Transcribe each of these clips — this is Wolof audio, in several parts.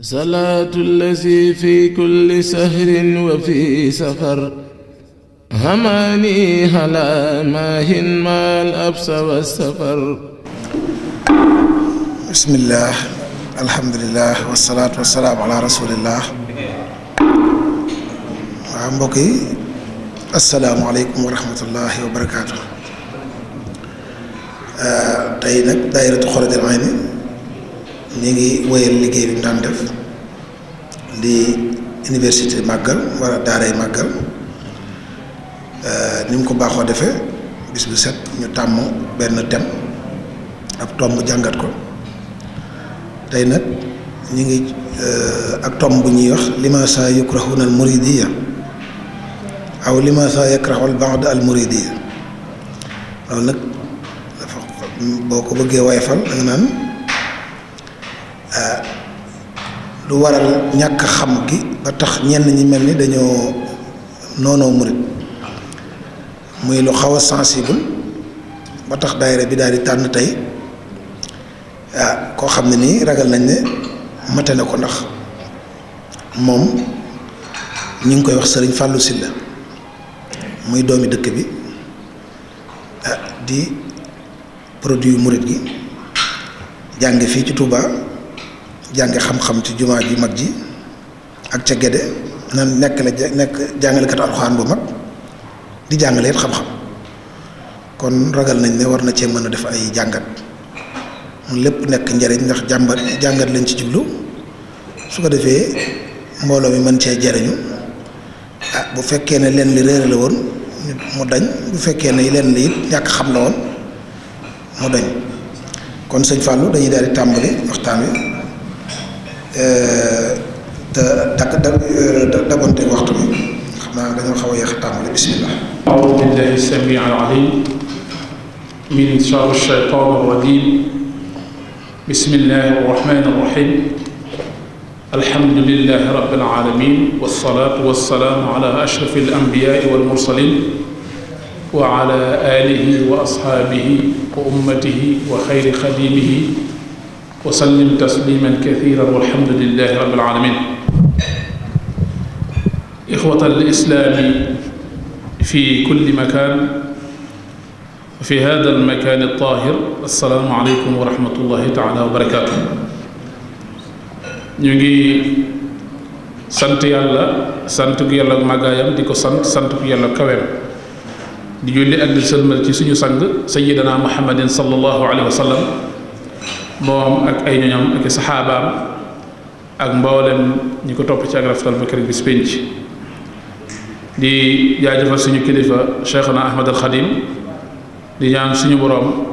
salaatu allazi fi kulli sahrin wa fi safar hamaani ala maahin maal absa wa safar bismillah alhamdulilah wasalaatu wasalaam ala rasulillah waaw mbokk yi asalaamualeykum wa rahmatullahi wa barakaatu tey nag daayiratu Xurajatul Ayni ñu ngi woyal liggéey bi ñu daan def li université màggal wala daaray màggal euh, ni mu ko baaxoo defee bis bu set ñu tàmm benn thème ab tomb jàngat ko tey nag ñu ngi euh, ak tomb bu ñuy wax limaasa yukrahuna al muridiya aw limaasa yakrahu al baad al muridiya loolu nag boo ko bëggee woyofal da nga naan lu waral ñàkk xam gi ba tax ñenn ñi mel ni dañoo noonoo murit muy lu xaw a sensible ba tax daayira bi daal di tànn tey ah koo xam ne nii ragal nañ ne mate na ko ndax moom ñu ngi koy wax sëriñ Fallou Sylla muy doomi dëkk bi ah, di produit murit gi jàng fii ci Touba. jànge xam-xam ci jumaa ju mag ji ak ca Gédé nan nekk la nekk jàngalekatu alxuraan bu mag di jàngale it xam-xam kon ragal nañ ne war na cee mën a def ay jàngat mun lépp nekk njariñ ndax jàmbat jàngat lañ ci jublu su ko defee mbooloo mi mën cee jariñu ah bu fekkee ne leen li réere woon mu dañ bu fekkee ne leen li it ñàkk xam la woon mu dañ kon sëñ Fallou dañuy daal tàmbali waxtaan wi te dagg dagg daggoonte waxtu bi xam naa dañoo xaw a yéex tàmbali bismillah a'uudu billahi as-samii'i al-aliim min sharri ash-shaytaani ar-rajiim bismillahi ar-rahmaani ar-rahiim alhamdulillahi rabbil aalamiin was-salaatu was-salaamu alaa ashrafi al-anbiyaa'i wal-mursaliin wa alaa aalihi wa ashaabihi wa ummatihi wa xayri xadiimihi wa sallim tasliman kathiran walhamdulilahi rabbil alamin ixwat alislaami fi kulli makan fi hada almakan altahir assalaamu aleykum wa rahmatullahi taala wa barakatuh ñu ngi sant yàlla sant gu yàlla màggaayam di ko sant sant gu yàlla kaweem di julli ak di sëlmal ci suñu sang sayidana muhammadin sallallahu alayhi wa sallam moom ak ay ñoñam ak i saxaabaam ak mboolem ñi ko topp ci ak rafetal ba kër bis pénc di jaajëfal suñu kilifa Cheikhna Ahmad al Xadim di ñaan suñu boroom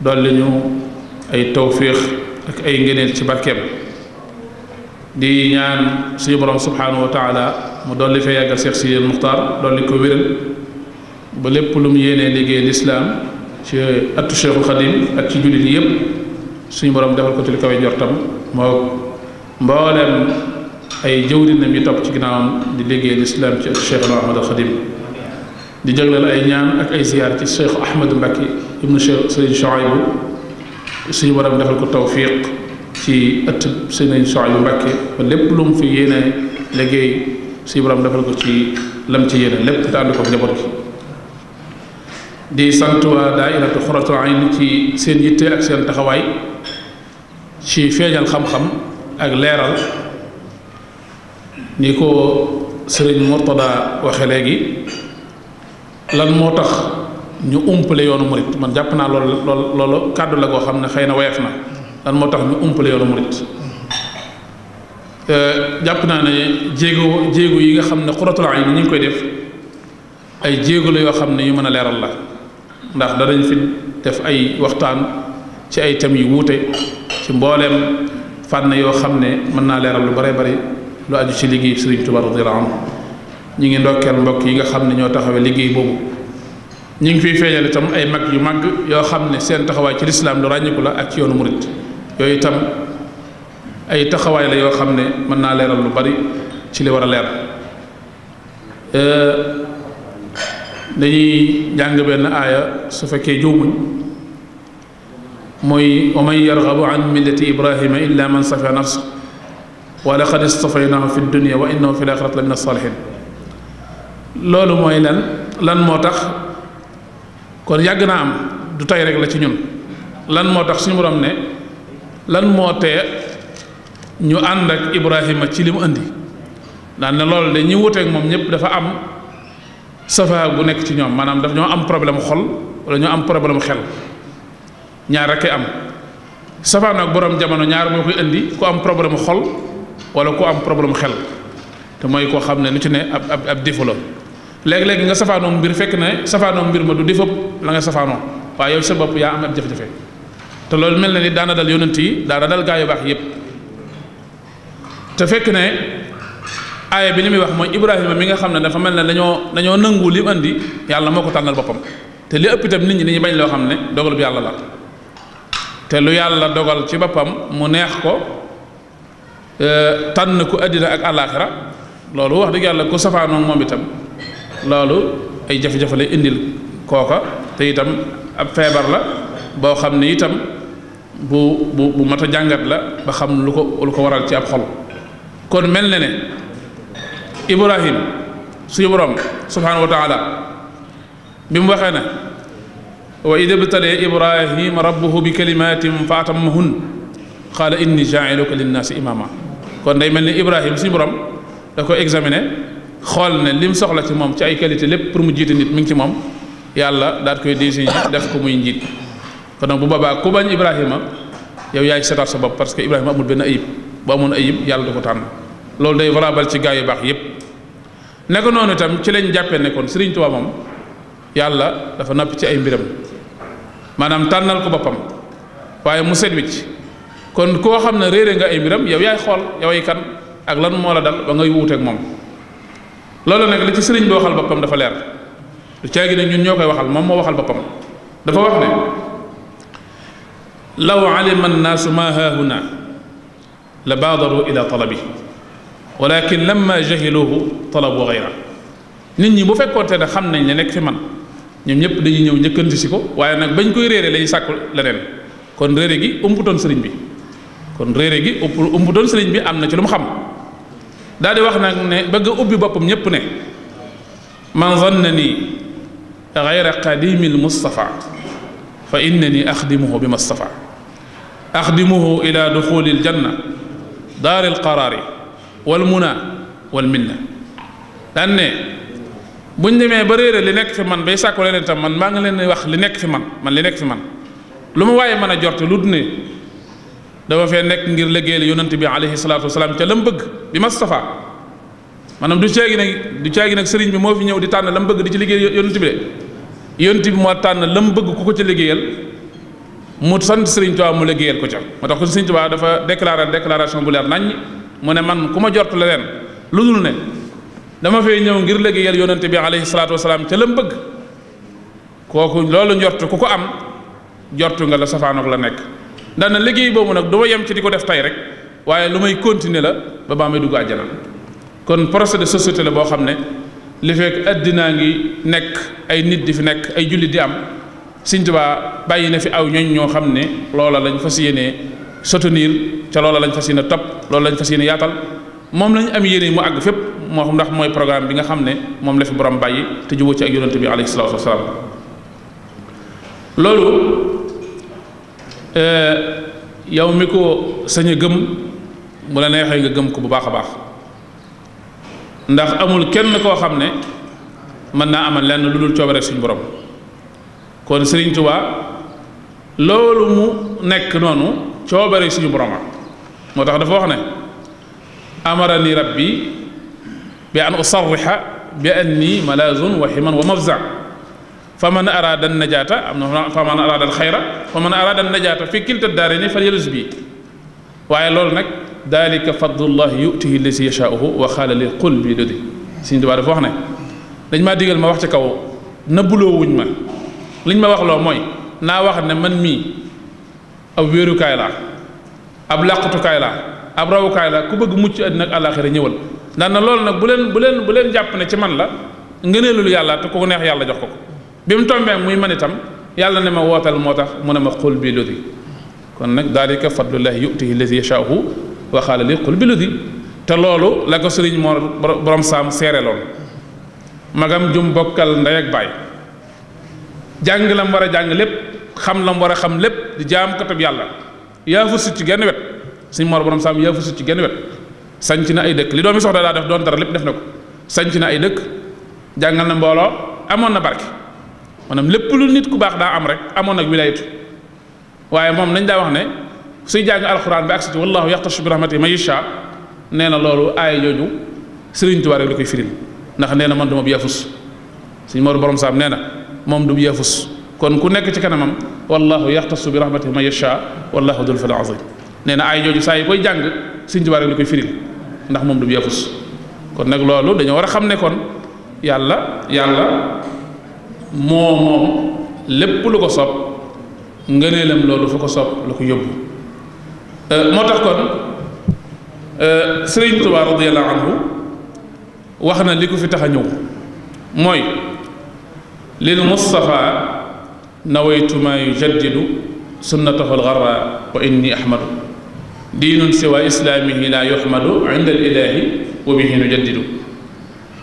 dolli ñu ay tawfiix ci barkeem di ñaan suñu boroom subhanahu mu dolli fee yàggal Cheikh Sidi al dolli ko wéral ba lépp lu mu yéenee liggéey lislaam ci attu Cheikhul Xadim ak ci jullit yépp suñu borom defal ko ci lu kawe jortam moo mbooleem ay jëwrinam yi topp ci ginnaawam di liggéey lislaam ci Cheikh Ahmad al di jagleel ay ñaan ak ay ziyaar ci Cheikh Ahmadou Mbacke ibnu Cheikh Sëriñ suñu borom defal ko tawfiq ci ëtt Sëriñ Chouaïbou Mbacke lépp lu mu fi yéene liggéey suñu borom defal ko ci lam ci yéene lépp te ànd ko njaboot gi di sant waa daairatu Xuratul Ayn ci seen yitte ak seen taxawaay ci feeñal xam-xam ak leeral ni ko sëriñ Mourtada waxe léegi lan moo tax ñu umpale yoonu murit man jàpp naa loolu loolu kàddu la koo xam ne xëy na woyof na lan moo tax ñu umpale yoonu murit euh, jàpp naa ne jéego jéego yi nga xam ne xuratul bi ñu ngi koy def ay jéego la yoo xam ne yu mën a leeral la ndax danañ fi def ay waxtaan ci ay thèmes yu wuute ci mbooleem fànn yoo xam ne mën naa leeral lu bare bari lu aju ci liggéey Sëriñ Tuubaa radiyallaahu anhu ñi ngi ndokkeel mbokk yi nga xam ne ñoo taxawee liggéey boobu ñu ngi fiy feeñal itam ay mag yu mag yoo xam ne seen taxawaay ci lislaam lu ràññiku la ak ci yoonu murit yooyu itam ay taxawaay la yoo xam ne mën naa leeral lu bari ci li war a leer dañuy jàng benn aaya su fekkee juumuñ mooy wa man yargabu an millati ibrahima illa man safiya nafsa wa laqad istafaynahu fi dunia wa innahu fi laxirati la min asalihin loolu mooy lan lan moo tax kon yàgg naa am du tey rek la ci ñun lan moo tax suñu borom ne lan moo tee ñu ànd ak ibrahima ci li indi daan ne loolu de ñi wuteek moom ñëpp dafa am safa gu nekk ci ñoom maanaam daf ñoo am problème xol wala ñoo am problème xel ñaar rek am safaan ak borom jamono ñaar moo koy indi ku am problème xol wala ku am problème xel te mooy koo xam ne lu ci ne ab ab ab défaut léegi nga safaanoo mbir fekk ne safaanoo mbir ma du défaut la nga safaanoo waaye yow sa bopp yaa am ab jafe-jafe te loolu mel na ni daana dal yonent yi daana dal gaa yu baax yépp te fekk ne aaya bi li muy wax mooy Ibrahima mi nga xam ne dafa mel na dañoo dañoo nangu li mu yàlla moo ko tànnal boppam te li ëpp itam nit ñi dañuy bañ loo xam ne dogal yàlla la te lu yàlla dogal ci boppam mu neex ko e, tànn ku àddina ak àllaaxira loolu wax dëgg yàlla ku safaanoog moom itam loolu ay jafe-jafe lay indil kooka te itam ab feebar la boo xam ne itam bu bu bu mat a jàngat la ba xam lu ko lu ko waral ci ab xol kon mel na ne Ibrahim suñu borom subhaanahu wa bi mu waxee ne wa id ibtalee ibrahima rabbuhu bi kalimatin fa atammahun qaala inni jaa'iluka linnaasi imaama kon day mel ni ibrahima si borom da ko examiné xool ne lim soxla ci moom ci ay qualité lépp pour mu jiite nit mi ngi ci moom yàlla daal def ko muy njiit kon nag bu boobaa ku bañ ibrahima yow yaay seetaat sa bopp parce que ibrahima amul benn ayib bu amoon ayib yàlla du ko tànn loolu day valable ci gaa yu baax yépp ne noonu itam ci lañ jàppee ne kon Sëriñ Tuubaa moom yàlla dafa noppi ci ay mbiram maanaam tànnal ko boppam waaye mu set wicc kon koo xam ne réere nga ay mbiram yow yaay xool yow ay kan ak lan moo la dal ba ngay wuuteeg moom loolu nag li ci sëriñ bi waxal boppam dafa leer lu caagi ne ñun ñoo koy waxal moom moo waxal boppam dafa wax ne law alima annaasu ma haahuna la baadaru ila talabi walakin lamma jahiluhu talabu gayra nit ñi bu fekkoonte ne xam nañ ne nekk fi man ñoom ñëpp dañuy ñëw njëkkanti si ko waaye nag bañ koy réere lañuy sàkku leneen kon réere gi umputoon sëriñ bi kon réere gi umputoon sëriñ bi am na ci lu mu xam daal wax nag ne bëgg a ubbi boppam ñëpp ne man zanna nii gayra qadimil mustafa fa innani axdimuhu bi mustafa axdimuhu ila duxulil janna daaril qaraari wal muna wal minna daan ne bu ñu demee ba réere li nekk fi man bay sàkku leneen tam man maa ngi leen wax li nekk fi man man li nekk fi man lu ma waaye mën a jorte lu dul ne dafa fee nekk ngir liggéeyal yonent bi alayhi salaatu wasalaam ca lam bëgg bi Mustafa maanaam du caagi nag du caagi nag sëriñ bi moo fi ñëw di tànn lam bëgg di ci liggéeyal yonent bi de yonent bi moo tànn lam bëgg ku ko ci liggéeyal mu sant sëriñ Tuubaa mu liggéeyal ko ca moo tax ko sëriñ Tuubaa dafa déclaré déclaration bu leer naññ mu ne man ku ma jort leneen lu dul ne dama fee ñëw ngir liggéeyal yonante bi alayhi salaatu wasalaam ca lam bëgg kooku loolu njortu ku ko am njortu nga la safaanoog la nekk ndax na liggéey boobu nag du ma yem ci di ko def tey rek waaye lu may continuer la ba baa may dugg àjjana kon projet de société la boo xam ne li fekk addinaa ngi nekk ay nit di fi nekk ay jullit di am Sëñ Tuubaa bàyyi na fi aw ñooñ ñoo xam ne loola lañ fas yéenee soutenir ca loola lañ fas yéene topp loola lañ fas yéene moom lañ am yéene mu àgg fépp moo xam ndax mooy programme bi nga xam ne moom la fi borom bàyyi te jubóo ci ak yonante bi alayhi salaatu wasalaam loolu eh, yow mi ko sañ a gëm mu la neexee nga gëm ko bu baax a baax ndax amul kenn koo xam ne mën naa amal lenn lu dul coobare suñu borom kon Sëriñ tubaa loolu mu nekk noonu coobare suñu borom moo tax dafa wax ne amarani rabbi bi an usarrixa bi anni malazun wa ximan wa mafza fa man arada najaata am na fa man arada alxayra fa man arada najaata fi kilta daarayni fal yalus bi waaye loolu nag dalika fadlullahi yutihi lasi yashaahu wa xaala li qul bi wax ne dañ ma digal ma wax ci kaw nëbbuloo wuñ ma liñ ma wax loo mooy naa wax ne man mii ab wéerukaay laa ab làqutukaay la ab rawukaay laa ku bëgg mucc àddina ak àllaaxira ñëwal daan na loolu nag bu leen bu leen jàpp ne ci man la ngëneelul yàlla te ku ko neex yàlla jox ko ko bi mu tombee muy man itam yàlla ne ma wootal moo tax mu ne ma xul bi kon nag daalika fadlullahi yutihi lazi yashaahu wa xaala li xul bi ludi te loolu la ko sëriñ moo borom saam seere loolu magam jum bokkal ndey ak baay jàng la mu war a jàng lépp xam la mu war a xam lépp di jaam katab yàlla yaa fa ci genn wet sëriñ moor borom saam yaa fa ci genn sanc na ay dëkk li doomi soxna daa def doon dara lépp def na ko sanc na ay dëkk jàngal na mbooloo amoon na barke maanaam lépp lu nit ku baax daa am rek amoon ak wilayatu waaye moom dañ daa wax ne suy jàng alxuraan bi ak siti wallahu yaxtasu bi rahmati man yasha loolu aaya jooju Sëriñ Tuubaa rek li koy ndax nee na man du ma yafus suñ Mor borom saam nee na moom du yafus kon ku nekk ci kanamam wallahu yaxtasu bi rahmati man yasha wallahu dul fadl azim nee na aaya jooju saa yi koy jàng Sëriñ Tuubaa rek li koy firil ndax moom du yafus kon nag loolu dañoo war a xam ne kon yàlla yàlla moo moom lépp lu ko sopp ngëneelam loolu fu ko sopp lu ko yóbbu euh, moo tax kon euh, sëriñ Tuubaa radiyallahu anhu wax na li ku fi tax a ñëw mooy lil Mustafa nawaytu maa yujaddidu sunnatahu al-gharra wa inni ahmadu diinun siwa islaamihi la yuhmadu inda al ilaahi wa bihi nujaddidu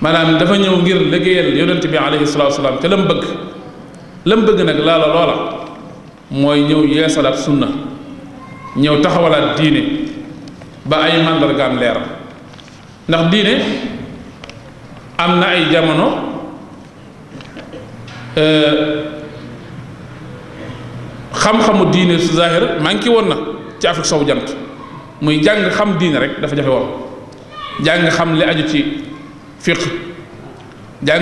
maanaam dafa ñëw ngir liggéeyal yonent bi alayhi salaatu wasalaam te lam bëgg lam bëgg nag laala loola mooy ñëw yeesalaat sunna ñëw taxawalaat diine ba ay màndargaam leer ndax diine am na ay jamono euh, xam-xamu diine su zaahir manqué woon na ci Afrique sowu jant muy jàng xam diine rek dafa jafe woon jàng xam li aju ci fiq jàng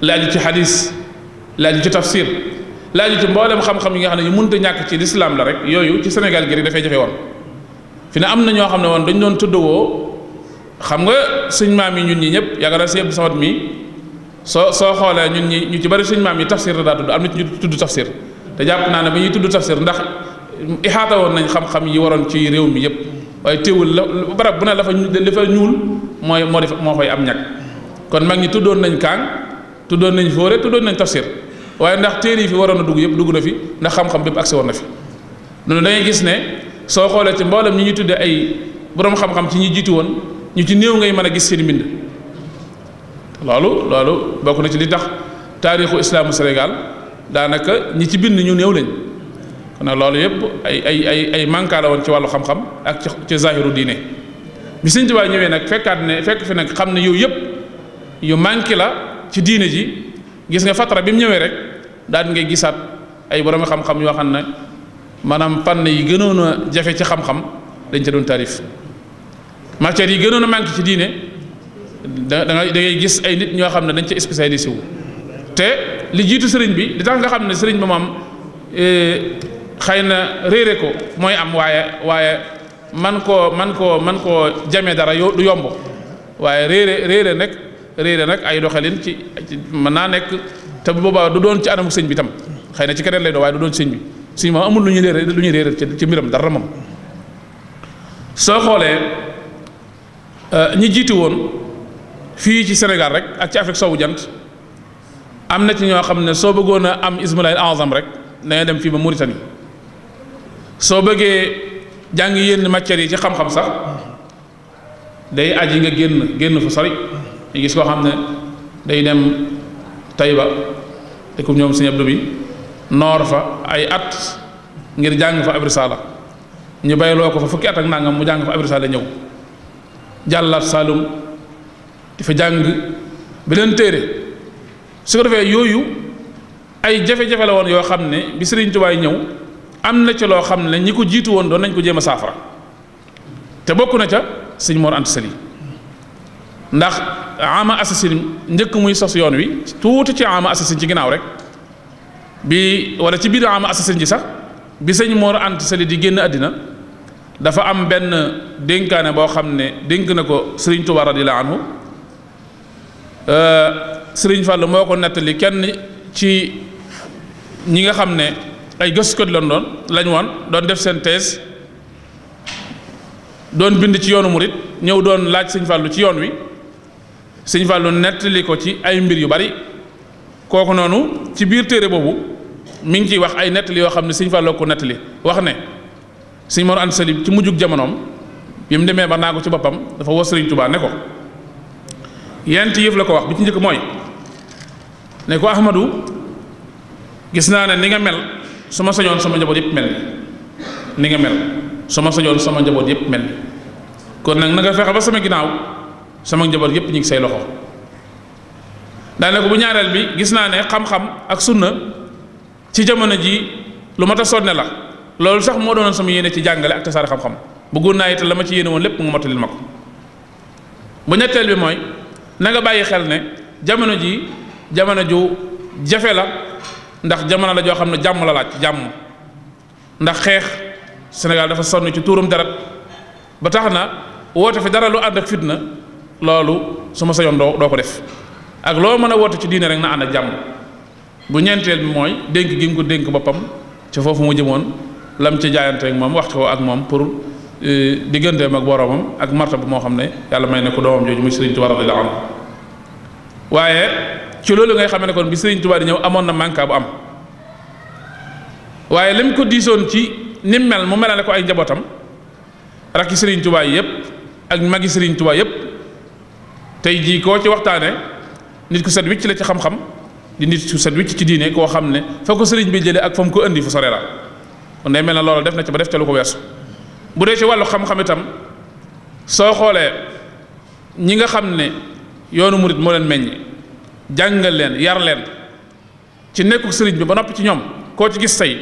li aju ci xadis li aju ci tafsir li aju ci mboolem xam-xam yi nga xam ne yu mënta ñàkk ci lislaam la rek yooyu ci Sénégal gi dafay jafe woon fi ne am na ñoo xam ne woon dañ doon tudd woo xam nga suñ maam yi ñun ñi ñëpp yaakaar naa si Abdou Samad mi soo soo xoolee ñun ñi ñu ci bari suñ maam yi tafsir la daa tudd am na ci ñu tudd tafsir te jàpp naa ne ba ñuy tudd tafsir ndax ixaata woon nañ xam-xam yi waroon ci réew mi yëpp waaye téewul la barab bu ne la fa la fa ñuul mooy moo def moo koy am ñag kon mag ñi tuddoon nañ kaang tuddoon nañ fóore tuddoon nañ tafsir waaye ndax téere yi fi waroon a dugg yëpp dugg na fi ndax xam-xam bépp agsi war na fi loolu da ngay gis ne soo xoolee ci mboolem ñi ñu tuddee ay boroom xam-xam ci ñi jiitu woon ñu ci néew ngay mën a gis seen mbind loolu loolu bokk na ci li tax taarixu islaamu Sénégal daanaka ñi ci bind ñu néew lañ xanaa loolu yëpp ay ay ay ay la woon ci wàllu xam-xam ak ci ci diine bi Sëñ Tuubaa ñëwee nag fekkaat ne fekk fi nag xam ne yooyu yëpp yu manqué la ci diine ji gis nga fatara bi mu ñëwee rek daal ngay gisaat ay borom xam-xam yoo xam ne maanaam fànn yi gënoon a jafe ci xam-xam dañ ca doon tarif matières yi gënoon a manqué ci diine da da ngay gis ay nit ñoo xam ne dañ ca spécialisé wu te li jiitu sëriñ bi li tax nga xam ne sëriñ bi moom eh, xëy na réere ko mooy am waaye waaye man koo man koo man koo jame dara yo du yomb waaye réere réere nag réere nag ay doxalin ci mën naa nekk te bu boobaa du doon ci anamu sëñ bi tam xëy na ci keneen lay doon waaye du doon ci sëñ bi sëñ moom amul lu ñuy réere lu ñuy réere ci mbiram dara moom soo xoolee euh, ñi jiitu woon fii ci Sénégal rek ak ci Afrique soowu jant am na ci ñoo xam ne soo bëggoon a am ismulaayil azam rek na dem fii ma Mauritanie soo bëggee jàng yenn matières yi ci xam-xam sax day yi nga génn génn fu sori ñu gis koo xam ne day dem Tayba te ku ñoom Sëñ Abdu bi noor fa ay at ngir jàng fa ab risaala ñu bayloo ko fa fukki at ak nangam mu jàng fa ab ñëw jàllaat Saalum di fa jàng beneen téere su ko defee yooyu ay jafe-jafe la woon yoo xam ne bi Sëriñ Tuubaa ñëw am na ca loo xam ne ñi ko jiitu woon doon nañ ko jéem a saafara te bokk na ca sëñ Mor Anta Sali ndax ama assasine njëkk muy sos yoon wi tuuti ci ama assasine ci ginnaaw rek bi wala ci biir ama assasine ji sax bi sëñ Mor Anta Sali di génn àddina dafa am benn dénkaane boo xam ne dénk na ko sëriñ Tuubaa radiyallaahu anhu euh, sëriñ Fàll moo ko nettali kenn ci ñi nga xam ne ay gëstukat lan doon lañ woon doon def seen thèse doon bind ci yoonu murit ñëw doon laaj sëñ Fallou ci yoon wi sëñ Fallou nettali ko ci ay mbir yu bari kooku noonu ci biir téere boobu mi ngi ciy wax ay nettali yoo xam ne sëñ Fallou ko nettali wax ne sëñ Mor Anta Sali ci mujjug jamonoom bi mu demee ba naagu ci boppam dafa woo Sëriñ Tuubaa ne ko yent yëf la ko wax bi ci njëkk mooy ne ko Ahmadou gis naa ne ni nga mel. su ma sañoon sama njaboot yëpp mel ni nga mel su ma sañoon sama njaboot yëpp mel kon nag na nga fexe ba sama ginnaaw sama njaboot yëpp ñu ngi say loxo daane ko bu ñaareel bi gis naa ne xam-xam ak sunna ci jamono ji lu mat a sonne la loolu sax moo doon sama yéene ci jàngale ak tasaare xam-xam bëggoon naa itam la ma ci yéene woon lépp nga motalil ma ko bu ñetteel bi mooy na nga bàyyi xel ne jamono ji jamono ju jafe la ndax jamono la joo xam ne jàmm la laaj jàmm ndax xeex Sénégal dafa sonn ci tuuram deret ba tax na woote fi dara lu ànd ak fitna loolu su ma sa doo doo ko def ak loo mën a woote ci diine rek na ànd ak jàmm bu ñeenteel bi mooy dénk gi ko dénk boppam ci foofu mu jëmoon lam ci jaayante ak moom waxtu ko ak moom pour euh, digganteem ak boroomam ak bu moo xam ne yàlla may ne ko doomam jooju muy Sëriñ la radiyallaahu anhu waaye ci loolu ngay xamee ne kon bi Sëriñ Tuubaa di ñëw amoon na manka bu am waaye lim ko diisoon ci ni mel mu melale ko ay njabootam rakki Sëriñ Tuubaa yëpp ak magi Sëriñ Tuubaa yëpp tey jii koo ci waxtaane nit ku set wicc la ci xam-xam di nit ku set wicc ci diine koo xam ne fa ko sëriñ bi jëlee ak fa ko indi fu sore la kon day mel na loolu def na ci ba def ca lu ko weesu bu dee ci wàllu xam-xam itam soo xoolee ñi nga xam ne yoonu murit moo leen meññ jàngal leen yar leen ci nekkuk sëriñ bi ba noppi ci ñoom koo ci gis tey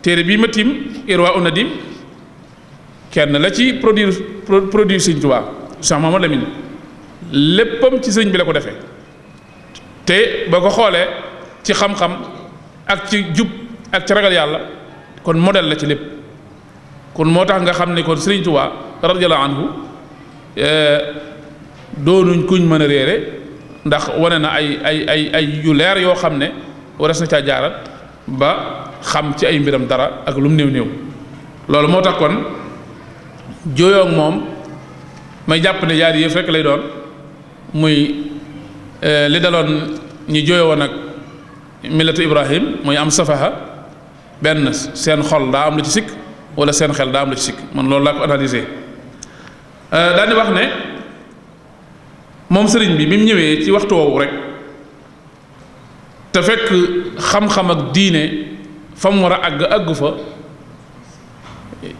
téere bii ma tiim Irwa di kenn la ci produit produit sëriñ Tuubaa Cheikh Mamadou Lamine léppam ci sëriñ bi la ko defee te boo ko xoolee ci xam-xam ak ci jub ak ci ragal yàlla kon model la ci lépp kon moo tax nga xam ne kon sëriñ Tuubaa radiyallahu anhu eh, doonuñ kuñ mën a réere ndax wane na ay ay ay ay yu leer yoo xam ne waras na caa jaarat ba xam ci ay mbiram dara ak lum néew niw loolu moo tax kon jooyoo moom may jàpp ne yaari yëf rek lay doon muy eh, li daloon ñi jooyoo woon ak millatu ibrahim muy am safaha benn seen xol daa am lu ci sikk wala seen xel daa am lu ci sikk man loolu laa ko analyser eh, daal di wax ne moom sëriñ bi bi mu ñëwee ci waxtu woowu rek te fekk xam-xam ak diine fa war a àgg àggu fa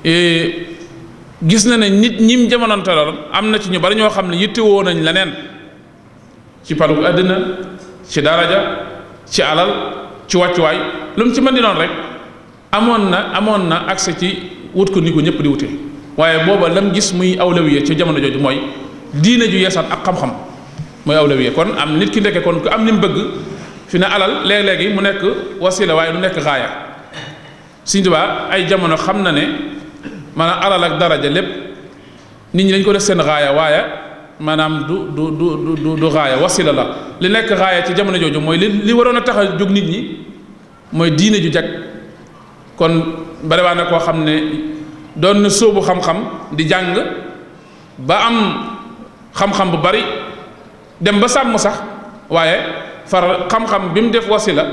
e, gis na ne nit ñim jamononteloon am na ci ñu bari ñoo xam ne yittewoo nañ leneen ci palug àddina ci daraja ci alal ci wàccuwaay lu mu ci mën di doon rek amoon na amoon na accès ci wut ku ni ko ñëpp di wuti waaye booba lam gis muy awlawiya ci jamono jooju mooy diine ju yeesaat ak xam-xam mooy awlawiya kon am nit ki ndekke kon ku am li mu bëgg fi ne alal léeg-léegi mu nekk wasila waaye du nekk gaaya Sëriñ ay jamono xam na ne maanaam alal ak daraja lépp nit ñi dañ ko def seen gaaya waaye maanaam du du du du du gaaya wasila la li nekk gaaya ci jamono jooju mooy li li waroon a tax a jóg nit ñi mooy diine ju jag kon barewaa na koo xam ne doon na soobu xam-xam di jàng ba am xam-xam bu bari dem ba sàmm sax waaye far xam-xam bi mu def wasila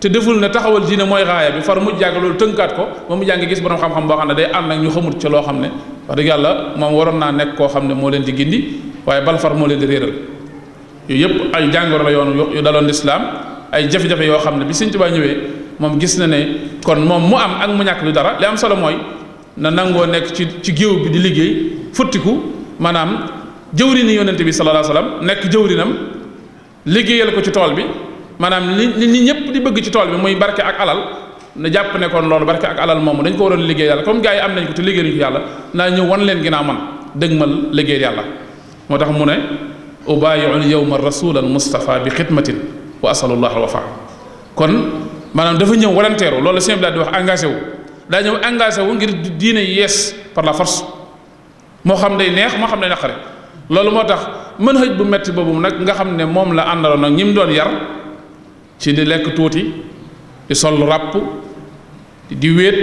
te deful ne taxawal diine mooy raaya bi far mu jàng loolu tënkaat ko ba mu jàng gis borom xam-xam boo xam ne day ànd ak ñu xamut ci loo xam ne wax dëgg moom waroon naa nekk koo xam ne moo leen di gindi waaye bal far moo leen di réeral yooyu yëpp ay jàngoro la yoon yu daloon lislaam ay jafe-jafe yoo xam ne bi Sëñ Tuubaa ñëwee moom gis na ne kon moom mu am ak mu ñàkk lu dara li am solo mooy na nangoo nekk ci ci géew bi di liggéey futtiku maanaam jëwriñu yonent bi sallallahu alayhi wasallam nekk jëwriñam liggéeyal ko ci tool bi maanaam li li nit ñëpp di bëgg ci tool bi muy barke ak alal na jàpp nekkoon loolu barke ak alal moomu dañ ko waroon liggéey yàlla comme gars yi am nañ ko te liggéey nañ ko yàlla naa ñëw wan leen ginnaaw man dëgmal liggéey yàlla moo tax mu ne ubayiul yawma rasulal mustafa bi xidmatin wa asalullah al wafa kon maanaam dafa ñëw walanteeru loolu sëñ bi daal di wax engagé wu daa ñëw engagé wu ngir diine yees par la force moo xam day neex moo xam day naqare loolu moo tax mën xëj bu metti boobu nag nga xam ne moom la àndaloon nag ñi mu doon yar ci di lekk tuuti di sol ràpp di wéet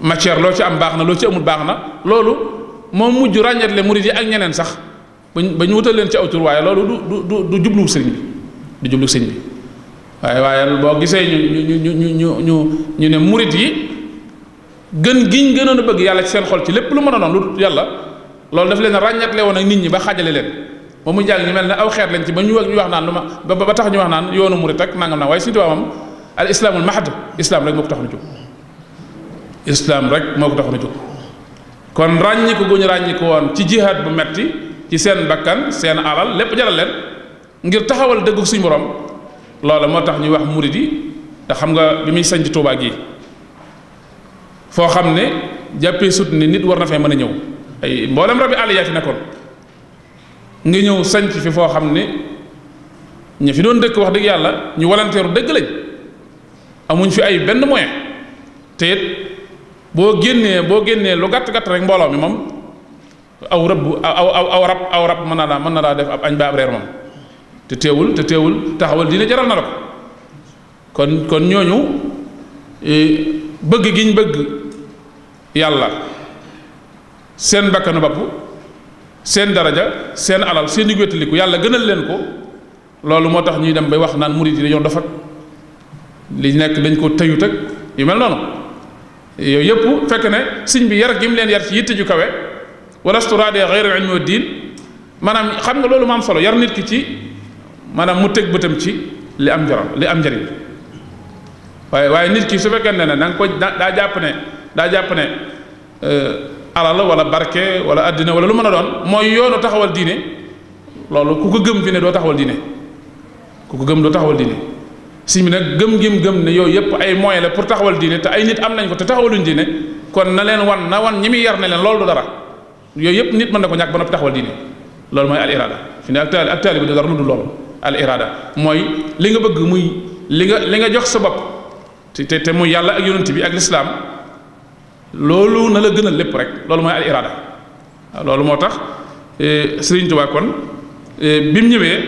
matière loo ci am baax na loo ci amul baax na loolu moom mujj ràññetle murid yi ak ñeneen sax bañ ba ñu wutal leen ci aw waaye loolu du du du jublu sëriñ bi du jublu sëriñ bi waaye waaye boo gisee ñu ñu ñu ñu ñu ñu ñu ne murid yi gën giñ gënoon a bëgg yàlla ci seen xol ci lépp lu mën a doon lu yàlla loolu daf leen a ràññatle woon ak nit ñi ba xaajale leen ba mu jàll ñu mel ne aw xeet lañ ci ba ñu wax ñu wax naan lu ma ba tax ñu wax naan yoonu murit ak nangam naa waaye Sëñ Tuubaa moom al islaamul mahad islaam rek moo ko tax na jóg islaam rek moo ko na jóg kon ràññiku gu woon ci jihaad bu metti ci seen bakkan seen alal lépp jaral leen ngir taxawal dëggu suñu borom loola moo tax ñuy wax murit yi te xam nga bi muy sañc Tuubaa gi foo xam ne jàppee sut ni nit war na fee mën a ñëw ay mboolem rabi àll yaa fi nekkoon nga ñëw sanc fi foo xam ne ña fi doon dëkk wax dëgg yàlla ñu walanteeru dëgg lañ amuñ fi ay benn moyen te it boo génnee boo génnee lu gàtt gàtt rek mbooloo mi moom aw rab aw aw rab aw rab mën na laa mën na laa def ab añ ba ab reer moom te teewul te teewul taxawal dina jaral na la ko kon kon ñooñu eh, bëgg giñ bëgg yàlla seen bakkanu bopp seen daraja seen alal seen i wétaliku yàlla gënal leen ko loolu moo tax ñuy dem bay wax naan murid yi dañoo dofak nekk dañ ko tëyut ak yu mel noonu yooyu yëpp fekk ne siñ bi yar gi mu leen yar ci yitte ju kawe walasturaade xeyral ilmi wa diin maanaam xam nga loolu ma am solo yar nit ki ci maanaam mu teg bëtam ci li am njëriñ li am njëriñ waaye waaye nit ki su fekkee ne na da nga ko daa jàpp ne daa jàpp ne euh, alal wala barke wala àddina wala lu mën a doon mooy yoonu taxawal diine loolu ku ko gëm fi ne doo taxawal diine ku ko gëm doo taxawal diine si mi nag gëm gim gëm ne yooyu yëpp ay moyen la pour taxawal diine te ay nit am nañ ko te taxawaluñ diine kon na leen wan na wan ñi muy yar ne leen loolu du dara yooyu yëpp nit mën na ko ñàkk ba noppi taxawal diine loolu mooy al irada fi ne ak taali bi du dara lu dul loolu al irada mooy li nga bëgg muy li nga li nga jox sa bopp te te te muy yàlla ak yonent bi ak lislaam loolu na la a lépp rek loolu mooy al iraada loolu moo tax eh, Sëriñ Tuubaa kon eh, bi mu ñëwee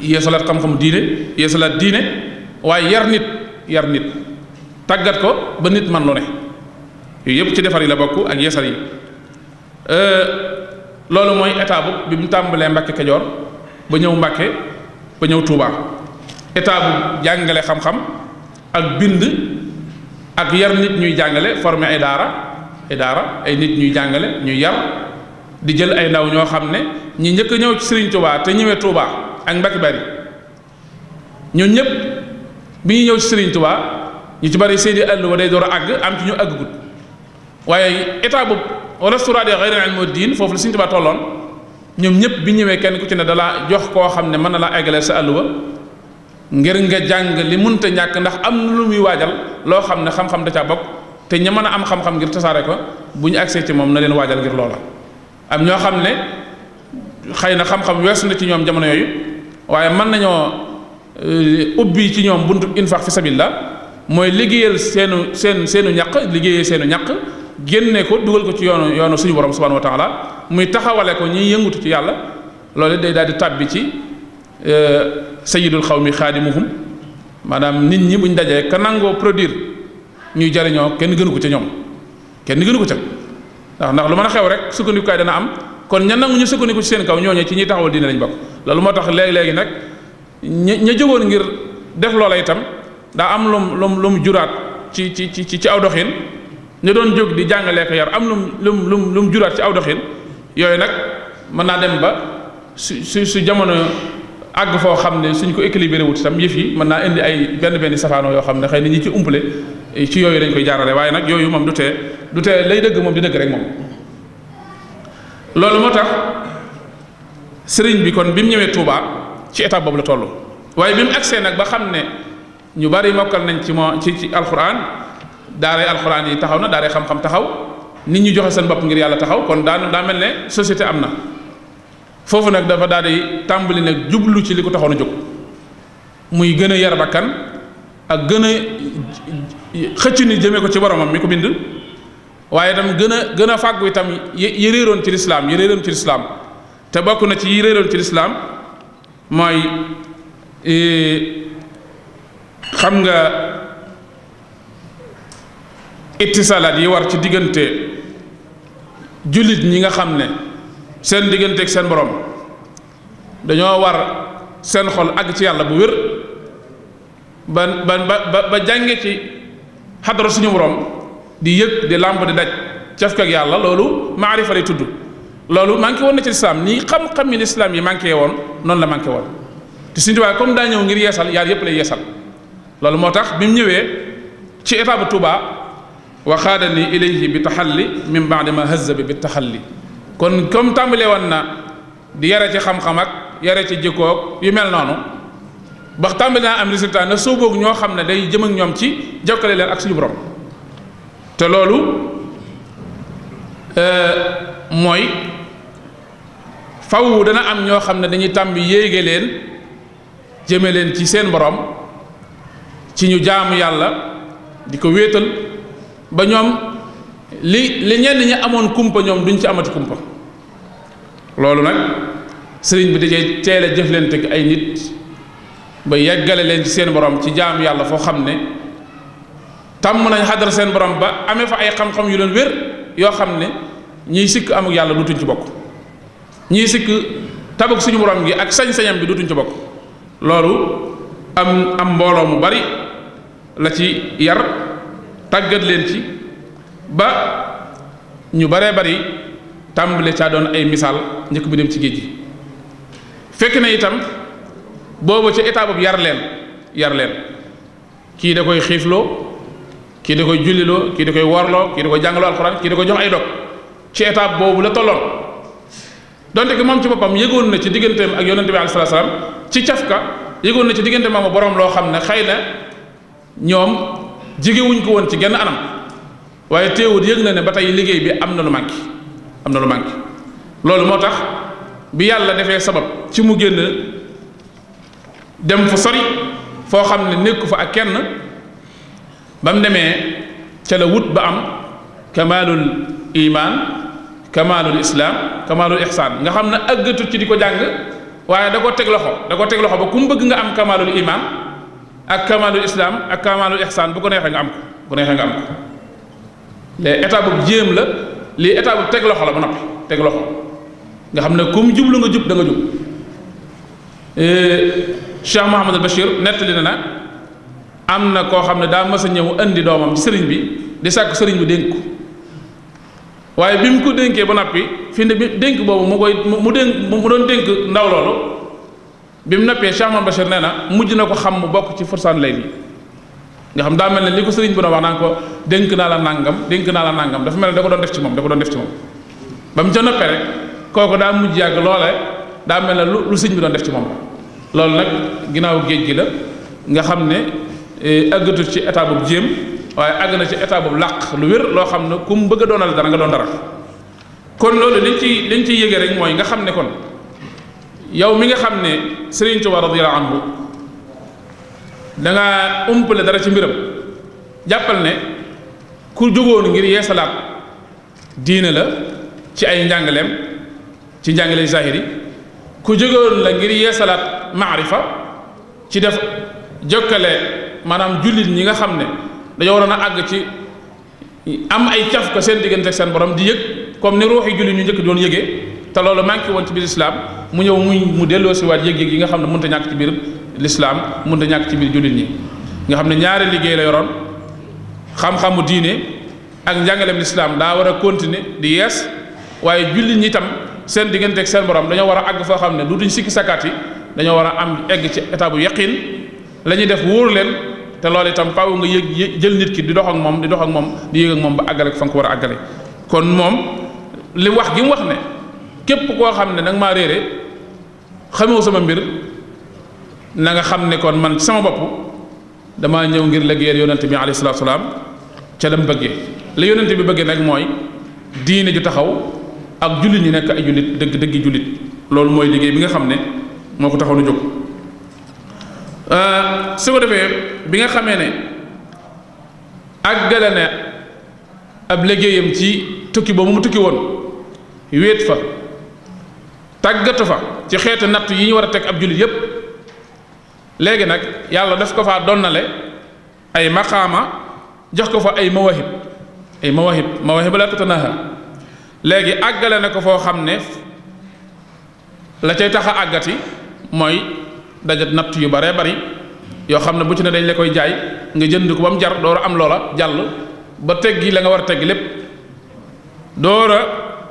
yeesalaat xam-xam diine yeesalaat diine waaye yar nit yar nit tàggat ko ba nit man lu ne yooyu yëpp ci defar yi la bokk ak yeesal yi eh, loolu mooy état bu tàmbalee Mbàkke Kajoor ba ñëw Mbàkke ba ñëw Tuubaa état jàngale xam-xam ak bind ak yar nit ñuy jàngale former ay daara ay daara ay nit ñuy jàngale ñuy yar di jël ay ndaw ñoo xam ne ñi njëkk ñëw ci Serigne te ñëwee Touba ak Mbacke Bari ñoo ñëpp bi ñuy ñëw ci Serigne Touba ñu ci bari seeni àll wa day door àgg am ci waaye état boobu wala suraade xeyri ilmu diin foofu la Serigne Touba tolloon ñoom ñëpp bi ñëwee kenn ku ci ne dalaa jox koo xam ne mën na laa eggale sa àll wa ngir nga jàng li munta ñàkk ndax am na lu muy waajal loo xam ne xam-xam da caa bokk te ña mën a am xam-xam ngir tasaare ko bu ñu agsee moom na leen waajal ngir loola am ñoo xam ne xëy na xam-xam weesu na ci ñoom jamono yooyu waaye mën nañoo euh, ubbi ci ñoom buntu infaq fi la mooy liggéeyal seenu seen seenu ñaq liggéeyee seenu ñaq génne ko dugal ko ci yoonu yoonu suñu borom subhanahu wa taala muy taxawale ko ñuy yëngutu ci yàlla loolu day daal di tàbbi ci euh, sayidul xaw mi xaadimuhum maanaam nit ñi buñ dajee ka nangoo produire ñuy jariñoo kenn gënu ko ca ñoom kenn gënu ko ca ndax ndax lu man a xew rek sukkandikukaay dana am kon ña nangu ñu sukkandiku ci seen kaw ñooñee ci ñuy taxawal diine lañ bokk loolu moo tax léegi-léegi nag ña ña jógoon ngir def loola itam daa am lum lum lu juraat ci ci ci ci aw doxin ñu doon jóg di jàngalee yar am lum lum lum lu juraat ci aw doxin yooyu nag mën naa dem ba su su su jamono àgg foo xam ne suñ ko équilibré wut itam yëf yi mën naa indi ay benn benn safaanoo yoo xam ne xëy na ñi ci umpale ci yooyu lañ koy jaarale waaye nag yooyu moom du tee du tee lay dëgg moom di dëgg rek moom loolu moo tax sëriñ bi kon bi mu ñëwee Touba ci étape boobu la toll waaye bi mu agsee nag ba xam ne ñu bari mokkal nañ ci moo ci ci alxuraan daaray alxuraan yi taxaw na daaray xam-xam taxaw nit ñi joxe seen bopp ngir yàlla taxaw kon daan daa mel ne société am na foofu nag dafa daal di tàmbali nag jublu ci li ko taxoon a jóg muy gën a yar ak gën a xëcc ni jëmee ko ci boromam mi ko bind waaye itam gën a gën a fàggu itam yi réeroon ci lislaam yi réeroon ci lislaam te bokk na ci yi réeroon ci lislaam mooy e, xam nga ittisaalaat yi war ci diggante jullit ñi nga xam ne seen digganteeg seen boroom dañoo war seen xol àgg ci yàlla bu wér ba ba ba ba jànge ci xadara suñu borom di yëg di làmb di daj caf ak yàlla loolu maarifa lay tudd loolu manqué woon na ci lislaam nii xam-xam yi lislaam yi manqué woon noonu la manqué woon te suñu tubaab comme daa ñëw ngir yeesal yaar yépp lay yeesal loolu moo tax bi ñëwee ci état tubaa Touba wa xaadani ilayhi bi taxalli min baadi ma hazza bi bi taxalli kon comme tàmbale woon na di yare ci xam-xam ak yare ci jikkoog yu mel noonu ba tàmbali naa am résultat na soo boog ñoo xam ne day jëm ñoom ci jokkale leen ak suñu te loolu euh, mooy faw dana am ñoo xam ne dañuy tàmb yéege leen jëme leen ci seen borom ci ñu jaamu yàlla di ko wéetal ba ñoom li li ñenn ñi amoon kumpa ñoom duñ ci amati kumpa loolu nag sëriñ bi da cee teel a jëflante ak ay nit ba yeggale leen ci seen borom ci jaam yàlla foo xam ne tàmm nañ xadara seen borom ba amee fa ay xam-xam yu leen wér yoo xam ne ñiy sikk amuk yàlla dutuñ ci bokk ñiy sikk tabuk suñu boroom gi ak sañ-sañam bi dutuñ ci bokk loolu am am mbooloo mu bari la ci yar tàggat leen ci ba ñu baree bari tàmbale caa doon ay misaal njëkk bu dem ci géej gi fekk na itam boobu ci état boobu yar leen yar leen kii da koy xiifloo kii da koy julliloo kii da koy worloo kii da koy jàngaloo alxuraan kii da koy jox ay dog ci état boobu la tolloon donte ki moom ci boppam yëgoon na ci digganteem ak yonente bi alayhi salaatu salaam ci cafka yëgoon na ci diggante ma ak borom loo xam ne xay na ñoom jigéewuñ ko woon ci genn anam waaye teewut yëg na ne ba tey liggéey bi am na lu manqué xam na lu manqué loolu moo tax bi yàlla defee sabab ci mu génn dem fu sori foo xam ne nekku fa ak kenn ba mu demee ca la wut ba am kamaalul iman kamaalul islaam kamaalul ihsaan nga xam ne ëggatut ci di ko jàng waaye da ko teg xo da ko teg xo ba ku mu bëgg nga am kamaalul iman ak kamaalul islaam ak kamaalul ihsaan bu ko neexee nga am ko bu ko neexee nga am ko les étapes jéem la lii état bu teg loxo la ba noppi teg loxo nga xam ne kum jublu nga jub da nga jub euh, Cheikh Mouhamadul Bachir nettali na na am na koo xam ne daa mës a ñëw indi doomam sëriñ bi di sàkk sëriñ bi dénk ko waaye bi mu ko dénkee ba noppi fii ne bi dénk boobu mu koy mu dénk mu doon dénk ndaw loolu bi mu noppee Cheikh Mouhamadul Bachir nee na mujj na ko xam mu bokk ci fursaan lay bi nga xam daa mel ne li ko sëriñ bi doon wax naan ko dénk naa la nangam dénk naa la nangam dafa mel ne da ko doon def ci moom da ko doon def ci moom ba mu ca noppee rek kooku daa mujj yàgg loole daa mel ne lu lu bi doon def ci moom loolu nag ginnaaw géej gi la nga xam ne eh, àggatul ci état boobu jéem waaye àgg na ci état boobu làq lu wér loo xam ne ku bëgg a doonal dara nga doon dara kon loolu liñ ci liñ ciy yëgee rek mooy nga xam ne kon yow mi nga xam ne sëriñ Tuubaa radiyallaahu anhu da nga umpale dara ci mbiram jàppal ne ku jógoon ngir yeesalaat diine la ci ay njàngaleem ci njàngale zahiri ku jógoon la ngir yeesalaat maarifa ci def jokkale maanaam jullit ñi nga xam ne dañoo waroon a àgg ci am ay caf ko seen diggante ak seen borom di yëg comme ni ruuxi jullit ñu njëkk doon yëgee te loolu manqué woon ci biir islam mu ñëw muy mu delloo si waat yëg-yëg yi nga xam ne mënut a ñàkk ci biram lislaam mun da ñàkk ci biir jullit ñi nga xam ne ñaari liggéey la yoroon xam-xamu diine ak njàngaleem lislaam daa war a continuer di yees waaye jullit ñi tam seen diggante seen borom dañoo war a àgg foo xam ne dutuñ sikki sakkaat yi dañoo war a am egg ci état bu yaqin la ñuy def wóor leen te loolu itam faaw nga jël nit ki di dox moom di dox moom di yëg moom ba àggale fa nga war a àggale kon moom li wax gim wax ne képp koo xam ne nag maa réere xamewu sama mbir na nga xam ne kon man sama bopp damaa ñëw ngir liggéeyal yonent bi alayhi salaatu salaam ca lam bëgge li yonent bi bëggee nag mooy diine ju taxaw ak jullit ñi nekk ay jullit dëgg dëggi jullit loolu mooy liggéey bi nga xam ne moo ko taxaw nu jóg euh, su ko defee bi nga xamee ne àggale ne ab liggéeyam ci tukki boobu mu tukki woon wéet fa tàggatu fa ci xeetu natt yi ñu war a teg ab jullit yépp léegi nag yàlla daf ko faa donnale ay maqaama jox ko fa ay mawahib ay mawahib mawahib la tatanaha léegi àggale na ko foo xam ne la cay tax a àggati mooy daja natt yu baree bari yoo xam ne bu ci ne dañ la koy jaay nga jënd ko ba mu jar door am loola jàll ba teggi la nga war a tegg lépp door a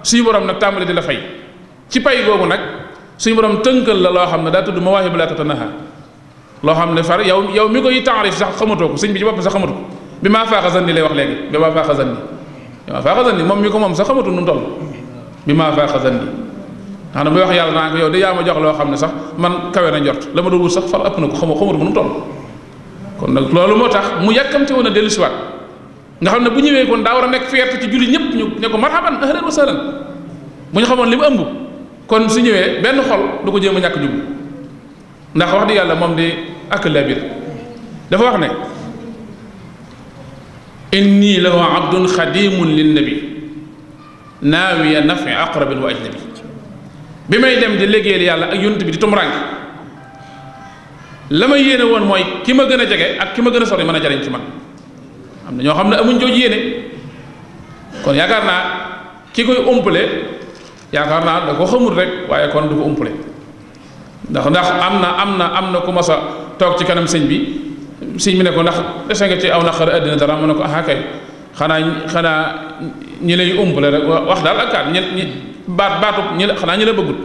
suñu borom nag tàmbali di la fay ci pay googu nag suñu borom tënkal la loo xam ne daa tudd mawaahib la tatanaha loo xam ne far yow yow mi koy taarif sax xamatoo ko sëñ bi ci bopp sax xamatu ko bi maa faaxa zanni lay wax léegi bi maa faaxa zanni bi maa faaxa zanni moom mi ko moom sax xamatu nu mu toll bi maa faaxa zanni xam ne muy wax yàlla naa ko yow de yaa ma jox loo xam ne sax man kawe na njort la ma doon wut sax far ëpp na ko xamoo xamatu ko nu mu toll kon nag loolu moo tax mu yàkkamte woon a dellu siwaat nga xam ne bu ñëwee kon daa war a nekk fierté ci julli ñëpp ñu ne ko a ahlan wa sahlan bu ñu xamoon li mu ëmb kon su ñëwee benn xol du ko jéem a ñàkk jublu ndax wax di yàlla moom di ak labir dafa wax ne inni lahu abdun xadimun linnabi naawiya nafi aqrabin wa ajnabi bi may dem di liggéeyal yàlla ak yonent bi di tumuraanke la ma yéene woon mooy ki ma gën a jege ak ki ma gën a sori mën a jariñ ci ma am na ñoo xam ne amuñ jooju yéene kon yaakaar naa ki koy umpale yaakaar naa da ko xamul rek waaye kon du ko umpale ndax ndax am na am na am na ku mas toog ci kanam sëñ bi sëñ bi ne ko ndax dese nga ci aw naqar àddina dara mu ne ko ah xanaa xanaa ñi lay umpale rek wax daal ak baat baatu ñi la xanaa ñi la bëggut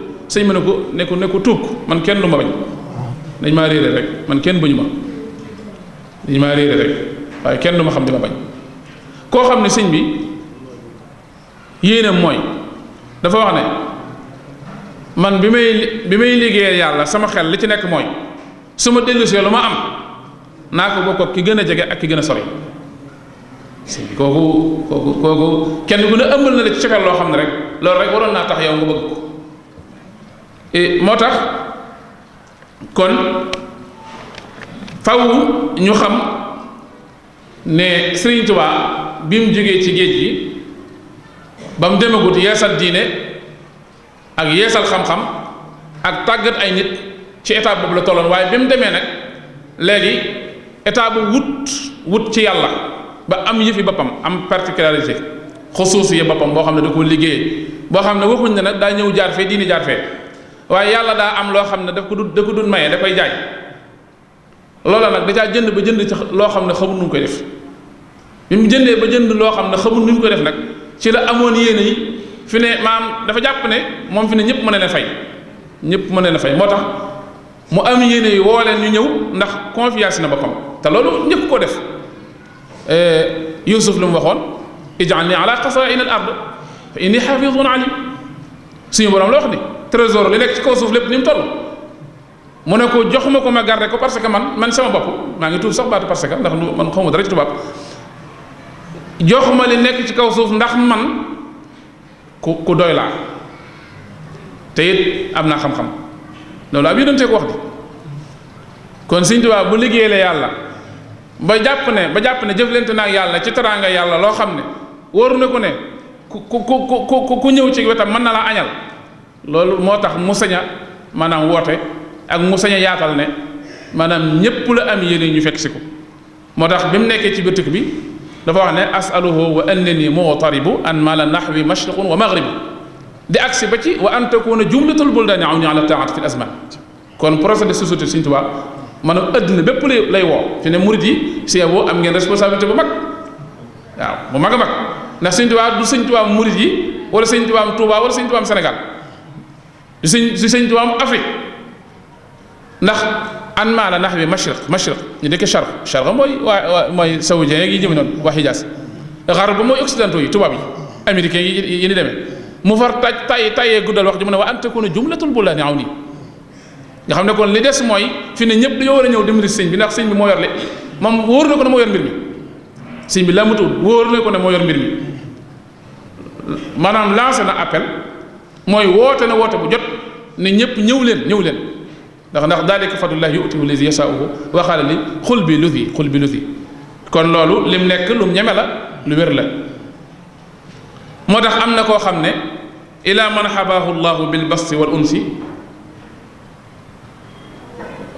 ne ko ne ko ne ko man kenn du ma dañ maa réere rek man kenn buñu ma dañ waaye kenn lu ma xam di ma bañ koo xam ne sëñ bi yéenam mooy dafa wax ne man bi may bi may liggéeyal yàlla sama xel li ci nekk mooy su ma dellusee lu ma am naa ko bokk ki gën a jege ak ki gën a sori kooku kooku kooku kenn ku ne ëmbal na la ci cofeel loo xam ne rek loolu rek waroon naa tax yow nga bëgg ko e, moo tax kon faw ñu xam ne Sëriñ bi mu jógee ci géej gi ba mu demagut yeesal diine ak yeesal xam-xam ak tàggat ay nit ci état boobu la tolloon waaye bi mu demee nag léegi état bu wut wut ci yàlla ba am yëfi boppam am particularité xusuusi yi boppam boo xam ne da koo liggéeyee boo xam ne waxuñ ne nag daa ñëw jaar fee diini jaar fee waaye yàlla daa am loo xam ne daf ko du da ko dul maye da jaay loola nag da jënd ba jënd ci loo xam ne xamul nu koy def bi mu jëndee ba jënd loo xam ne xamul nu ñu ko def nag ci la amoon yéene y fi ne maam dafa jàpp ne moom fi ne ñëpp mën na leen fay ñëpp mën na leen fay moo tax mu am yéene yi woo leen ñu ñëw ndax confiance na boppam te loolu ñëpp koo def eh, Yuusuf lu mu waxoon ij'alni ala xasaa'ina al-ard fa inni xaafizun alim suñu borom la wax ni trésor li nekk ci kaw suuf lépp ni mu toll mu ne ko jox ma ko ma garde ko parce que man man sama bopp maa ngi tuub sax baatu parce que ndax man xaw ma dara ci tubaab jox ma li nekk ci kaw suuf ndax man ku ku doy laa te it am na xam-xam loolu ab yonente ko wax di kon Sëñ Tuubaa bu liggéeyale yàlla ba jàpp ne ba jàpp ne jëflante naa yàlla ci teraanga yàlla loo xam ne wóoru na ko ne ku ku ku ñëw ci wetam mën na laa añal loolu moo tax mu sañ a maanaam woote ak mu sañ yaatal ne maanaam ñépp la am yéene ñu fekk si ko moo tax bi mu nekkee ci biir tukki bi dafa wax ne asaluhu wa annani mu'taribu an mala nahwi mashriqun wa maghribu di agsi ba ci wa an takuna jumlatul buldani awni ala taat fi azman kon projet de société Sëriñ Tuubaa maanaam àddina bépp lay lay woo fi ne murid yi seen am ngeen responsabilité bu mag waaw bu mag a mag ndax Sëriñ Tuubaa du Sëriñ Tuubaa murid yi wala Sëriñ Tuubaa Tuubaa wala Sëriñ Tuubaa Sénégal du Sëriñ du Sëriñ Tuubaa an maana nax bi mashriq mashriq ñu dëkk charq charq mooy waa mooy saoudien yi jëm noonu waa Hijaas xarab mooy occidentaux yi tubaab yi américains yi yi ni demee mu far taj tay guddal wax ji mu ne wa an takuna jumlatul bu la neaw nii nga xam ne kon li mooy ne ñëpp dañoo war a ñëw dimbali sëñ bi ndax sëñ bi moo yor le ko ne moo yor mbir mi sëñ bi lamutul wóor na ko ne moo yor mbir mi maanaam lancé na appel mooy woote na woote bu jot ne ñëpp ñëw leen ñëw leen ndax ndax daalika fadlullah yu'tihi allazi yashaa'u wa qaala li xul bi lusi xul bi kon loolu lim nekk lum ñeme la lu wér la moo tax am na koo xam ne ila man xabaahu llahu bil basti wal unsi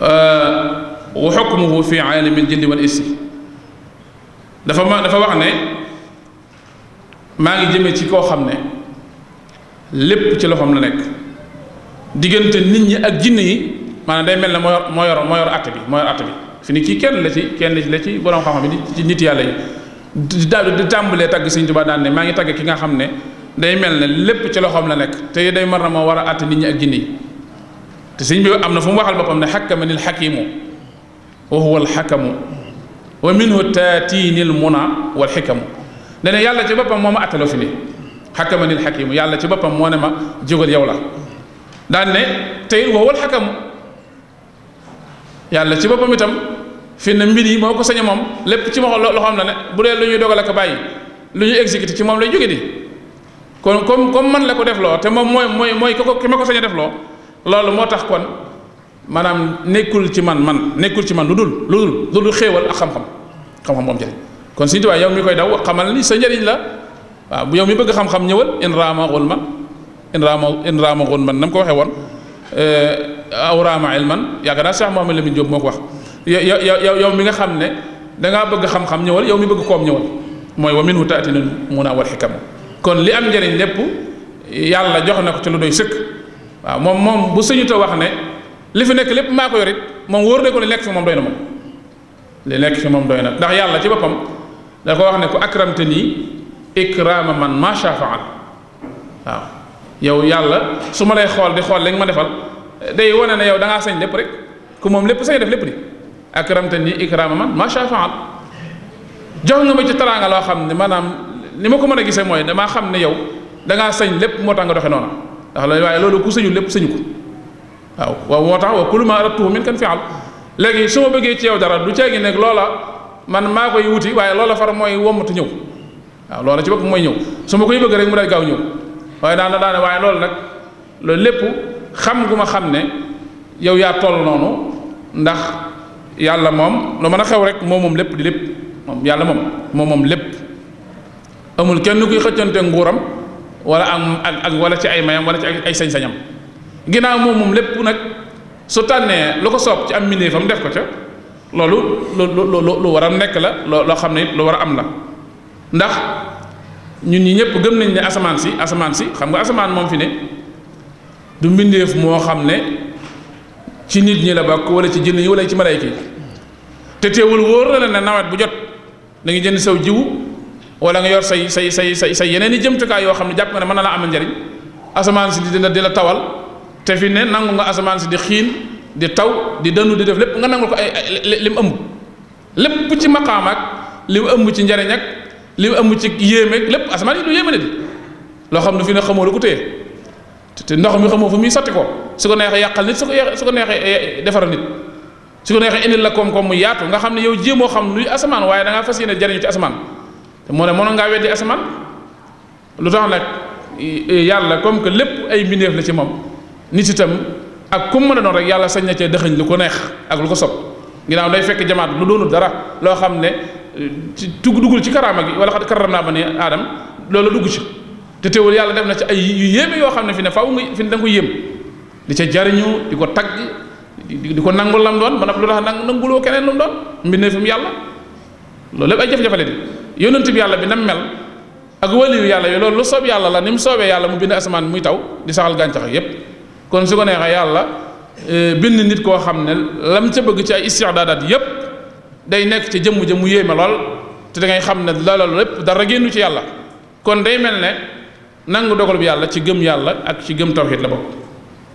euh, wa xukmuhu fi aalamil jinni wal insi dafa ma dafa wax ne maa ngi jëme ci koo xam ne lépp ci loxoom la nekk diggante nit ñi ak jinne yi maanaam day mel ne moo yor moo yor moo yor bi moo yor bi fi kii kenn la ci kenn la ci borom xam-xam bi ci yàlla yi di daal di tàmbalee tagg Sëriñ Tuubaa daan ne maa ngi tagg ki nga xam ne day mel na lépp ci loxoom la nekk tey day mar na moo war a atte nit ñi ak jinne te sëñ bi am na fu mu waxal boppam ne xakkamani l xakimu wa huwa al xakamu wa minhu taatiini l muna wal xikamu dane yàlla ci boppam moo ma atteloo fi ni xakkamani yàlla ci boppam moo ne ma jógal yow la tey wa huwa al yàlla ci boppam itam fi na mbir yi moo ko sañe moom lépp ci loxo loxoom la ne bu dee lu ñuy dogal ko bàyyi lu ñuy exécuté ci moom lay jóge di kon comme comme man la ko def loo te moom mooy mooy mooy ko ki ma ko sañe loo loolu moo tax kon maanaam nekkul ci man man nekkul ci man lu dul lu dul lu dul xéewal ak xam-xam xam-xam moom njëriñ kon suñu tubaab yow mi koy daw xamal ni sa njëriñ la waaw yow mi bëgg xam-xam ñëwal in raama xul ma in raama in raama man na ko waxee woon Euh, man ilman yaakaar naa Cheikh Mohamed Lamine Diop moo ko wax yow mi nga xam ne dangaa bëgg xam-xam ñëwal yow mi bëgg koom ñëwal mooy wa minhu tatina a wal xikam kon li am njariñ lépp yàlla jox na ko ci lu doy sëkk waaw moom moom bu sëñu ta wax ne li fi nekk lépp maa ko yorit moom wóor na ko li nekk fi moom doy na li nekk fi moom doy na ndax yàlla ci boppam da ko wax ne ku akramte nii ikraama man macha faal waaw yow yàlla su ma lay xool di xool li ma defal day wane na yow da ngaa sañ lépp rek ku moom lépp sañ def lépp di akramtani ikraama man macha faal jox nga ma ci taraanga loo xam ne maanaam ni ma ko mën a gisee mooy damaa xam ne yow da sañ lépp moo tax nga doxee noonu ndax loolu waaye loolu ku sañul lépp sañu ko waaw moo tax wa kullu ma aradtuhu min kan léegi su ma bëggee ci yow dara du ceegi nekk loola man maa koy wuti waaye loola far mooy wommatu ñëw waaw loola ci bopp mooy ñëw su ma koy bëgg rek mu dal gaaw ñëw waaye daan na daane waaye loolu nag loolu lépp xam gu ma xam ne yow yaa toll noonu ndax yàlla moom lu mën a xew rek moo moom lépp di lépp moom yàlla moom moo moom lépp amul kenn kuy xëccante nguuram wala ak ak wala ci ay mayam wala ci ay sañsañam ginnaaw moom moom lépp nag su tànnee lu ko soob ci am mbindeefam def ko ca loolu lu lu lu lu war a nekk la loo xam ne it lu war a am la ndax ñun ñi ñëpp gëm nañ ne asamaan si asamaan si xam nga asamaan moom fi ne du mbindeef moo xam ne ci nit ñi la bokk wala ci jinn yi wala ci malayka yi te teewul wóor na la ne nawet bu jot da jënd saw jiwu walla nga yor say say say say say yeneen yi jëmtukaay yoo xam ne jàpp nga ne mën na laa amal njariñ asamaan si dina di la tawal te fi ne nangu nga asamaan si di xiin di taw di dënnu di def lépp nga nangu ko ay li mu ëmb lépp ci maqaam ak li ci njariñ ak li mu am ci yéemeeg lépp asamaan yi lu yéeme ne di loo xam ne fi ne xamoo lu ko téye te ndox mi xamoo fu muy sotti ko su ko neexee yàqal nit su ko su ko neexee eh, eh, defaral nit su ko neexee indil la koom mu yaatu nga xam ne yow jéemoo xam luy asamaan waaye da ngaa fas yéene jariñu ci asamaan moo mënoon ngaa weddi asamaan lu tax nag yàlla comme que lépp ay mbindeef la ci moom nit itam ak kum mën a doon rek yàlla sañ na cee dëxëñ lu ko neex ak lu ko sob ginnaaw day fekk jamaat lu doonul dara loo xam ne ci tugg duggul ci karaama gi wala xat karam naa ba ne aadam loolu dugg ci te teewul yàlla def na ci ay yu yéeme yoo xam ne fi ne faw nga fi ne ko yéem di ca jariñu di ko tagg di ko nangul lam doon ba nag lu tax nang nanguloo keneen lu mu yàlla loolu la di yonent bi yàlla bi nam mel ak waliyu yàlla yi loolu lu soob yàlla la ni mu soobee yàlla mu bind asamaan muy taw di saxal gàncax yépp kon si ko neexee yàlla eh, bind nit koo xam ne lam ca bëgg ci ay istidaadaat yépp day nekk ci jëmm jëmm mu ma lool te da ngay xam ne la loolu lépp dara génnu ci yàlla kon day mel ne nangu dogal yàlla ci gëm yàlla ak ci gëm tawxiid la bokk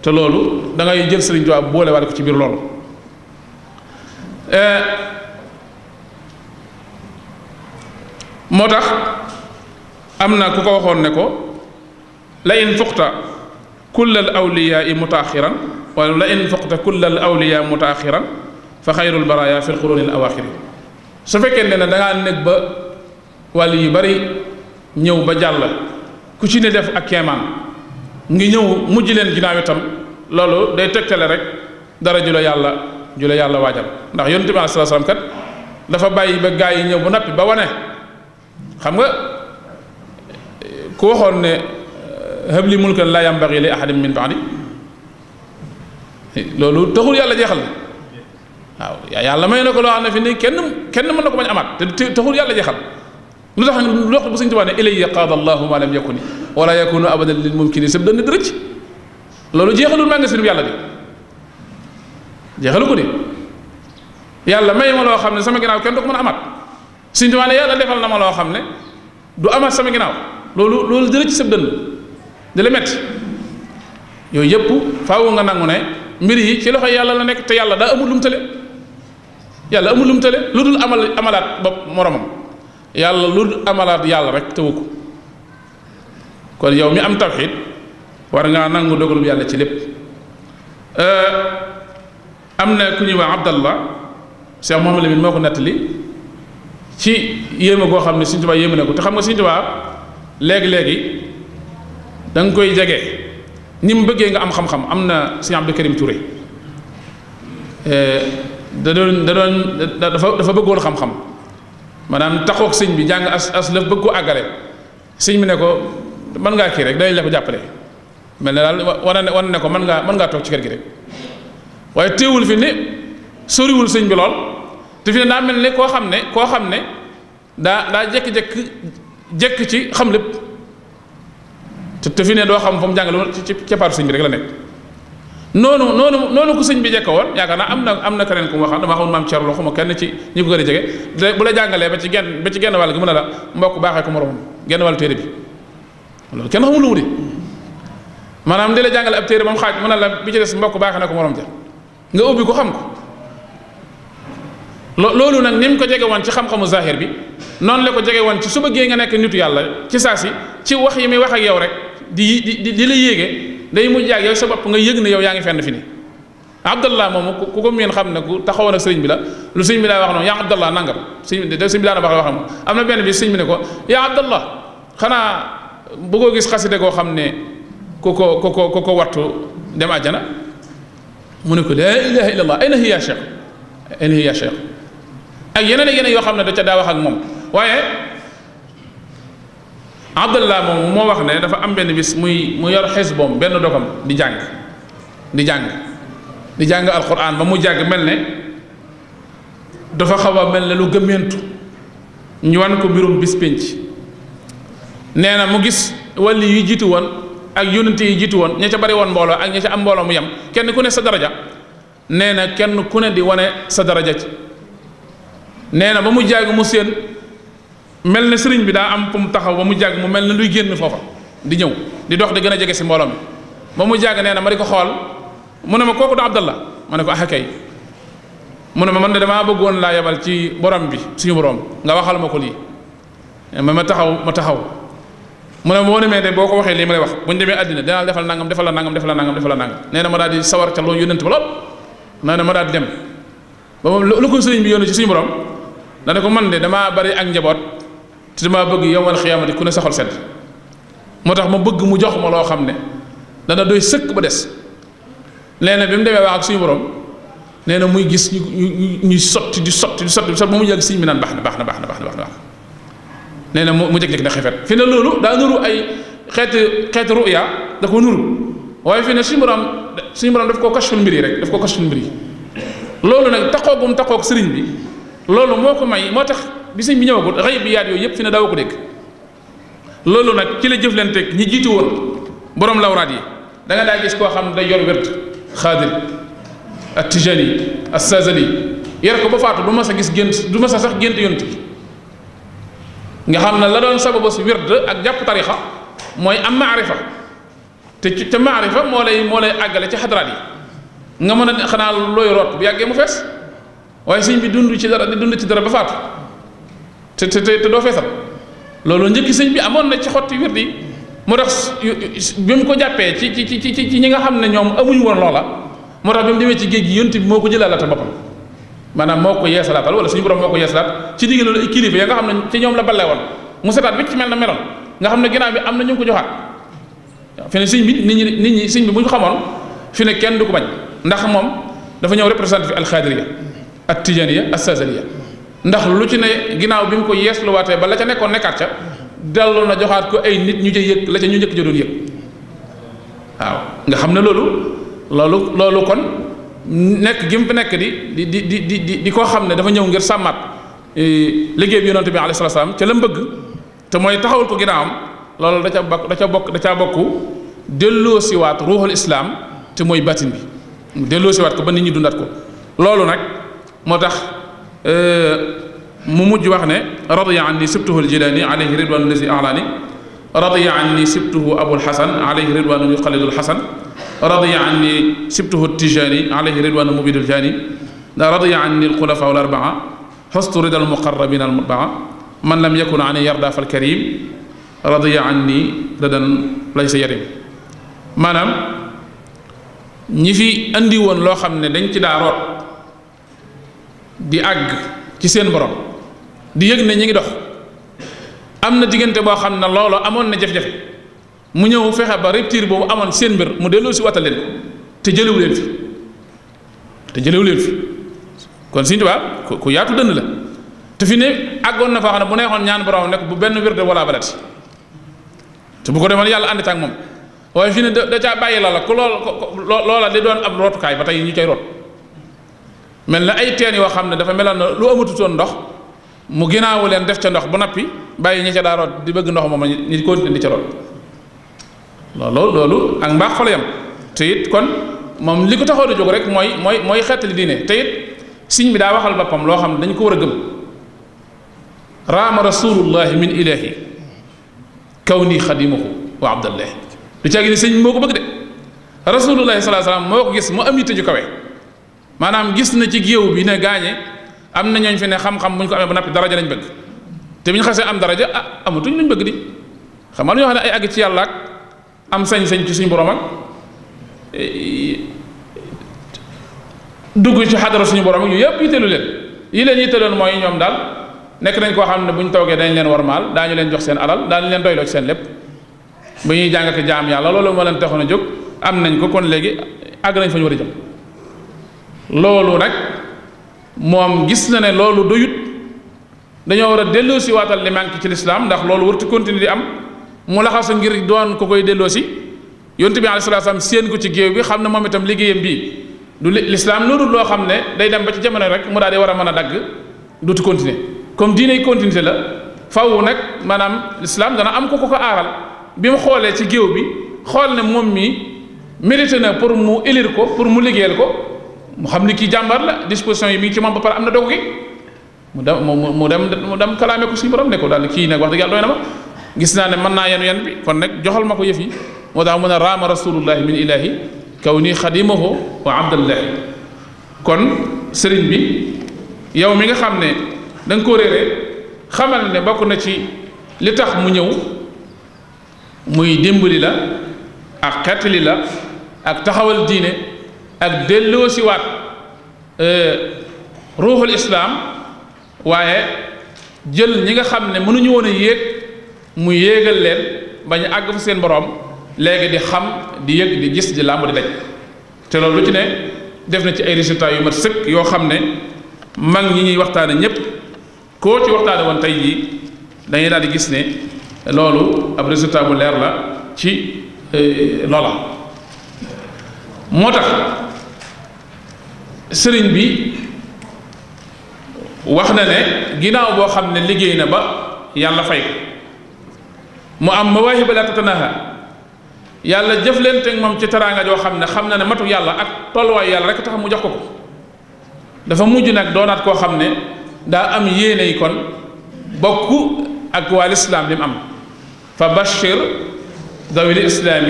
te loolu dangay jël Sëriñ Tuubaa boole waale ko ci biir loolu euh, moo tax am na ku ko waxoon ne ko la in fuqta kullal awliyaa mutaaxiran wala la in fuqta kullal awliyaa mutaaxiran fa xayrul baraya fi lquruni l awaxiri su fekkente ne dangaa nekk ba wàll yu bari ñëw ba jàll ku ci ne def ak keemaan ngi ñëw mujj leen ginnaaw itam loolu day tegtale rek dara ju yàlla ju yàlla waajal ndax yonent bi sallallahu kat dafa bàyyi ba gaa yi ñëw ba noppi ba wane xam nga ku waxoon ne habli mulkan la yambaghi li ahadin min ba'di loolu taxul yàlla jeexal waaw yàlla may na ko loo xam ne fi nii kenn kenn mën na ko bañ amaat te taxul yàlla jeexal lu tax lu wax bu Sëñ Tuubaa ne ilayya qaada allahu ma lam yakuni wala yakunu abadan lil mumkini sab dënn dërëj loolu jeexalul maa nga sinum yàlla bi jeexalu ko ni yàlla may ma loo xam ne sama ginnaaw kenn du ko mën a amaat Sëñ Tuubaa yàlla defal na ma loo xam ne du amaat sama ginnaaw loolu loolu dërëj sab dënn di la metti yooyu yëpp faaw nga nangu ne mbir yi ci loxo yàlla la nekk te yàlla daa amul lu yàlla amul lu lu dul amal amalaat bopp moromam yàlla lu dul amalaat yàlla rek tëwu ko kon yow mi am tawxid war ngaa nangu dogalub yàlla ci lépp euh, am na ku ñuy wax abdallah Cheikh Mohamed Lamine moo ko nettali xam ne Sëñ Tuubaa yéeme na ko te xam nga Sëñ Tuubaa léegi-léegi da koy jege ni mu bëggee nga am xam-xam am na Sëñ Abdou Karim Touré euh, da doon da doon dafa dafa bëggoon xam-xam maanaam taxoog sëñ bi jàng as lëf bëgg ko àggale sëñ bi ne ko mën ngaa kii rek day la jàppale mel ne daal war na war na ne ko mën ngaa mën nga toog ci kër gi rek waaye teewul fi ne soriwul sëñ bi lool te fi ne daa mel ne koo xam ne koo xam ne daa daa jékki-jékki jékki ci xam lépp te te ne doo xam fa mu jàngale ci ci keppaaru sëñ bi rek la nekk. noonu noonu noonu ko sëñ bi jekk woon yaakaar naa am na am na keneen ku ma xam dama xamul maam Thierno xuma kenn ci ñi ko gën a jege bu la jàngalee ba ci genn ba ci genn wàll gi mu ne la mbokk baaxee ko moroom genn kenn xamul lu di maanaam di la jàngale ab téere ba mu xaaj mu ne la bi ci des mbokk baaxee na ko moroom ja nga ubbi ko xam ko loolu nag ni ko jege woon ci xam-xamu zahir bi noonu la ko jege woon ci su géey nga nekk nitu yàlla ci saa si ci wax yi muy wax ak yow rek di di di la yéege day mujj ak yow sa nga yëg ne yow yaa ngi fenn fi ni abdallah moom ku ko meen xam ne ku taxawoon ak sëriñ bi la lu sëriñ bi daa wax noonu yaa abdallah nangam sëriñ bi sëriñ bi daana wax waxam am na benn bi sëriñ bi ne ko yaa abdallah xanaa bëggoo gis xaside koo xam ne ku ko ku ko ku ko wattu dem àjjana mu ne ko laa ilaha illallah ayna hiya cheikh ayna hiya cheikh ak yeneen ak yeneen yoo xam ne da ca daa wax ak moom waaye abdullah moom moo wax ne dafa am benn bis muy mu yor xes boom benn dogam di jàng di jàng di jàng alquran ba mu jàng mel ne dafa xaw a mel ne lu gëmmentu ñu wan ko mbirum bis pénc nee na mu gis wàlli yu jiitu woon ak yonent yi jiitu woon ña ca bari woon mbooloo ak ña ca am mbooloo mu yem kenn ku ne sa daraja nee na kenn ku ne di wane sa daraja ci nee na ba mu jàng mu séen mel na sëriñ bi daa am fu mu taxaw ba mu jàgg mu mel na luy génn foofa di ñëw di dox di gën a jege si mbooloo mi ba mu jàgg nee na ma di ko xool mu ne ma kooku du abdallah ma ne ko ah mu ne ma man de damaa bëggoon laa yabal ci borom bi suñu borom nga waxal ma ko lii eh, ma ma taxaw ma taxaw mu ne ma boo de boo ko waxee lii ma wax bu demee àddina danaa defal nangam defal la nangam defal la nangam defal la nangam nee na ma daal di sawar ca loolu yónnent ba lool nee ma daal di dem lu ko sëriñ bi yónni ci suñu borom dana ko man de damaa bari ak njaboot te damaa bëgg yowmal xiyaamati ku ne saxol sedd moo tax ma bëgg mu jox ma loo xam ne dana doy sëkk ba des nee na bi mu suñu borom nee na muy gis ñu ñuy sotti di sotti di sotti di sotti ba mu yàgg siñ bi naan baax na baax na baax na baax na baax na na mu mu jékki-jékki xefet fi ne loolu daa nuru ay xeeti xeeti ruya da ko nuru waaye fi ne suñu borom suñu borom daf koo mbir yi rek daf ko kashful mbir yi loolu nag taxoo bu mu taxoo sëriñ bi loolu moo ko may moo tax. bi sëñ bi ñëwagut rëy bi yaat yooyu yëpp fi ne daawa ko dégg loolu nag ci la jëflanteeg ñi jiitu woon boroom lawraat yi da nga daa gis koo xam ne day yor wérd xaadir ak tijani ak sazali yor ko ba faatu du ma sa gis gént du ma sa sax gént yont nga xam ne la doon sababu si wérd ak jàpp tarixa mooy am maarifa te ci te maarifa moo lay moo lay àggale ci xadraat yi nga mën a xanaa looy root bu yàggee mu fees waaye sëñ bi dund ci dara di dund ci dara ba faatu te te te doo feesal loolu njëkk sëñ bi amoon na ci xotti wird yi moo tax bi mu ko jàppee ci ci ci ci ñi nga xam ne ñoom amuñu woon loola moo tax bi mu demee ci géej gi yonent bi moo ko jëlalaata boppam maanaam moo ko yeesalaatal wala suñu borom moo ko yeesalaat ci digg loolu kilifa ya nga xam ne ci ñoom la balle woon mu setaat bi ci mel na meloon nga xam ne ginnaaw bi am na ñu ko joxaat waaw fi ne sëñ bi nit ñi nit ñi sëñ bi bu ñu xamoon fi ne kenn du ko bañ ndax moom dafa ñëw représenté fi alxaadiriya at tijaniya as sazaliya ndax lu ci ne ginnaaw bi mu ko yeesluwaatee ba la ca nekkoon nekkaat ca dellu na joxaat ko ay nit ñu ca yëg la ca ñu njëkk ja doon yëg waaw nga xam ne loolu loolu loolu kon nekk gi mu fi nekk di di di di di di koo xam ne dafa ñëw ngir sàmmaat eh, liggéey bi yonante bi alayhi salaam ca la mbëgg te mooy taxawul ko ginnaawam loolu da ca bokk da ca bokk da caa bokk delloo siwaat ruuxul islaam te mooy batin bi delloo siwaat ko ba nit ñi dundaat ko loolu nag moo tax Euh, mu mujj wax ne radiya anni sibtuhu aljilaani alayhi ridwanu lazi alaani radiya anni sibtuhu abul xasan alayhi ridwanu yuqalidul xasan radiya anni sibtuhu tijaani alayhi ridwanu mubidul jaani radiya anni alxulafa al arbaa xustu rida almuqarrabin almutbaa man lam yakun ani yarda fal karim radiya anni radan laysa yarim maanaam ñi fi andi woon loo xam ne dañ ci daa root di àgg ci seen borom di yëg ne ñu ngi dox am na diggante boo xam ne looloo amoon na jafe-jafe mu ñëw fexe ba rupture boobu amoon seen mbir mu delloo si watal leen ko te jëlewu leen fi te jëlewu leen fi kon Sëriñ Tuubaa ku yaatu dënn la te fi ne àggoon na foo xam ne bu neexoon ñaan borom nekk bu benn wird wala balati te bu ko defoon yàlla ànd ak moom waaye fi ne da caa bàyyi la la ku lool loola di doon ab rootukaay ba tey ñu cay root mel na ay teen yoo xam ne dafa meloon na lu amatutoon ndox mu ginaawu leen def ca ndox bu nappi bàyyi ñi ca daa root di bëgg ndox moom ñi continuer di ca root loolu loolu ak mbaax fa la te it kon moom li ko taxoon a jóg rek mooy mooy mooy xeetali diine te it siñ bi daa waxal boppam loo xam ne dañ ko war a gëm raama rasulullahi min ilahi kaw nii xadimuhu wa abdallahi du caagi ni sëñ moo ko bëgg de rasulullahi salaa salaam moo gis mu am yitte ju kawe maanaam gis na ci géew bi ne gaañe am na ñooñ fi ne xam-xam bu ñu ko amee ba noppi daraja lañ bëgg te bu ñu xasee am daraja ah, amatuñ luñ bëgg di xam nga ñoo xam ne ay àgg yàlla am sañ-sañ ci suñu borom ak e, dugg ci xadara suñu borom ak yu yëpp yitteelu leen yi leen yitteeloon mooy ñoom daal nekk nañ koo xam ne bu ñu toogee dañ leen warmaal daañu leen jox seen alal daañu leen doyloo ci seen lépp bu ñuy jàngate jaam yàlla loolu moo leen taxoon a jóg am nañ ko kon léegi àgg nañ fa ñu war a jëm loolu nag moom gis na ne loolu doyut dañoo war a delloosi waatal li manque ci lislaam ndax loolu wartu continuer di am mu laxasu ngir doon ko koy delloosi yonent bi alayhi salaam séen ko ci géew bi xam ne moom itam liggéeyam bii du lislaam noonu loo xam ne day dem ba ci jamono rek mu daal di war a mën a dagg dutu continuer comme diiney continuité la fawu nag maanaam lislaam dana am ko ko ko aaral bi mu xoolee ci géew bi xool ne moom mii mérité na pour mu élire ko pour mu liggéeyal ko mu xam ni kii jàmbar la disposition yi mi ngi ci moom ba pare am na dogu gi mu dem mu dem mu dem kalaame ko suñu borom ne ko daal kii nag wax dëgg yàlla doy na ma gis naa ne mën naa yenu yan bi kon nag joxal ma ko yëfi moo tax mun a raama rasulullahi min ilahi kaw nii xadimahu wa abdallahi kon sëriñ bi yow mi nga xam ne da nga xamal ne bokk na ci li tax mu ñëw muy dimbali la ak xettali la ak taxawal diine ak delloo siwaat euh, ruuxul islaam waaye jël ñi nga xam ne mënuñu woon a yéeg mu yéegal leen ba ñu àgg fa seen boroom léegi di xam di yëg di gis di làmb di daj te loolu lu ci ne def na ci ay résultats yu ma sëkk yoo xam ne mag ñi ñuy waxtaane ñépp koo ci waxtaane woon tey jii dangay daal di gis ne loolu ab résultat bu leer la ci euh, loola moo tax sëriñ bi wax na ne ginnaaw boo xam ne liggéey na ba yàlla fay mu am mawaahiba la tatanaha yàlla jëfleenteeg moom ci teraanga joo xam ne xam na ne matu yàlla ak tolluwaay rek tax mu jox ko ko dafa mujj nag doonaat koo xam ne daa am yéene yi kon bokk ak waa lislaam li am fa bashir dawil islaam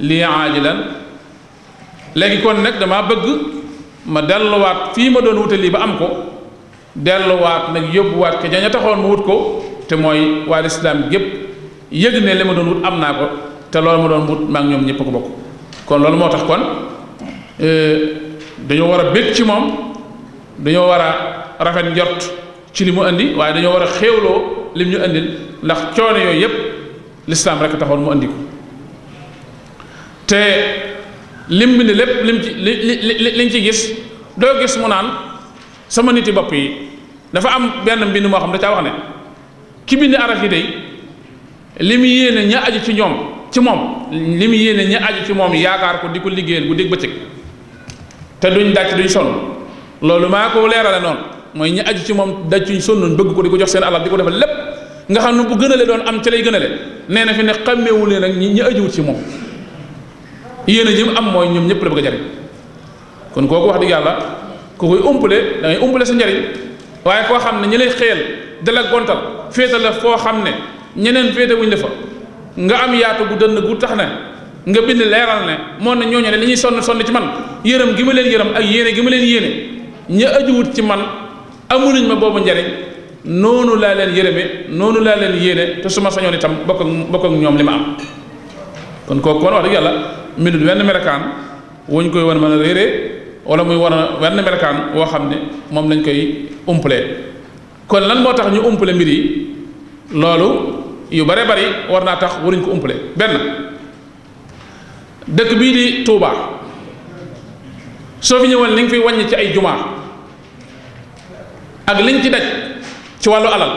lii aajilan léegi kon nag dama bëgg ma delluwaat fii ma doon wute lii ba am ko delluwaat nag yóbbuwaat ke ñaña taxoon ma wut ko te mooy waa lislaam gépp yëg ne li ma doon wut am naa ko te loolu ma doon wut maa ñoom ñëpp ko bokk kon loolu moo tax kon euh, dañoo war a bég ci moom dañoo war a rafet njort ci li mu indi waaye dañoo war a xéewloo lim ñu indil ndax coone yooyu yëpp lislaam rek taxoon mu indi ko te lim bi ne lépp lim ci li li liñ ci gis doo gis mu naan sama niti bopp yi dafa am benn mbind moo xam da caa wax ne ki bind araf yi day li mu ña aju ci ñoom ci moom li mu yéene ña aju ci moom yaakaar ko di ko liggéeyal bu dégg bëccëg te duñ dàcc duñ sonn loolu maa ko leerale noonu mooy ña aju ci moom dàccuñ sonnuñ bëgg ko di ko jox seen alal di ko defal lépp nga xam ne bu gënale doon am ci lay gënale nee na fi ne xàmmeewu leen ak ñi ñi ajuwut ci moom yéen a jëm am mooy ñoom ñëpp la bëgg a jariñ kon kooku wax dëgg yàlla ku koy umpale da umpale sa njariñ waaye koo xam ne ñi lay xëyal dala gontal féeta la foo xam ne ñeneen féete wuñ la fa nga am yaatu bu dënn gu tax ne nga bind leeral ne moo ne ñooñu ne li ñuy sonn sonn ci man yërëm gi ma leen yërëm ak yéene gi ma leen yéene ña ajuwut ci man amul amuluñ ma boobu njariñ noonu laa leen yërëme noonu laa leen yéene te su ma sañoon itam bokk bokk ak ñoom li ma am kon kooku yàlla melut wenn melokaan wuñ koy war a mën a réeree wala muy war a wenn melokaan woo xam ne moom lañ koy umpalee kon lan moo tax ñu umpale mbir yi loolu yu bare bari war naa tax waruñ ko umpale benn dëkk bii di Touba soo fi ñëwoon li fi fiy ci ay jumaa ak liñ ci daj ci wàllu alal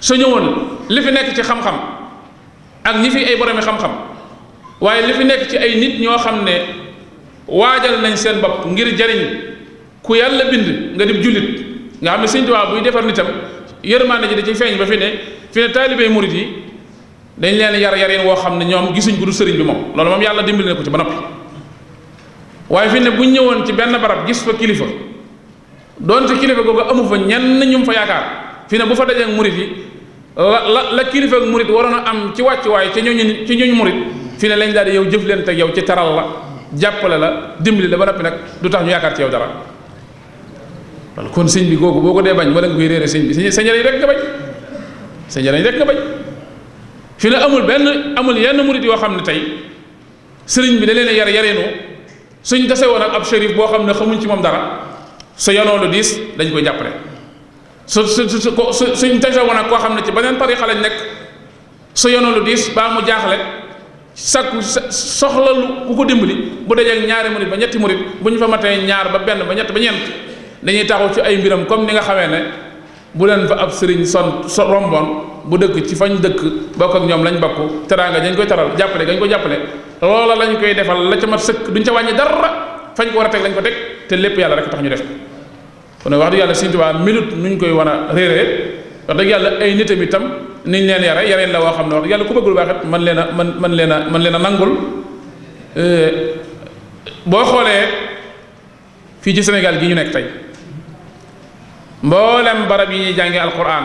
soo ñëwoon li fi nekk ci xam-xam ak ñi fi ay boromi xam-xam waaye li fi nekk ci ay nit ñoo xam ne waajal nañ seen bopp ngir jariñ ku yàlla bind nga dib jullit nga xam ne sëñ Tuubaa buy defar nitam yërmaande ji da ciy feeñ ba fi ne fi ne taalibey murit yi dañ leen yar yarin woo xam ne ñoom gisuñ ko du sëriñ bi moom loolu moom yàlla dimbali ko ci ba noppi waaye fi ne bu ñëwoon ci benn barab gis fa kilifa doonte kilifa googu amu fa ñenn ñu fa yaakaar fi ne bu fa dajee ak murit yi la la la kilifa ak murit waroon a am ci wàccuwaay ci ci ñooñu fi ne lañ daal di yow jëf leen yow ci taral la jàppale la dimbali la ba noppi nag du tax ñu yaakaar ci yow dara loolu kon sëñ bi kooku boo ko dee bañ wala nga koy réere sëñ bi sa njëriñ rek nga bañ sa rek bañ fi ne amul benn amul yenn murit yoo xam ne tey sëriñ bi da leen yar yareenu suñ dese woon ak ab shérif boo xam ne xamuñ ci moom dara su yonoon lu dañ koy jàppale su su su suñ dese woon ak koo xam ne ci beneen tarixa lañ nekk su yonoon lu diis baa mu jaaxle sakku soxla lu ku ko dimbali bu dajee ak ñaari murit ba ñetti murit bu ñu fa matee ñaar ba benn ba ñett ba ñeent dañuy taxaw ci ay mbiram comme ni nga xamee ne bu leen fa ab sëriñ son so romboon bu dëkk ci fañ dëkk bokk ak ñoom lañ bokk teraanga dañ koy taral jàppale dañ ko jàppale loola lañ koy defal la ca ma sëkk duñ ca wàññi dara fañ ko war a teg lañ ko teg te lépp yàlla rek tax ñu def kon wax dëgg yàlla Sëriñ Tuubaa minute nuñ koy war a réeree yàlla ay nitam itam niñ leen yare yareen la woo xam ne wax yàlla ku bëggul baax man leen man man leen man leen nangul euh, boo xoolee fii ci senegal gi ñu nekk tey mboolem barab yi ñuy jàngee alquran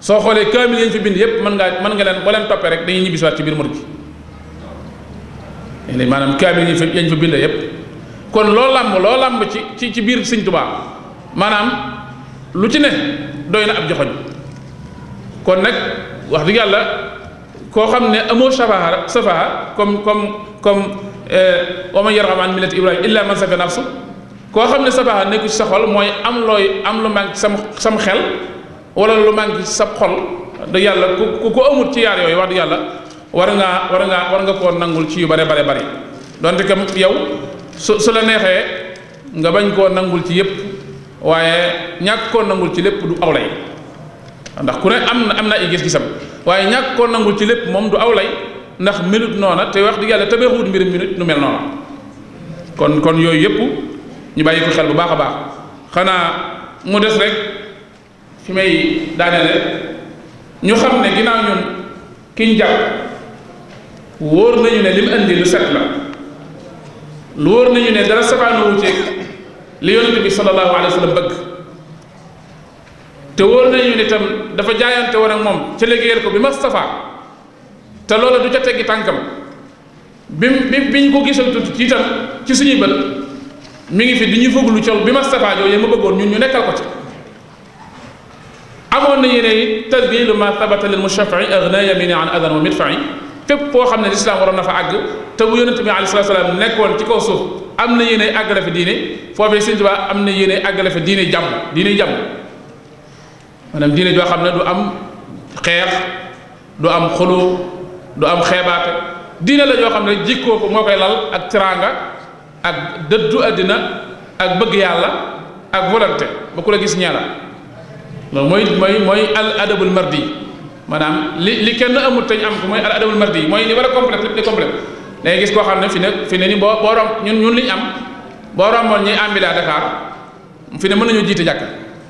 soo xoolee kaamil yañ fi bind yépp mën ngaa mën nga leen boo leen toppee rek dañuy ñibbisiwaat ci biir mur gi maanaam kaamil yañ fa yañ fa bind yépp kon loo làmb loo làmb ci ci ci biir Sëñ Tuubaa maanaam lu ci ne doy na ab joxoñ kon nag wax dëgg yàlla koo xam ne amoo safaha safaha comme comme comme euh, wa man yarghabu an millati ibrahima illa man safiha koo xam ne safaha nekk ci sa xol mooy am looy am lu manque sam sam xel wala lu manque sa xol da yàlla ku ku amut ci yaar yooyu wax dëgg yàlla war ngaa war ngaa war nga koo nangul ci yu bare bare bari donte kam yow su su la neexee nga bañ koo nangul ci yëpp waaye ñàkk koo nangul ci lépp du aw lay ndax ku ne am na am na ay gis-gisam waaye ñàkk koo nangul ci lépp moom du aw lay ndax melut noona te wax dëgg yàlla tabeexuwut mbirum minute nu mel noona kon kon yooyu yëpp ñu bàyyi ko xel bu baax a baax xanaa mu des rek fi may daaneele ñu xam ne ginnaaw ñun kiñ jàpp wóor nañu ne lim indi lu set la lu wóor nañu ne dara safaanu wuuteeg li yonent bi sallallahu alayhi wa sallam bëgg te wóor nañu ni itam dafa jaayante woon moom ci liggéeyal ko bi Moustapha te loola du ca teggi ma bi bi ñu ko gisee tuuti ci itam ci suñuy bët mi ngi fi di ñu fuglu col bi Moustapha yooyu ma bëggoon ñun ñu nekkal ko ci amoon na yéene it tasbilu ma tabata lil mu agna yamini an adan wa midfai fépp foo xam ne lislaam waroon na fa àgg te bu yonente bi alayhi salatu salaam ci kaw suuf am na yéene àggale fa diine foofee sëñ Tuubaa am na yéene àggale fa diine jàmm diine jàmm maanaam diine joo xam ne du am xeex du am xuloo du am xeebaate diine la joo xam ne jikkoo ko moo koy lal ak teraanga ak dëddu àddina ak bëgg yàlla ak volonté ba ku la gis ñeela loolu mooy mooy mooy al adabul mardi maanaam li li kenn amul te am ko mooy al adabul mardi mooy li war a complète lépp di complète da gis koo xam ne fi ne fi ne ni boo boo rom ñun ñun liñ am boo romboon ñuy ambila Dakar fi ne mën nañu jiite jàkk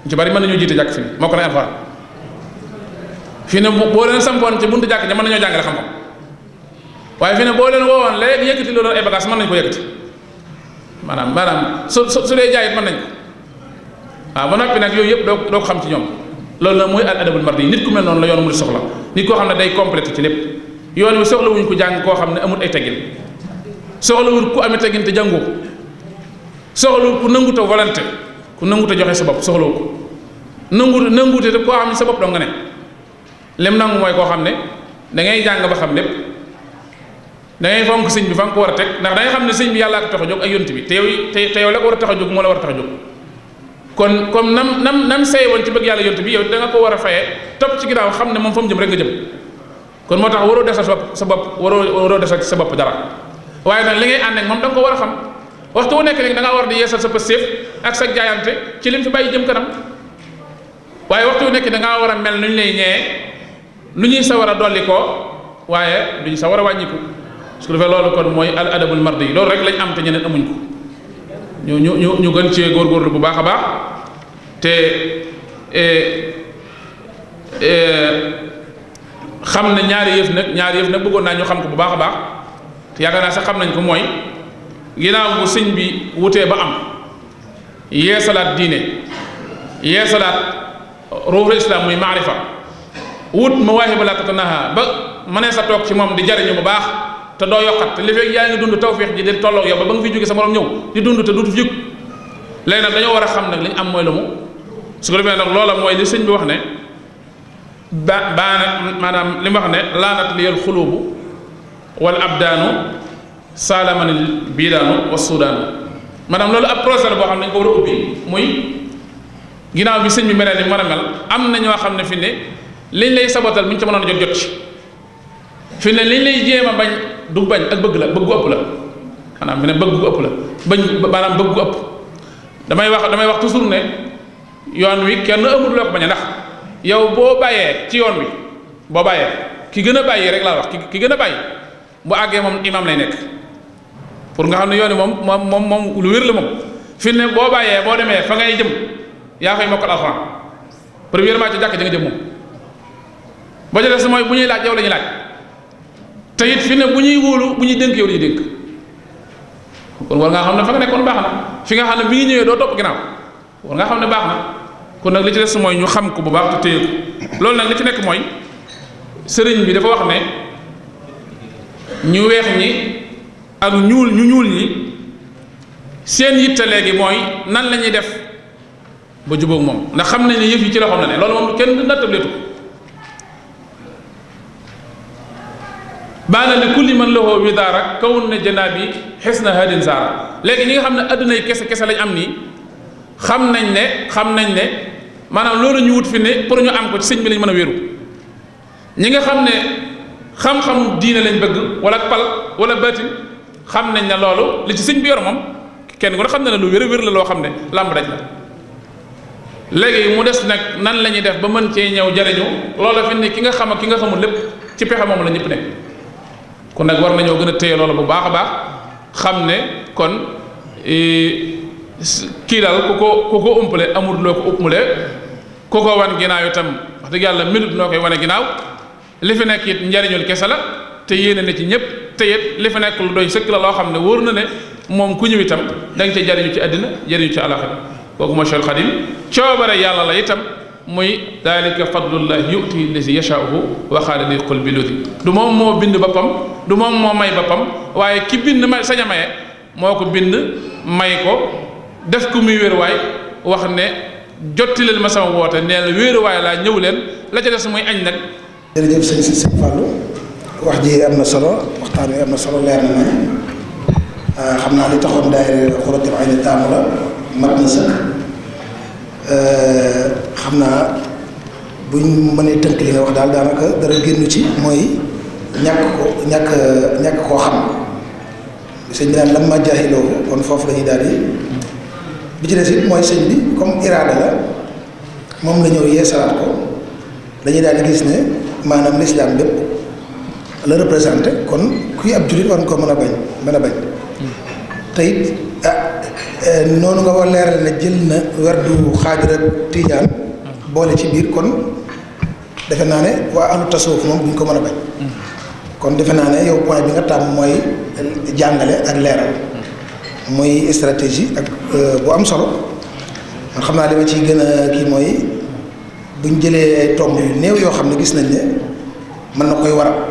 ñu ci bari mën nañoo jiite jàkk fi moo ko ne alxuraan fii ne boo leen sampoon ci buntu jàkk ja mën nañoo jàngale xam-xam waaye fii ne boo leen woowoon léegi yëkkati loolu ay bagages mën nañu ko yëkkati maanaam maanaam su su su dee jaayit mën nañ ko ah, ba noppi nag yooyu yëpp doo doo xam ci ñoom loolu nag mooy al adabul mardi nit ku mel la yoon mu di soxla nit koo xam ne day complété ci lépp yoon wi soxlawuñ ko jàng koo xam ne amul ay teggin soxlawul ku amee teggin te jàngoo soxlawul ku nangu te volonté ku nangu te joxe sa bopp soxlawu ko nangu nanguute daf koo xam ne sa bopp dong nga ne lim nangu mooy koo xam ne da ngay jàng ba xam lépp da ngay fonk sëñ bi fa ko war a teg ndax xam ne sëñ bi yàllaa ko tax a jóg ak yont te te yow la a tax a jóg a tax a kon comme nam nam nam say woon ci bëgg yàlla yont bi yow da nga ko war a fayee topp ci ginnaaw xam ne moom fa mu jëm rek nga kon moo tax waroo desal sa bopp sa bopp waroo waroo sa bopp dara waaye nag li ngay ànd ak moom da ko war a xam waxtu wu nekk nag da war di yeesal sa pëstéef ak sa jaayante ci lim fi bàyyi jëm kanam waaye waxtu wu nekk da war a mel nu ñu lay ñee lu ñuy sa war a dolli ko waaye duñ sa war a wàññiku su ko loolu kon mooy al adabul mardi yi loolu rek lañ am te ñeneen amuñ ko ñu ñu ñu ñu gën cee góorgóorlu bu baax a baax te e, e, xam ne ñaari yëf nag ñaari yëf nag bëggoon naa ñu xam ko bu baax a baax te yaakaar naa sax xam nañ ko mooy ginnaaw bu sëñ bi wutee ba am salaat diine yeesalaat ruuxul islam muy maarifa wut mawaahiba la tatanaha ba mënee sa toog ci moom di jariñu bu baax te doo yokkat te li fekk yaa ngi dund tawféex ji di tolloog yow ba ba nga fi jóge sa morom ñëw di dund te duutu fi jóg léegi nag dañoo war a xam nag li ñu am la mu su ko defee loola mooy li sëñ bi wax ne ba baana maanaam li mu wax ne laanat liyal xulubu wal abdaanu saalamanil biidaanu wa suudaanu maanaam loolu ab projet boo xam ne dañ ko war a ubbi muy ginnaaw bi sëñ bi meree ni mën a mel am na ñoo xam ne fi ne liñ lay sabotal bu ñu ca mënoon a jot jot ci fi ne liñ lay jéem a bañ du bañ ak bëgg la bëggu ëpp la maanaam fi ne bëgg gu ëpp la bañ bëgg gu ëpp damay wax damay wax toujours ne yoon wi kenn amul loo ko bañ a ndax yow boo bàyyee ci yoon wi boo bàyyee ki gën a bàyyi rek laa wax ki gën a bàyyi bu àggee moom imaam lay nekk pour nga xam ne yoon wi moom moom moom lu wér la moom fi boo bàyyee boo demee fa ngay jëm. yaa fay mokkal alxuraan premièrement ci jàkk ja nga jëm moom ba ca des mooy bu ñuy laaj yow la ñuy laaj te it fi ne bu ñuy wóolu bu ñuy dénk yow la ñuy dénk kon war ngaa xam ne fa nga nekkoon baax na fi nga xam ne bi ngi ñëwee doo topp ginnaaw war ngaa xam ne baax na kon nag li ci des mooy ñu xam ko bu baax te téye ko loolu nag li ci nekk mooy sëriñ bi dafa wax ne ñu weex ñi ak ñuul ñu ñuul ñi seen yitte léegi mooy nan lañuy def ba jubóog moom ndax xam nañ ne yëf yi ci loxoom la ne loolu moom kenn nattableetu ko baana li kulli man lahu widaara kawn ne janaa bi xes na hadin saara léegi ñi nga xam ne adduna yi kese kese lañ am nii xam nañ ne xam nañ ne maanaam loolu ñu wut fi ne pour ñu am sëñ bi lañ mën a wéeru ñi nga xam ne xam-xam diine lañ bëgg wala pal wala baatin xam nañ ne loolu li ci sëñ bi yor moom kenn ku xam na ne lu wér a wér la loo xam ne làmb daj la léegi mu des nag nan la ñuy def ba mën cee ñaw jariñu loola fi ne ki nga xam ki nga xamul lépp ci pexe moom la ñëpp nekk kon nag war nañoo gën a téye loola bu baax baax xam ne kon kii daal ku ko ku ko umpale amul loo ko umpale ku ko wan ginnaaw itam wax dëgg yàlla minute noo koy wane ginnaaw li fi nekk it njariñul kese la te yéene na ci ñëpp te it li fi nekk lu doy sëkk la loo xam ne wóor na ne moom ku ñëw itam da cee jariñu ci àddina jariñu ci àllaxira kooku mooy Cheikhul coobare yàlla la itam muy daalika fadlullah yuti lasi yashaahu waxaale ni xul bi ludi du moom moo bind boppam du moom moo may boppam waaye ki bind ma maye moo ko bind may ko def ko muy wéeruwaay wax ne jotti leen ma sama woote nee wéeruwaay laa ñëw leen la ca des muy añ nag wax ji am na solo waxtaan wi am na solo leer na ah, xam naa li taxoon daayira xuratul ayni taamu la mat na euh, xam naa buñ mënee tënk li nga wax daal daanaka dara génn ci mooy ñàkk ko ñàkk ñàkk koo xam sëñ bi naan lam ma kon foofu la daal di bi ci des it mooy sëñ bi comme iraada la moom la ñëw yeesalaat ko dañuy daal di gis ne maanaam lislaam bépp la représenté kon kuy ab jullit war nga ko mën a bañ mën a bañ hmm. te Euh, noonu nga war leeral na jël na werdu xaadir ak boole ci biir kon defe naa ne waa am tasawuf moom duñ ko mën a bañ kon defe naa ne yow point bi nga tàmm mooy jàngale ak leeral muy stratégie ak euh, bu am solo man xam naa li ma ciy gën a kii mooy buñ jëlee ay tomb yu néew yoo xam ne gis nañ ne mën na koy waral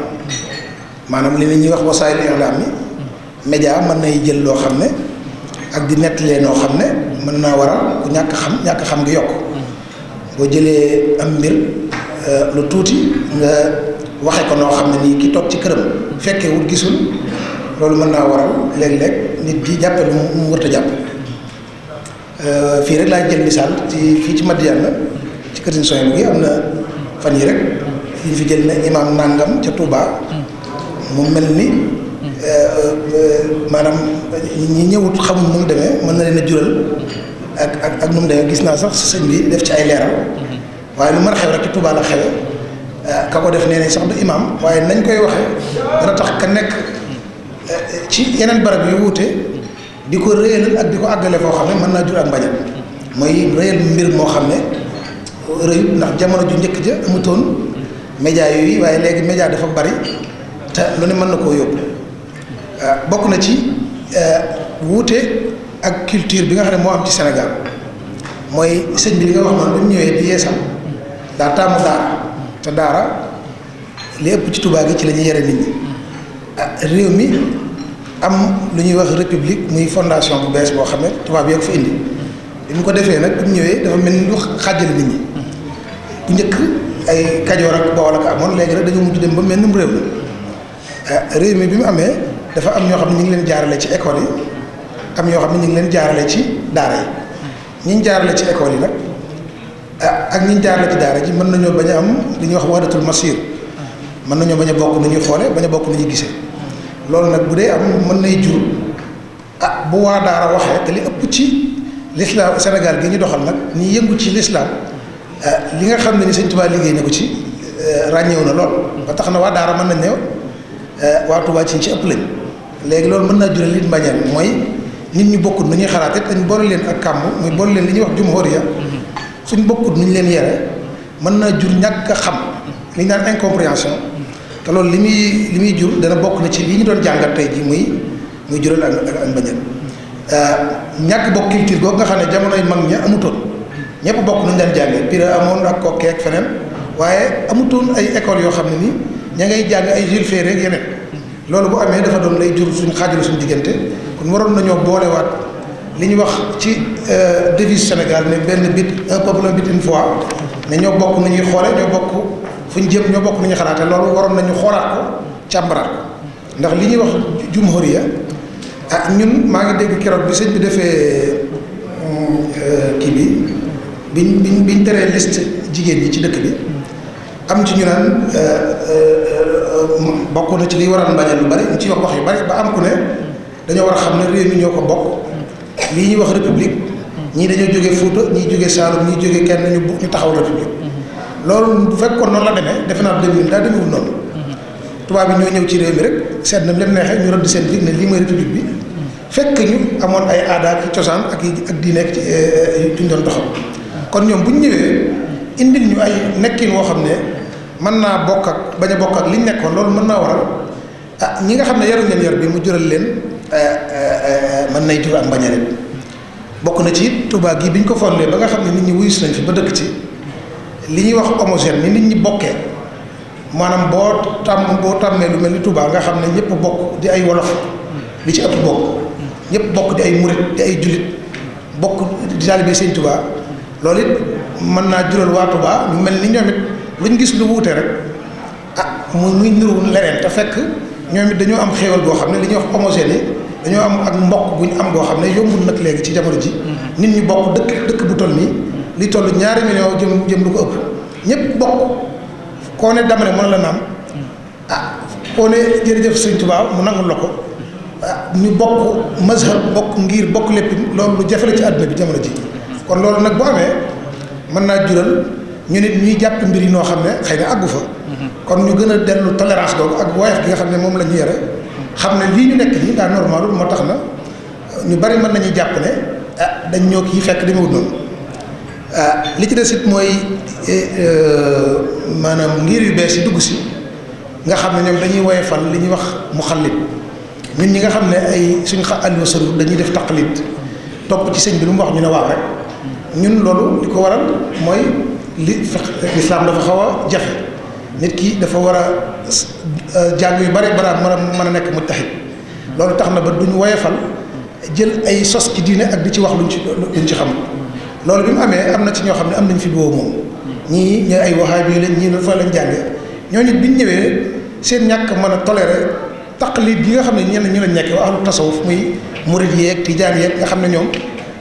maanaam li nit ñuy wax wasaayil i'laam yi média mën nay jël loo xam ne ak di nettalee noo xam ne mën naa waral ku ñàkk xam ñàkk xam ngi yokk boo jëlee am mbir euh, lu tuuti nga waxe ko noo xam ne nii ki toog ci këram fekkee wut gisul loolu mën naa waral léeg-léeg nit di jàppe lu mu wërta jàpp euh, fii rek laa jël misaal ci fii ci Madiyana ci kër Sëñ Sohaybu gi am na fan yi rek fi fi jël na imaam nàngam ca Touba mu mel ni Euh, euh, euh, maanaam ñi ñëwut xamuñ nu mu demee mën na leen a jural ak ak ak mu demee gis naa sax sëñ bi def ci ay leeral waaye lu mën a xew rek ci Tuubaa la xewe ka ko def nee nañ sax du imaam waaye nañ koy waxee dana tax ka nekk ci yeneen barab yu wuute di ko réyal ak di ko àggale foo xam ne mën naa jur ak mbañal mooy réyal mbir moo xam ne rëyut ndax jamono ju njëkk ja amutoon média yooyu waaye léegi média dafa bari te lu ne mën na koo yóbbu. Euh, bokk na ci euh, wuute ak culture bi nga xam ne moo am ci Sénégal mooy sëñ bi li nga wax noonu bi mu ñëwee di yeesal daa taamu daara te daara li ëpp ci tubaab gi ci la ñuy yare nit ñi euh, réew mi am lu ñuy wax république muy fondation bu bees boo xam ne tubaab yoo ko fi indi bi mu ko defee nag bi ñëwee dafa mel ni lu xàjjale nit ñi bu njëkk ay kajoor ak Bawol ak amoon léegi rek dañoo mujj dem ba mel ni mu réew mi réew mi bi mu amee. dafa am ñoo xam ne ñu ngi leen jaarale ci école yi am ñoo xam ne ñu ngi leen jaarale ci daara yi ñi ñu jaarale ci école yi nag ah, ak ñi ñu jaarale ci daara ji mën nañoo bañ am li ñuy wax wadatul masir mën nañoo bañ a bokk nu ñuy xoole bokk nu ñuy gisee loolu nag bu dee am mën nay jur ah bu waa daara waxee te li ëpp ci l'islam senegal gi ñu doxal nag ñi yëngu ci l'islam ah, li nga xam ne ni Sëñ Tuubaa liggéey na ko ci eh, ràññeewu na lool ba tax na waa daara mën nañ ne eh, waa Tuubaa ci ci ëpp lañ léegi loolu mën naa jural nit mbañeel mooy nit ñu bokkut nu ñuy xalaat it dañ boole leen ak kàmb muy boole leen li ñu wax jumhuriya mm-hmm. suñ bokkut nu ñu leen yere mën naa jur ñàkk a xam li ñu naan incompréhension te loolu li muy li muy jur dana bokk na ci li ñu doon jàngat tey ji muy muy jural ak ak mbañeel euh, ñàkk bokk culture googu nga xam ne jamonoy mag ña amutoon ñëpp bokk nañu daan jànge pire amoon ak kokkee ak feneen waaye amutoon ay école yoo xam ne nii ña ngay jàng ay Jules Ferry ak loolu bu amee dafa doon lay jur suñ xaajale suñu diggante kon waroon nañoo boolewaat li ñu wax ci euh, devise Sénégal ne benn bit un peuple un but une foi ne ñoo bokk nañuy xoole ñoo bokk fu ñu jëm ñoo bokk nañuy xalaate loolu waroon nañu xoolaat ko càmbaraat ndax li ñuy wax jumhuriya ah ñun maa ngi dégg keroog bi sëñ bi defee euh, kii bi bi biñ biñ teree liste jigéen ñi ci dëkk bi am ci ñu naan euh, euh, euh, bokk na ci liy waral mbañal lu bari ñu ci wax wax yu bari ba am ku ne dañoo war a xam ne réew mi ñoo ko bokk lii ñu wax république ñii dañoo jógee Fuuta ñii jógee Saalum ñii jógee kenn ñu ñu taxaw république loolu bu fekkoon noonu la demee defe naa demewul daa demewul noonu tubaab yi ñoo ñëw ci réew mi rek seet na leen neexee ñu rëdd seen dig ne lii mooy république bi fekk ñu amoon ay aada ak cosaan ak ak di nekk ci duñ doon doxal kon ñoom bu indil ñu ay nekkin woo xam ne mën naa bokk ak bañ a bokk ak ñu nekkoon loolu mën naa waral ah ñi nga xam ne yaruñ leen yar bi mu jural leen eh, eh, eh, mën nay jur ak mbaña bokk na ci Tuubaa gi bi ñu ko forlee ba nga xam ne nit ñi wuyus nañ fi ba dëkk ci li ñuy wax homogène ni nit ñi bokkee maanaam boo tàmm boo tàmmee lu mel ni Tuubaa nga xam ne ñëpp bokk di ay wolof li ci ëpp bokk ñëpp bokk di ay murit di ay julit bokk di taalibe Sëñ loolu it mën naa jural waa tubaa mu mel ni ñoom it ñu gis lu wuute rek ah mu muy niru leneen te fekk ñoom it dañoo am xéewal boo xam ne li ñuy wax homogène yi dañoo am ak mbokk bu ñu am boo xam ne yombul nag léegi ci jamono ji mm-hmm. nit ñu bokk dëkk dëkk bu toll nii li toll ñaari million jëm jëm lu ko ëpp ñëpp bokk koo ne dama ne mën la naam mm-hmm. ah koo ne jërëjëf sëñ Tuubaa mu nangul la ko ah, ñu bokk mazhab bokk ngir bokk lépp loolu lu jafe ci àdduna bi jamono ji kon loolu nag bu amee mën naa jural ñu nit ñuy jàpp mbir yi noo xam ne xëy na àggu fa kon ñu gën a dellu tolérance boobu ak woyof gi nga xam ne moom la ñu yore xam ne lii ñu nekk nii daa normalul moo tax na ñu bari mën nañu jàpp ne ah, dañ ñoo kii fekk demewut noonu ah, li ci des it eh, euh, maanaam ngir yu bees yi dugg si nga xam ne ñoom dañuy woyofal li ñuy wax mu xallit ñun ñi nga xam ne ay suñu xa àll ba dañuy def taqlid topp ci sëñ bi lu mu wax ñu ne waaw rek ñun loolu li ko waral mooy. li lislaam dafa xaw a jafe nit ki dafa war a euh, jàng yu bari bara mën a mën a nekk muttahid loolu tax na ba duñ woyefal jël ay sos ci diine ak bi ci wax luñ ci luñ ci xam loolu bi mu amee am na ci ñoo xam ne am nañ fi boobu moom ñii ñooy ay waxaabi yi lañ ñii ne fa lañ jànge ñooñu bi ñu ñëwee seen ñàkk mën a toléré taqlid bi nga xam ne ñenn ñu lañ nekkee waa ahlu tasawuf muy murid yeeg tijaan yeeg nga xam ne ñoom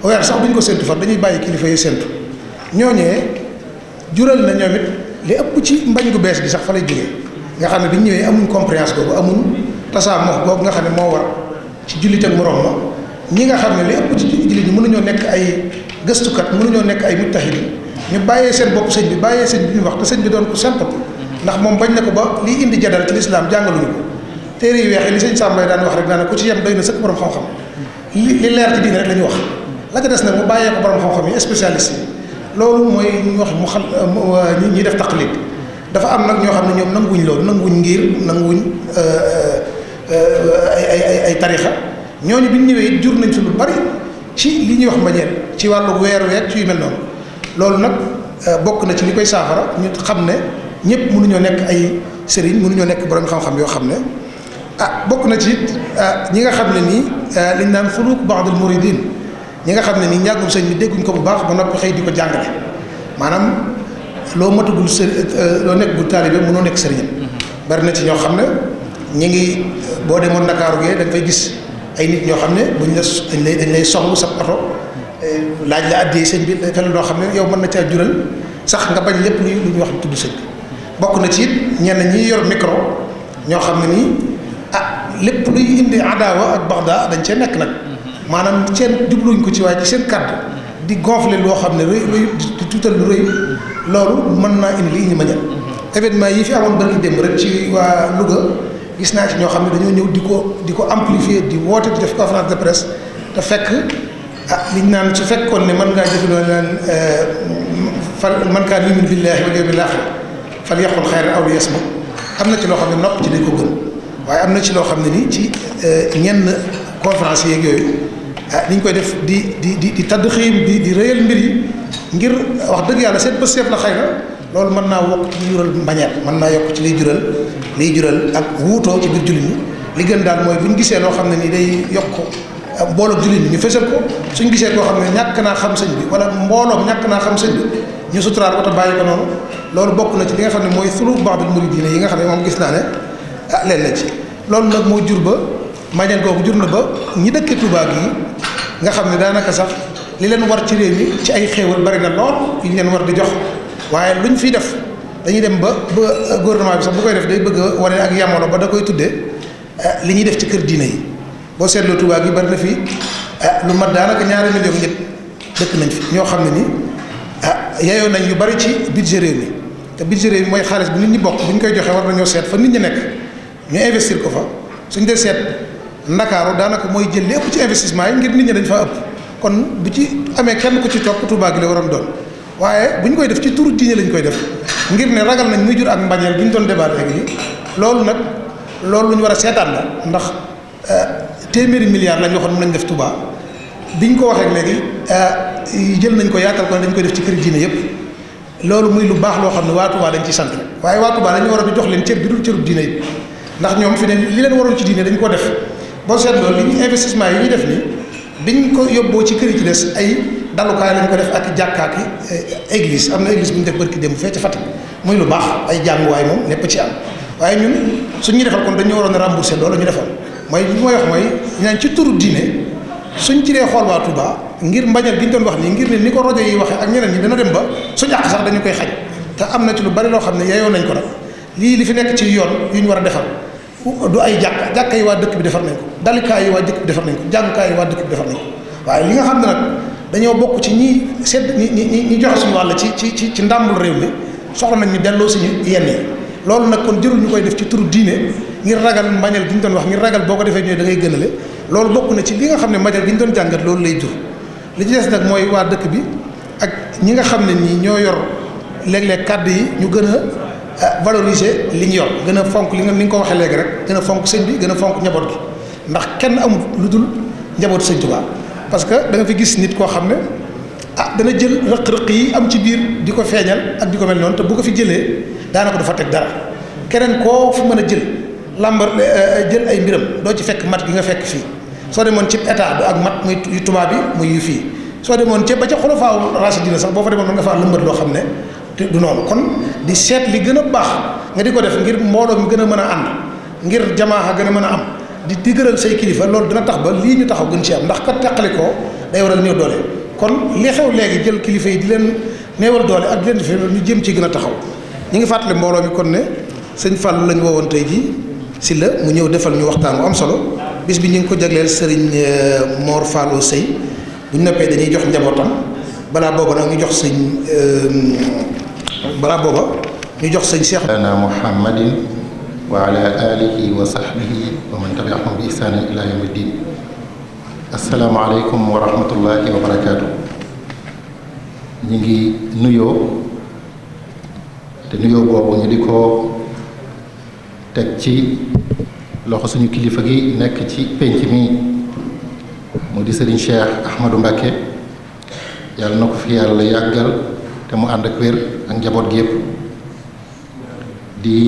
weer sax duñ ko séntu far dañuy bàyyi kilifa yi séntu ñooñee jural na ñoom it li ëpp ci mbañ gu bees bi sax fa lay jógee nga xam ne di ñëwee amuñ compréhension boobu amuñ tasaamox boobu nga xam ne moo war ci jullit ak moroom ma nga xam ne li ëpp ci jullit ñi nekk ay gëstukat mënuñoo nekk ay muttahidi ñu bàyyee seen bopp sëñ bi bàyyee sëñ bi ñu wax te sëñ bi doon ko simple ndax moom bañ na ko ba liy indi jadal ci lislaam jàngaluñu ko téere yu weex yi li sëñ Samba daan wax rek daanaka ku ci yem doy na sëkk borom xam-xam li leer ci diine rek la ñu wax la des nag mu bàyyee ko borom xam-xam yi loolu mooy ñu wax mu xam xal euh, euh, ñi def taqlid dafa am nag ñoo xam ne ñoom nanguwuñ loolu nanguwuñ ngir nanguwuñ euh, ay ay ay ay tarixa ñooñu bi ñu ñëwee jur nañ fi lu bari ci li ñuy wax mbañeel ci wàllu weer weer ci yu mel noonu loolu nag bokk na ci li koy saafara ñu xam ne ñëpp mënuñoo nekk ay sëriñ mënuñoo nekk borom xam-xam yoo xam ne ah bokk na ci ah, ñi nga xam ne nii liñ naan suluuk ba'd al muridin ñi nga xam ne nii njàngum sëñ mi dégguñ ko bu baax ba noppi xëy di ko jàngale maanaam loo matagul së euh, loo nekk gul taalibe mënoo nekk sëriñam bari na ci ñoo xam ne ñi ngi euh, boo demoon Ndakaaru gee da nga gis ay nit ñoo xam ne buñ la dañ lay dañ lay song sa oto euh, laaj la addee sëñ bi fel loo xam ne yow mën na caa jural sax nga bañ lépp lu ñu wax tudd sëñ bokk na ci it ñenn ñi yor micro ñoo xam ne nii ah lépp luy indi adaawa ak baxda dañ cee nekk nag maanaam seen jubluñ ko ci waaye ci seen kàddu di gonfler loo xam ne rëy rëy di tuutal lu rëy loolu mën naa indi lii ñu mañal événement yi fi amoon bërki démb rek ci waa Louga gis naa ci ñoo xam ne dañoo ñëw di ko di ko amplifier di woote def conférence de presse te fekk ah liñ naan su fekkoon ne mën ngaa jëfe loolu naan euh, fal man kaana yu'minu billaahi wal yawmil aaxir falyaqul xayran aw liyasmut am na ci loo xam ne nopp ci dañ ko gën waaye am na ci loo xam ne nii ci euh, ñenn conférenciers yeeg yooyu Ah, ni ñu koy def di di di di tadd xiim di di mbir yi ngir wax dëgg yàlla seen seet la xëy na loolu mën naa wokk ci jural mbañeet mën naa yokk ci liy jural liy jural ak wuutoo ci biir jullit ñi li gën daal mooy bu ñu gisee loo xam ne nii day yokk ah, mbooloo jullit ñi ñu fësal ko suñ gisee koo xam ne ñàkk naa xam sëñ bi wala mbooloom ñàkk naa xam sëñ bi ñu suturaal ko te bàyyi ko noonu loolu bokk na ci li nga xam ne mooy sulu baax bi murid yi nga xam ne moom gis naa ne ah leen na loolu nag moo jur ba mbañeel googu jur na ba ñi dëkke tubaab gi nga xam ne daanaka sax li leen war ci réew mi ci ay xéewal bari na lool yu ñu leen war di jox waaye ñu fiy def dañuy dem ba ba gouvernement bi sax bu koy def day bëgg a wane ak yamono ba da koy tuddee eh, li ñuy def ci kër diine yi boo seetloo Touba gi bari na fi eh, lu mat daanaka ñaari million nit dëkk nañ fi ñoo xam ne ni ah eh, yayoo nañ yu bari ci budget réew mi te budget réew yi mooy xaalis bi nit ñi bokk bu ñu koy joxee war nañoo seet fa nit ñi nekk ñu investir ko fa suñ dee seet. ndakaaru daanaka mooy jël lépp ci investissement yi ngir nit ñi dañ faa ëpp kon bu ci amee kenn ku ci topp tubaa gi la waroon doon waaye bu ñu koy def ci turu diine lañ koy def ngir ne ragal nañ muy jur ak mbañeel bi ñu doon débat léegi loolu nag loolu lu war a seetaan la ndax euh, téeméeri milliards lañ waxoon mun nañ def Touba biñ ko waxee léegi euh, jël nañ ko yaatal ko ne dañ koy def ci kër diine yëpp loolu muy lu baax loo xam ne waa Touba dañ ciy sant waaye waa Touba dañu war a leen cër bi dul cërub diine yi ndax fi ne li leen waroon ci diine dañ ko def. boo seetloo li ñu investissement yi ñu def nii biñ ko yóbboo ci kër yi des ay dalukaay lañ ko def ak jàkkaaki eh, église am na église bu ñu def barki dem fee ca Fatick muy lu baax ay jànguwaay moom nepp ci am waaye ñun suñ ñu defal kon dañu waroon remboursé loolu ñu defal mooy li may wax mooy ñaan ci turu diine suñ ci dee xool waa Touba ngir mbañal gi ñu doon wax nii ngir ne ni ko rajo yi waxee ak ñeneen ñi dana dem ba suñu àq sax dañu koy xaj te am na ci lu bari loo xam ne yeyoo nañ ko nag lii li fi nekk ci yoon yu ñu war a defal du ay jàkk jàkka yi waa dëkk bi defar nañ ko dalikaay yi waa dëkk bi defar nañ ko jàngukaay yi waa dëkk bi defar nañ ko waaye li nga xam ne nag dañoo bokk ci ñi sedd ñi ñi ñi joxe suñu wàll ci ci ci ci ndàmbul réew mi soxla nañ ñu delloo suñu yenn yi loolu nag kon jërul ñu koy def ci turu diine ngir ragal mbañal gi ñu doon wax ngir ragal boo ko defee ñooy da ngay gënale loolu bokk na ci li nga xam ne mbañal gi ñu doon jàngat loolu lay jur li ci des nag mooy waa dëkk bi ak ñi nga xam ne ñi ñoo yor léeg-léeg kàddu yi ñu gën a Euh, valoriser li ñu yor gën a fonk li nga ni nga ko waxee léegi rek gën a fonk sëñ bi gën a fonk njaboot gi ndax kenn amul lu dul njaboot sëñ Tuubaa parce que da nga fi gis nit koo xam ne ah dana jël rëq-rëq yi am ci biir di ko feeñal ak di ko mel noonu te bu ko fi jëlee daanaka du teg dara keneen koo mën a jël lambar euh, euh, jël ay mbiram doo ci fekk mat gi nga fekk fii soo demoon ci état du ak mat muy yu tubaab bi muy yu fii soo demoon ci ba ca xolofaaw rachidina sax boo fa demoon mën nga faa lëmbat loo xam ne te du noonu kon di seet li gën a baax nga di ko def ngir mbooloo mi gën a mën a ànd ngir jamaaxa gën a mën a am di di digëral say kilifa loolu dana tax ba lii ñu taxaw gën ci am ndax kat teqalikoo day waral néew doole kon li xew léegi jël kilifa yi di leen néewal doole ak di leen defee ñu jëm ci gën a taxaw ñu ngi fàttali mbooloo mi kon ne sëñ Fall lañ woowoon tey jii si la mu ñëw defal ñu waxtaan bu am solo bis bi ñu ngi ko jagleel sëriñ euh, moor Fallou Sey bu ñu dañuy jox njabootam balaa booba nag ñu jox sëñ euh, balaa booba ñu jox sëñ Cheikh ana muhammadin wa ala alihi wa sahbihi wa man tabiahum bi ihsanin ila yawmi ddin assalaamu aleykum wa rahmatullahi wa barakaatu ñu ngi nuyoo te nuyoo boobu ñu di ko teg ci loxo suñu kilifa gi nekk ci pénc mi mu di sëriñ Cheikh Ahmadou Mbacké yàlla na ko fi yàlla yàggal te mu ànd ak wér ak njaboot gi yëpp di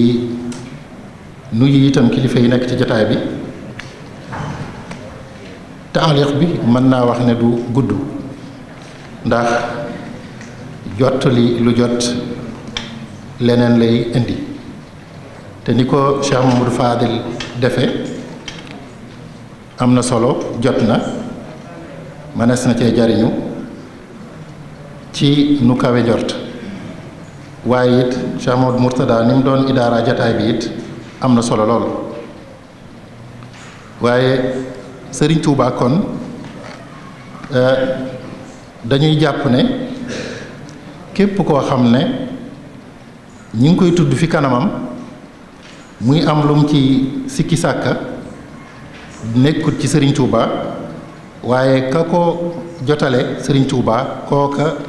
nuyu itam kilifa yi nekk ci jataay bi taaliq bi mën naa wax ne du gudd ndax jottali lu jot leneen lay indi te ni ko Cheikh Mamadou Fadil defe am na solo jot na mënees na cee jariñu ci nu kawe jot waaye it Cheikh Maodo ni mu doon idaara jataay bi it am na solo lool waaye sëriñ Touba kon euh, dañuy jàpp ne képp koo xam ne ñu ngi koy tudd fi kanamam muy am lum ci sikki sàkka nekkut ci Serigne Touba waaye ka ko jotale Serigne Touba kooka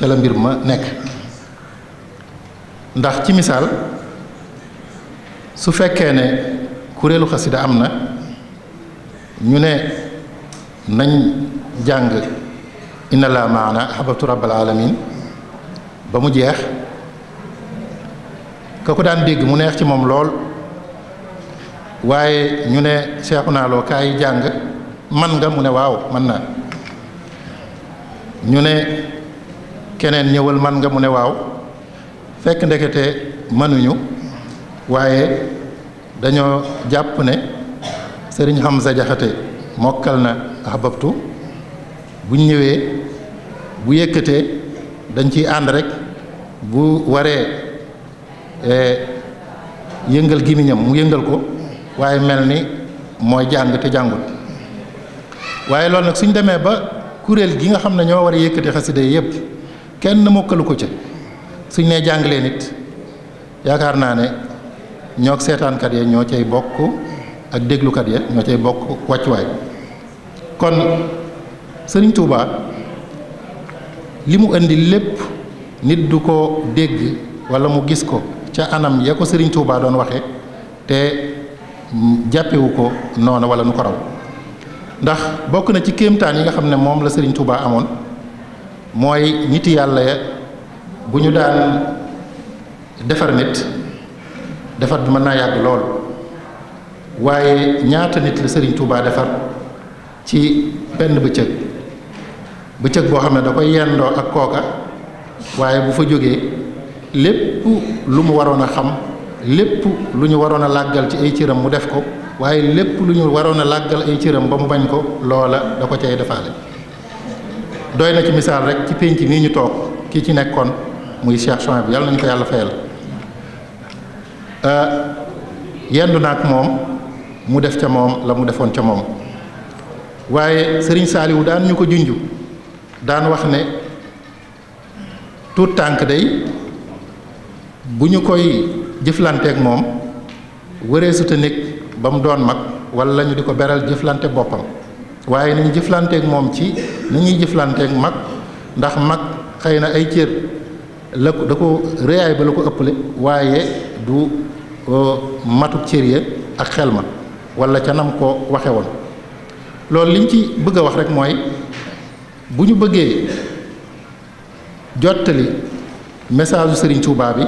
ca la mbir ma nekk ndax ci misaal su fekkee ne kuréelu xasida am na ñu ne nañ jàng inna la maana xabatu rabbal alamin ba mu jeex ka ko daan dégg mu neex ci moom lool waaye ñu ne seexu naa loo kaay jàng man nga mu ne waaw man na ñu ne keneen ñëwal man nga mu ne waaw fekk ndekete mënuñu waaye dañoo jàpp ne sëriñ sa Jaxate mokkal na ahbabtu buñ ñëwee bu yëkkatee dañ ciy ànd rek bu waree eh, yëngal gémmiñam mu yëngal ko waaye mel ni mooy jàng te jàngul waaye loolu nag suñ demee ba kuréel gi nga xam ne ñoo war a yëkkati xasida yépp kenn mokkalu ko ca suñ nee jàngalee nit yaakaar naa ne ñoog seetaankat ya ñoo cay bokk ak déglukat ya ñoo cay bokk wàccuwaay kon sëriñ Touba li mu indi lépp nit du ko dégg wala mu gis ko ca anam ya ko sëriñ Touba doon waxe te jàppewu ko noona wala nu ko raw ndax bokk na ci kéemtaan yi nga xam ne moom la sëriñ Touba amoon mooy niti yàlla bu ñu daan defar nit defar bi mën naa yàgg lool waaye ñaata nit la Serigne Touba defar ci benn bëccëg bëccëg boo xam ne da koy yendoo ak kooka waaye bu fa jógee lépp lu mu waroon a xam lépp lu ñu waroon a làggal ci ay cëram mu def ko waaye lépp lu ñu waroon a làggal ay cëram ba mu bañ ko loola da ko cay defaale doy na ci misaal rek ci pénc mii ñu toog kii ci nekkoon muy Cheikh Chouaib bi yàlla nañu ko yàlla fayal euh, yendu naag moom mu def ca moom la mu defoon ca moom waaye sëriñ Saaliwu daan ñu ko junj daan wax ne tuut tànk day bu ñu koy jëflanteeg moom wëree suta ba mu doon mag wala ñu di ko beral jëflante boppam waaye nañ jëflanteeg moom ci ni ñuy mag ndax mag xëy na ay cër la ko da ko réyaay ba la ko ëpple waaye du euh, matuk cër ya ak xel ma wala ca nam ko waxe woon loolu liñ ci bëgg a wax rek mooy bu ñu bëggee jottali message Serigne Touba bi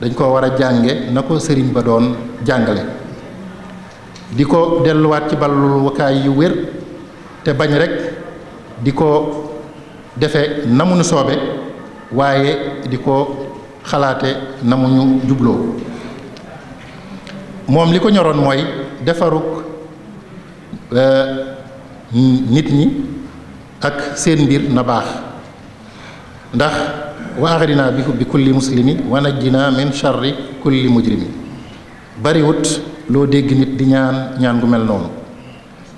dañ ko war a jànge na ko sëriñ ba doon jàngale di ko delluwaat ci balluwakaay yu wér te bañ rek di ko defe na mu nu soobe waaye di ko xalaate na mu ñu jubloo moom li ko ñoroon mooy defaruk euh, nit ñi ak seen mbir na baax ndax wa axrina bi bi kulli muslimi wa najjina min charri kulli mujrimi bariwut loo dégg nit di ñaan ñaan gu mel noonu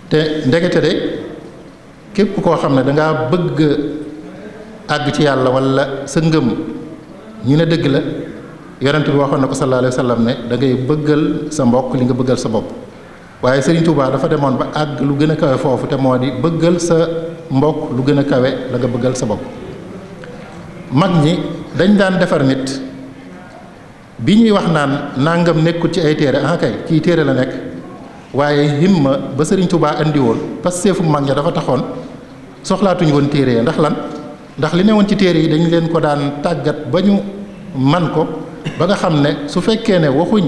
te ndegete de képp koo xam ne danga bëgg àgg ci yàlla wala sa ngëm ñu ne dëgg la yonent bi waxoon na ko sallallahu alayhi wa sallam ne da ngay bëggal sa mbokk li nga bëggal sa bopp waaye sëriñ Touba dafa demoon ba àgg lu gën a kawe foofu te moo di bëggal sa mbokk lu gën a kawe la nga bëggal sa bopp mag ñi dañ daan defar nit bi ñuy wax naan nangam nekkul ci ay téere ah kay kii téere la nekk waaye himma ba sëriñ tubaa andi woon parce que fu mag ña dafa taxoon soxlaatuñu woon téere ndax lan ndax li ne woon ci téere yi dañu leen ko daan tàggat ba ñu man ko ba nga xam ne su fekkee ne waxuñ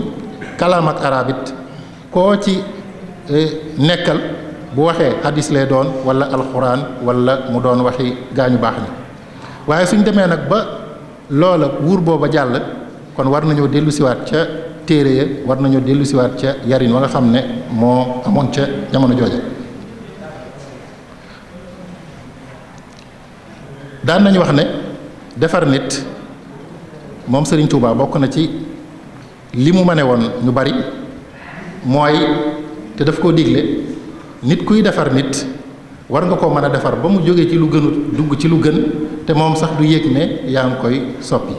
kalaam ak arab koo ci eh, nekkal bu waxee hadis doon wala alxuraan wala mu doon waxi gaañu baax waaye suñ demee nag ba loola wuur booba jàll kon war nañoo dellu siwaat ca téere ya war nañoo dellu siwaat ca yarin wa nga xam ne moo amoon ca jamono jooja daan nañu wax ne defar nit moom Serigne Touba bokk na ci li mu mane woon ñu bari mooy te daf koo digle nit kuy defar nit war nga koo mën a defar ba mu jógee ci lu gënut dugg ci lu gën te moom sax du yéeg ne yaa ngi koy soppi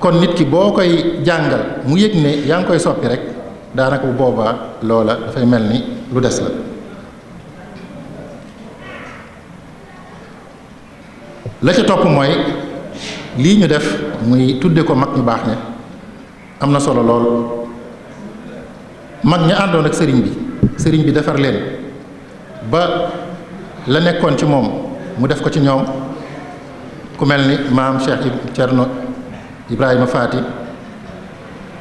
kon nit ki boo koy jàngal mu yëg ne yaa ngi koy soppi rek daanaka bu boobaa loola dafay mel ni lu des la la ca topp mooy lii ñu def muy tudde ko mag ñu baax ña am na solo lool mag ña àndoon ak sëriñ bi sëriñ bi defar leen ba la nekkoon ci moom mu def ko ci ñoom ku mel ni maam Cheikh Thierno Ibrahima Faati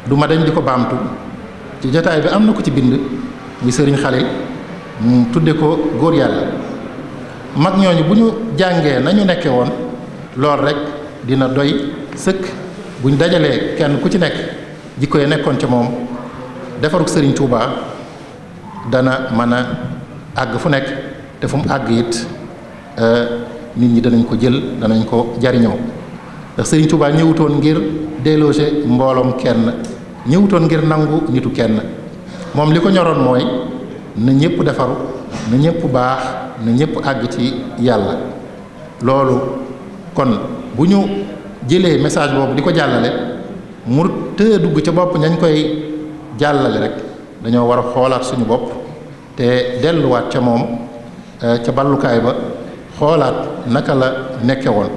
du ma dañ di ko baamtu ci jataay bi am na ko ci bind muy sëriñ xale mu tudde ko góor yàlla mag ñooñu bu ñu jàngee nañu nekke woon lool rek dina doy sëkk buñ dajalee kenn ku ci nekk jikko yi nekkoon ca moom defarug sëriñ Tuubaa dana mën a àgg fu nekk te fum mu àgg it euh, nit ñi danañ ko jël danañ ko jariñoo ndax sëriñ Tuubaa ñëwutoon ngir déloger mbooloom kenn ñëwutoon ngir nangu nitu kenn moom li ko ñoroon mooy na ñëpp defaru na ñëpp baax na ñëpp àgg ci yàlla loolu kon bu ñu jëlee message boobu di ko jàllale mu tëë dugg ca bopp ñañ koy jàllale rek dañoo war a xoolaat suñu bopp te delluwaat ca moom eh, ca ballukaay ba xoolaat naka la nekke woon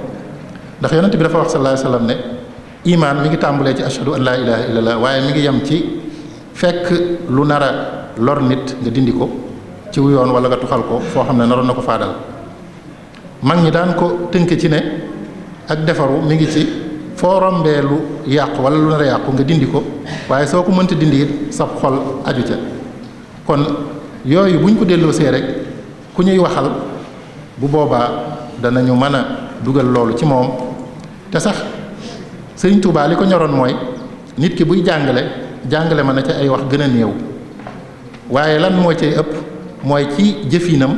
ndax yonent bi dafa wax sallallahu alayhi wasallam ne imaan mi ngi tàmbulee ci ashhadu an laa ilaha illallah waaye mi ngi yem ci fekk lu nara a lor nit nga dindi ko ci yoon wala nga tuxal ko foo xam ne naroon na ko faa mag ñi daan ko tënk ci ne ak defaru mu ngi ci foo rombee lu yàqu wala lu nar yàqu nga dindi ko waaye soo ko mënta dindi it sab xol aju ca kon yooyu buñ ko delloosee rek ku ñuy waxal bu boobaa danañu mën a dugal loolu ci moom te sax sëriñ Tuubaa li ko ñoroon mooy nit ki buy jàngale jàngale ma na ca ay wax gën a néew waaye lan moo cee ëpp mooy ci jëfinam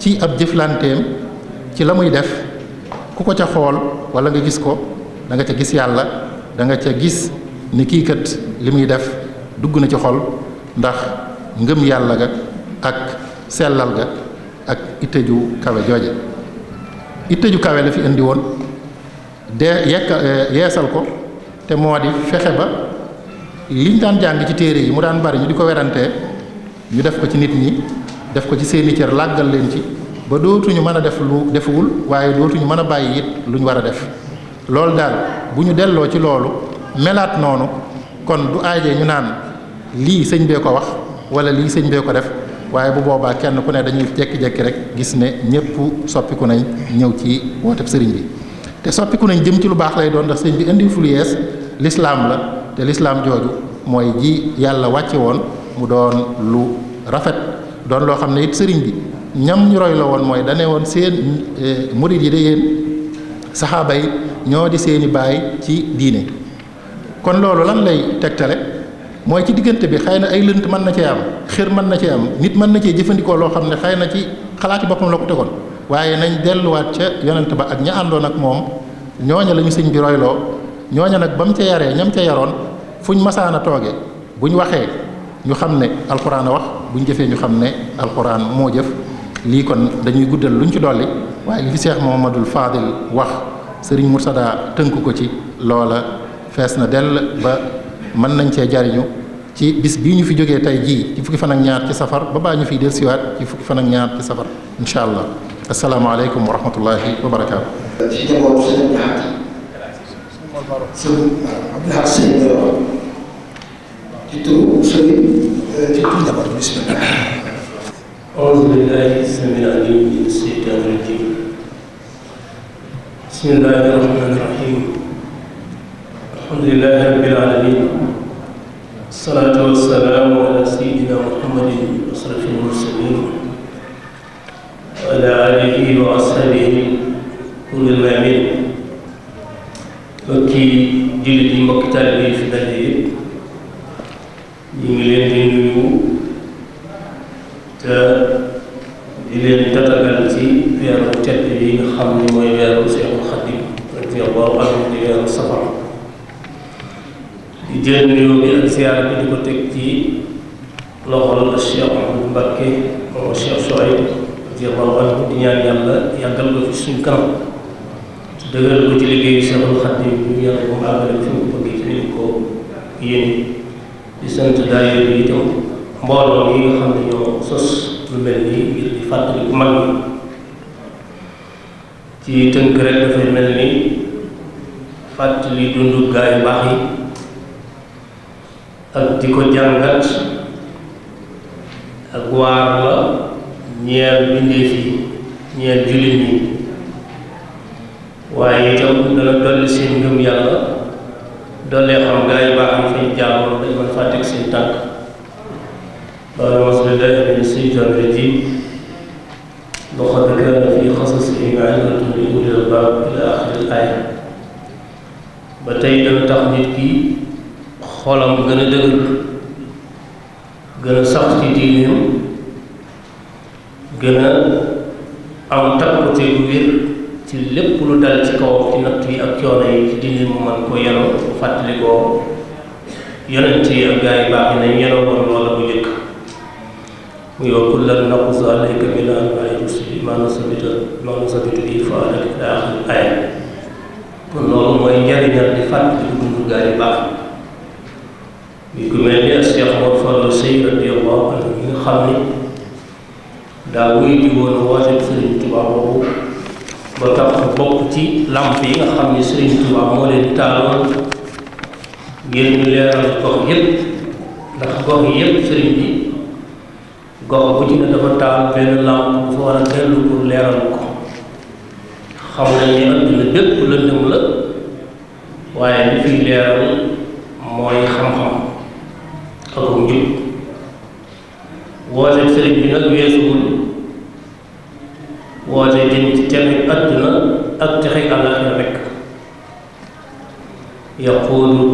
ci ab jëflanteem ci la muy def ku ko ca xool wala nga gis ko da nga ca gis yàlla danga nga ca gis ni kii kat li muy def dugg na ci xol ndax ngëm yàlla ga ak sellal ga ak itte ju kawe jooje itte ju kawe la fi indi woon de yekk eh, yeesal ko te moo di fexe ba liñ daan jàng ci téere yi mu daan bari ñu di ko werantee ñu def ko ci nit ñi def ko ci seeni cër làggal leen ci ba dootuñu mën a def lu defewul waaye dootuñu mën a bàyyi it lu ñu war a def loolu daal bu ñu delloo ci loolu melaat noonu kon du aajee ñu naan lii sëñ bee ko wax wala lii sëñ bee ko def waaye bu boobaa kenn ku ne dañuy jékki-jékki rek gis ne ñëpp soppiku nañ ñëw ci wooteb sëriñ bi te soppiku nañ jëm ci lu baax lay doon ndax sëñ bi indi fu yees lislaam la te lislaam jooju mooy ji yàlla wàcce woon mu doon lu rafet doon loo xam ne it sëriñ bi ñam ñu roy la woon mooy dane woon seen eh, murid yi de yéen saxaaba yi ñoo di seeni baay ci diine kon loolu lan lay tegtale mooy ci diggante bi xëy na ay lënt mën na cee am xër mën na cee am nit mën na cee jëfandikoo loo xam ne xëy na ci xalaati boppam la ko tegoon waaye nañ delluwaat ca yonent ba ak ña àndoon ak moom ñooña lañu sëñ bi royloo ñooño nag ba mu ca yaree ñam ca yaroon fuñ a tooge bu ñu waxee ñu xam ne alxuraan a wax bu ñu jëfee ñu xam ne alxuraan moo jëf lii kon dañuy guddal luñ ci dolli waaye li fi Seex Muhammadul Faadil wax sëriñ Murtada tënk ko ci loola fees na dell ba mën nañ cee jariñu ci bis bii ñu fi jógee tey jii ci fukki fan ak ñaar ci safar ba baa ñu fiy dellusiwaat ci fukki fan ñaar ci safar incha allah asalaamaaleykum wa rahmatullahi wa barakaatu. ci turu sëriñ ci turu njaboot bi bismillah أعوذ بالله السميع العليم من الشيطان الرجيم بسم الله الرحمن الرحيم الحمد لله رب العالمين الصلاة والسلام على سيدنا محمد أشرف المرسلين وعلى آله وأصحابه كل المؤمنين mbokki jullit yi mbokki taalibe yi fi daje yëpp ñu ngi leen di nuyu te di leen tatagal ci weeru tedd bi xam ni mooy weeru Seexul Xadim di weeru safar di jël nuyoo bi ak ziyaar bi di ko teg ci loxol Cheikh Ahmadou Mbacké moom Cheikh Souhaïbou radiyallahu anhu di ñaan yàlla yàggal ko fi suñu kanam dëgëral ko ci liggéeyu Seexul Xadim ñu yàlla bu mu àggale fi mu bëgg ci ni ko yéene di sant daayira yi itam mbooloo yi nga xam ne ñoo sos lu mel nii ngir di fàttali mag ñi ci tënk rek dafay mel ni fàttali dundu gaa yu baax yi ak di ko jàngat ak waar la ñeel bindee fi ñeel jullit ñi waaye itam dana dolli seen ngëm yàlla doolee xam gaa yi baax na fi ñu jaaroon dañ mën faa teg seen tànk أعوذ بالله من الشيطان الرجيم لقد كان في قصصهم عبرة لأولي الألباب إلى آخر الآية ba tey dana tax nit ki xolam gën a dëgër gën a sax ci diineem gën a am takku te wér ci lépp lu dal ci kawam ci natt yi ak coono yi dindi mu mën ko yenu fàttali ko yonent yi ak gaa yi baax yi nañ yenu woon bu njëkk muy wa kullan naqussu alayka min anbaa'i rusuli maa nusabbitu maa nusabbitu bihi fu'aadak ilaa aaxiril aaya kon loolu mooy njariñal di fàttali dundu gaa yi baax bi ku xam ni daa wuy di woon woote Sëriñ Tuubaa boobu ba tax bokk ci làmp yi nga xam ne Serigne Touba moo leen taaloon ngir ñu leeral gox yépp ndax gox yépp Serigne bi gox bu ci dafa taal benn làmp bu war a dellu pour leeral ko xam nañ ne adduna bépp lëndëm la waaye li fiy leeral mooy xam-xam ak njub woote Serigne bi nag weesuwul woote jëm ci texe àdduna ak texe àllaaxira rekk yaquulu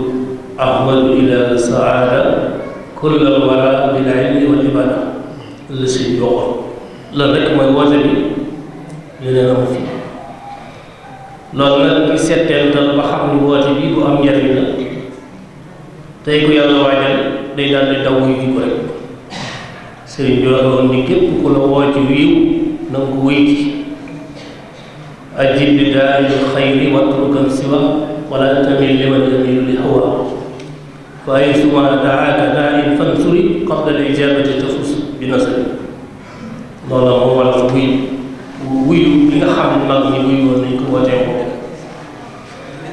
ahmadu ila saada kullal wara bil ilmi wal ibada la sëñ bi waxoon loolu rekk mooy woote bi yeneen amu fi loolu nag ñu setteental ba xam ni woote bi bu am njariñ la tey ku yàlla waajal day daal di daw yu ko rek sëriñ bi waxoon ni képp ku la woo ci nangu wuy ji ajib bi daayil xayri watrukan siwa wala tamil liman yamilu li hawa fa aysuma daaka daain fansuri qabla al ijabati tafus bi nasari loola moo waral wuy wuyu bi nga xam ne mag ñi wuyu woon nañ ko wootee ko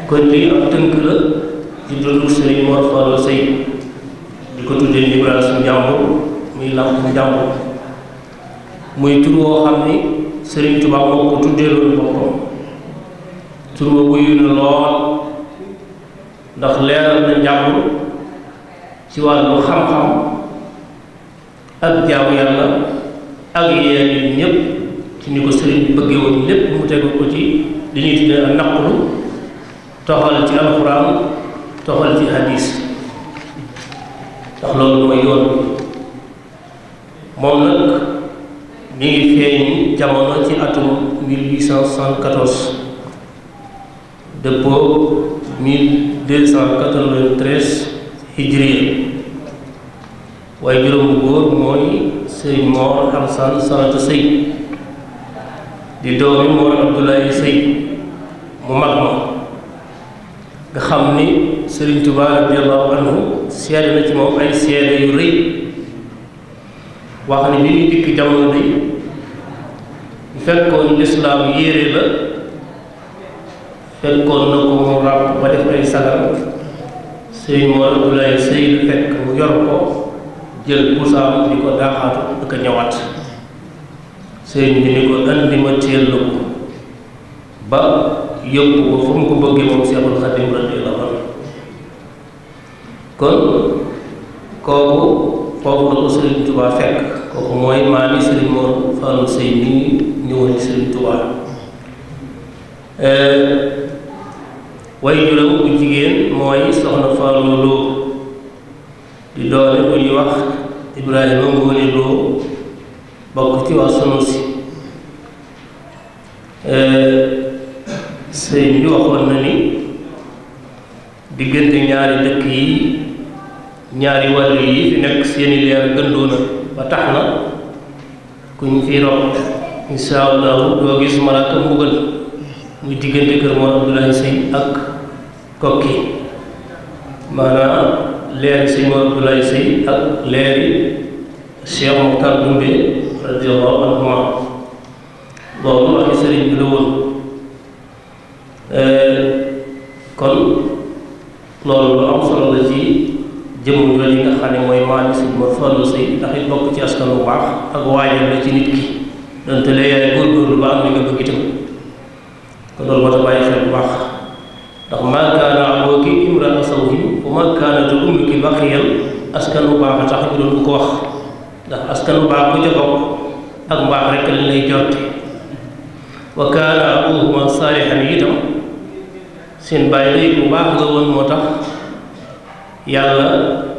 kon lii am tënk la ci dundu Sëriñ Mor Fallou Seye di ko tuddee libération njàmbur muy làmp njàmbur muy tur woo xam ni Sëriñ Tuubaa moo ko tuddee loolu boppam tur woo wuyu na lool ndax leeral na njàmbur ci wàllu xam-xam ak jaamu yàlla ak yéen ñépp ci ni ko sëriñ bi woon lépp mu tegu ko ci li ñuy tuddee ak toxal ci alxuraan toxal ci hadis ndax loolu mooy yoon moom nag mi ngi feeñ jamono ci atum 1874 dëppoo 1293 hijriya waaye juróom bu mooy sëriñ Mor Hamsan Sanata Sëy di doomi Mor Abdoulaye Sëy mu mag ma nga xam ni sëriñ Tuubaa radiyallahu anhu seede na ci moom ay seede yu rëy wax ne li ñu dikk jamono fekkoon lislaam yére la fekkoon na ko mu ràpp ba def ay sagar sëy Mor Abdoulaye sëy fekk yor ko jël pusaam di ko daaxaatu ak a ñëwaat sëy bi ni ko andi ma teel la ba yóbbu ko fu mu ko bëggee moom Seexul Xadim radiyallaahu anhu kon kooku kooku la ko Serigne Touba fekk kooku mooy maami Serigne Mor Fallou Seye nii ñëwoon ci Serigne Touba eh, way juróom jigéen mooy soxna Fallou Lo di doole bu ñuy wax Ibrahima Ngoone Lo bokk ci waa sunu si eh, sëriñ waxoon na ni diggante ñaari dëkk ñaari wàllu yi fi nekk seeni leer gëndoo na ba tax na ku doo gis malaaka mbugal muy diggante kër moom Abdoulaye Seye ak kokki maanaam leeri sëñ moom Abdoulaye Seye ak leeri Cheikh Moukhtar Dumbe radiallahu anhuma loolu waxi sëriñ bi la woon euh, kon loolu lu am solo la jëmm jooju nga xam ne mooy maam si ma fàllu say ndax it bokk ci askan bu baax ak waajal la ci nit ki donte la yaay góorgóorlu ba am li nga bëgg itam ko loolu moo tax bàyyi xel bu baax ndax maa kaana abooki imraa sawin wa maa kaanat ummuki baqiyan askan bu baax a tax ñu doon ko wax ndax askan bu baax ku ca bokk ak mbaax rek lañ lay jorte wa kaana abuhuma saalihan itam seen bàyyi lay bu baax nga woon moo tax yàlla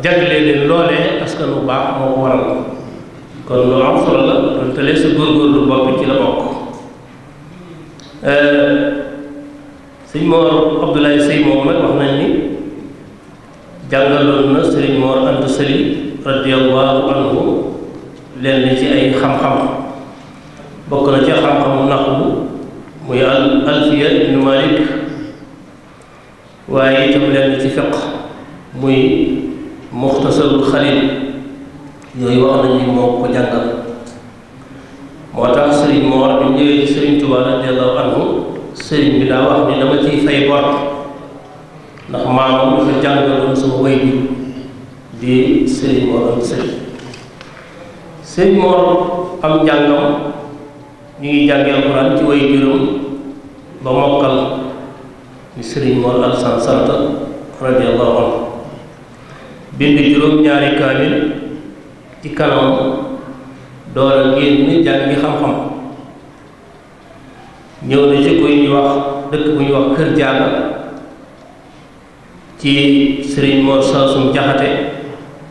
jaglee leen loolee askan bu baax moo waral kon lu am solo la doon tëlee sa góorgóorlu ci la bokk euh, sëñ Mor Abdoulaye Sey moom nag wax nañ ni jàngaloon na sëriñ Mor Anta Sali radiyallahu anhu leen ci ay xam-xam bokk na ci xam-xamu naqbu muy al alfiya ibnu Malik waaye itam leen ci fiq muy muxtasarul xalil yooyu wax nañu ni moo ko jàngal moo tax sëriñ Mor bi ñëwee ci sëriñ Tuubaa radiyallaahu anhu sëriñ bi daa wax ni dama ciy fay bor ndax maamam dafa jàngaloon sama way bi di sëriñ Mor am sëriñ sëriñ am njàngam ñu ngi jàngee alxuraan ci way juróom ba mokkal ni sëriñ Mor Alassane Sant radiyallaahu anhu bind juróom-ñaari kaamil ci kanam door a génn jàngi xam-xam ñëw na ci koy ñu wax dëkk bu ñu wax kër jaaga ci sëriñ Mor Saasum Jaxate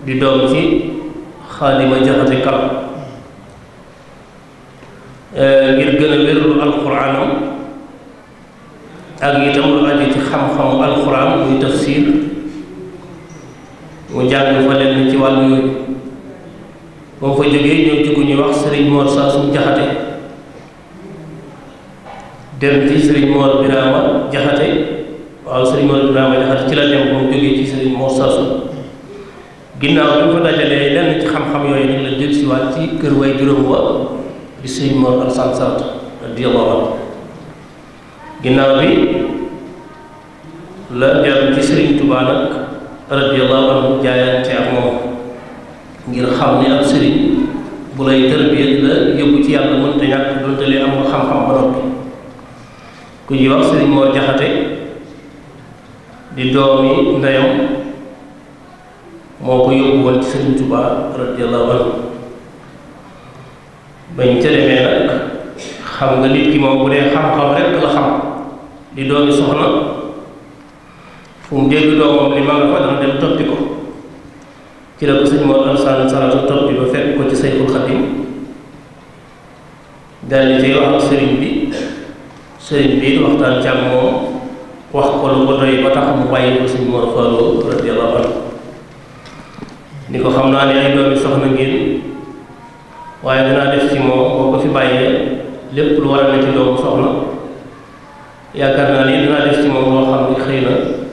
di doom ci Xaadima Jaxate Kala euh, ngir gën a wérlu alxuraanam ak itam lu aju ci xam-xamu alxuraan muy tafsir mu jàng fa lenn ci wàllu yooyu boo fa jógee ñëw ci wax sëriñ Mor Sassou Jaxate dem ci sëriñ Mor Birama Jaxate waaw sëriñ Mor Birama Jaxate ci la dem moom jógee ci sëriñ Mor Sassou ginnaaw bi mu fa dajalee lenn ci xam-xam yooyu la jël si waat ci kër way juróom wa di sëriñ Mor Alassane Sant radiyallahu anhu ginnaaw bi la jàll ci sëriñ Tuubaa nag radiyallahu anhu jaayante ak moom ngir xam ne ab sëriñ bu lay tërbiya di la yóbbu ci yàlla mënta ñàkk doonte am nga xam-xam ba noppi ku ñuy wax sëriñ moo jaxate di doomi ndeyam moo ko yóbbu woon sëriñ Tuubaa radiyallahu anhu bañ ca demee nag xam nga nit ki moom bu dee xam-xam rek la xam di doomi soxna fu mu dégg doomam ni ma nga fa dana dem toppi ko ci la ko sëñ Mor Alassane Salatu toppi ba fekk ko ci Sayful Xadim daldi cay wax ak sëriñ bi sëriñ bi waxtaan ci moom wax ko lu ko doy ba tax mu bàyyi ko sëñ Mor Fallou radiyallahu anhu ni ko xam naa ne ay doomi soxna ngeen waaye danaa def ci moom boo ko fi bàyyee lépp lu war a ne doomu soxna yaakaar naa ne danaa def ci moom loo xam ne xëy na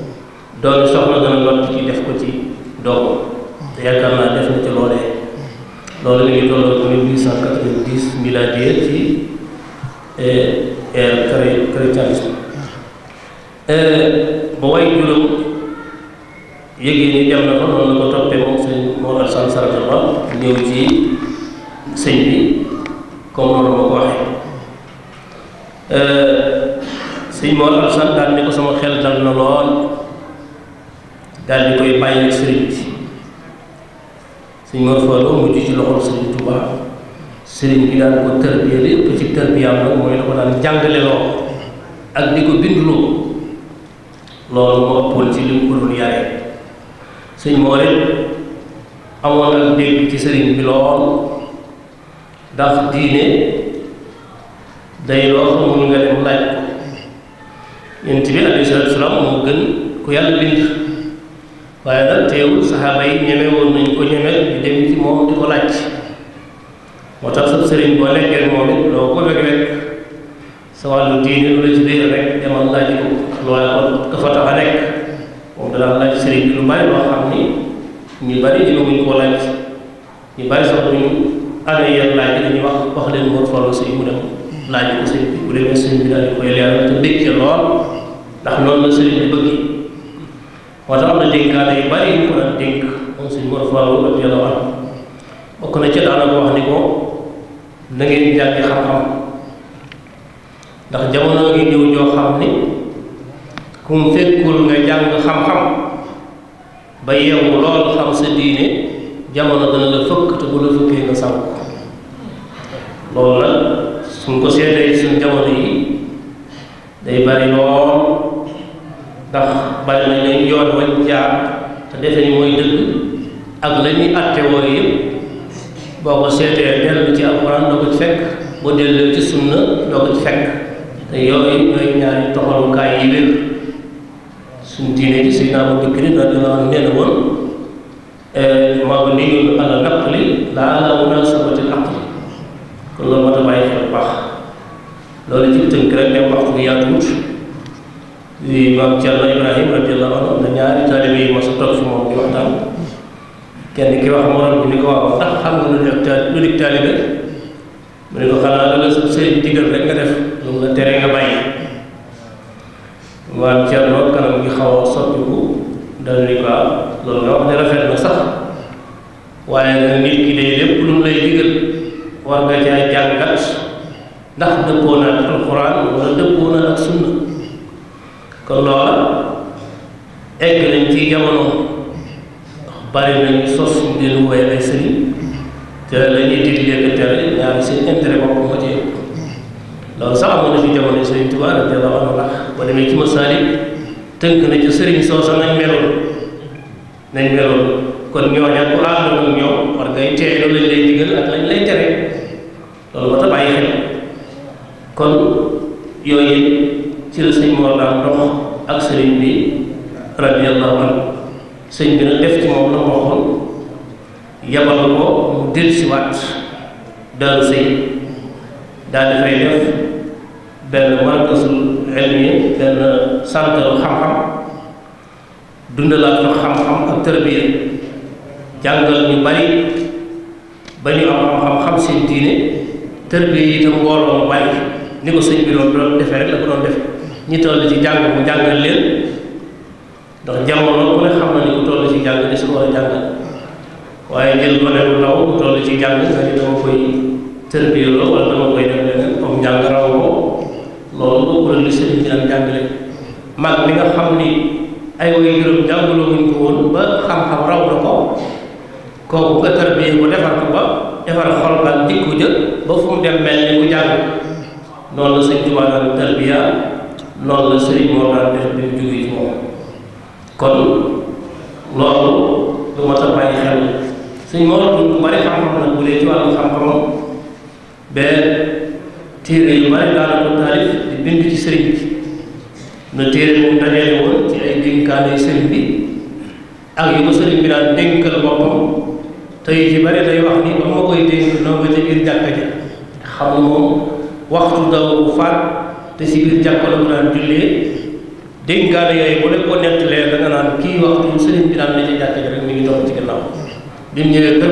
doon soxla gën a lot ci def ko ci doom te yaakaar naa def na ci loolee loolu mi ngi tolloon mille huit cent quatre-vingt-dix miladier ci eh, ère chrétianisme eh, ba way juróom yëgee ni dem na ko noonu la ko toppee moom sëñ Mor Alassane Sall ba ñëw ci sëñ bi waxee eh, sëñ Mor Alassane daal ni ko sama xel dal na lool daal di koy bàyyi sëriñ bi suñ mor falo mujj ci loxol sëriñ Tuubaa sëriñ bi daan ko tërbiya lépp ci tërbiyaam nag mooy la ko daan jàngale loo ak di ko binduloo loolu moo ëppoon ci li ko dul yare sëñ moo rek amoon ak dégg ci sëriñ bi lool ndax diine day loo xamul dem laaj ko yonent bi alayhi salaatu wa salaam moo gën ku yàlla bind waaye nag teewul saxaaba yi ñeme woon nañ ko ñemel di dem ci moom di ko laaj moo tax sa sëriñ boo nekkee moom it doo ko wekk wekk sa wàllu diine lu la ci réer rek demal ñu ko loola kon a nekk moom danaa laaj sëriñ bi ñu bari ñemewuñ koo ñu bari yenn laaj dañuy wax wax leen morphologie yi mu laaj ko sëriñ bi bi daal di koy leeral te dégg lool ndax loolu la sëriñ bi bëgg moo tax am na dénkaane bari yu ko daan dénk moom suñu mor faaw ak wax bokk na ca daanaka wax ni ko na jàngi xam-xam ndax jamono ngi ñëw ñoo xam ni ku mu fekkul nga jàng xam-xam ba yeewu lool xam sa diine jamono dana la fëkk te bu la fëkkee nga sànq loolu la suñ ko seetee suñ jamono yi day bari lool ndax bari na ñuy yoon wañ jaar te defe ni mooy dëgg ak la ñuy atte woo yëpp ko seetee dellu ci alxuraan doo ci fekk boo delloo ci ci fekk te yooyu ñooy ñaari toxalukaay yi wér suñ diine ci Seydina Abu Bakri radiyallahu anhu nee na woon eh, mabniyun ala naqli laa ala munasabati al-aqli loolu moo tax bàyyi xel baax loolu ci tënk rek waxtu bi yaatuwut di maam Cerno Ibrahim radiyallahu anhu am na ñaari taalibe yi ma sa toog fi moom di kenn ki wax morom bi ni ko waaw ndax xam nga def lu mu la la sa sëriñ digal rek nga def lu tere nga bàyyi maam Cerno kanam gi xaw a sottiku dal ni ko ah, loolu nga wax ne rafet na sax waaye nag nit ki day lépp lu lay digal war nga caa jàngat ndax dëppoo na alxuraan wala dëppoo na ak sunna kon loola egg nañ ci jamono ndax bari nañu sos ñu leen woowee ay sëriñ te la ñuy digle ak tere ñaari seen intérêt bopp moo ci yëpp loolu sax amoon na fi jamono sëriñ Tuubaa radiyallaahu anhu la ba demee ci Masaalik tënk na ci sëriñ soosa nañ meloon nañ meloon kon ñooña ku àndoon ak ñoom war ngay loolu ba ta bàyyi kon yooyu ci la sëñ Mor daan ak sëriñ bi radiyallahu anhu sëriñ bi nag def ci moom la mu waxoon yabal ko mu dellusiwaat daal sëy daal di def benn markasul ilmi benn centre xam-xam dundalaat ko xam-xam ak tërbiya jàngal ñu bari ba ñu am xam-xam xam seen diine tërbiya yi itam mbooloo mu bari ni ko sëñ bi doon doon defee la ko doon defee ñi toll ci jàng mu jàngal leen ndax jamono ku ne xam na ni ku toll ci jàng di su war a jàngal waaye jël ko ne bu ndaw ku toll ci jàng nga mag mi nga xam ni ay way juróom jàngaloo wuñ ko woon ba xam-xam raw na ko kooku nga tërbiyee ko defar ko ba defar xol ba dikku jël ba fu dem mel ni ku jàng noonu la sëñ Tuubaa loolu la sëriñ moo daan def bi mu jógee ci kon loolu lu ma tax bàyyi xel sëriñ moo doon bu xam-xam nag bu dee ci wàllu xam-xamam ba téere yu bari daana ko taalif di bind ci sëriñ bi na téere moom dajale woon ci ay dénkaane sëriñ bi ak yu ko sëriñ bi daan dénkal boppam tey ci bari day wax ni ba ma koy dénk noo nga ca biir jàkka ja moom waxtu daw faat te si biir jàkka la ko daan jullee dénkaane yooyu bu leen ko nettalee da nga naan kii waxtu sëriñ bi daan ne ci jàkka ji rek mi ngi topp ci gannaaw bi mu ñëwee kër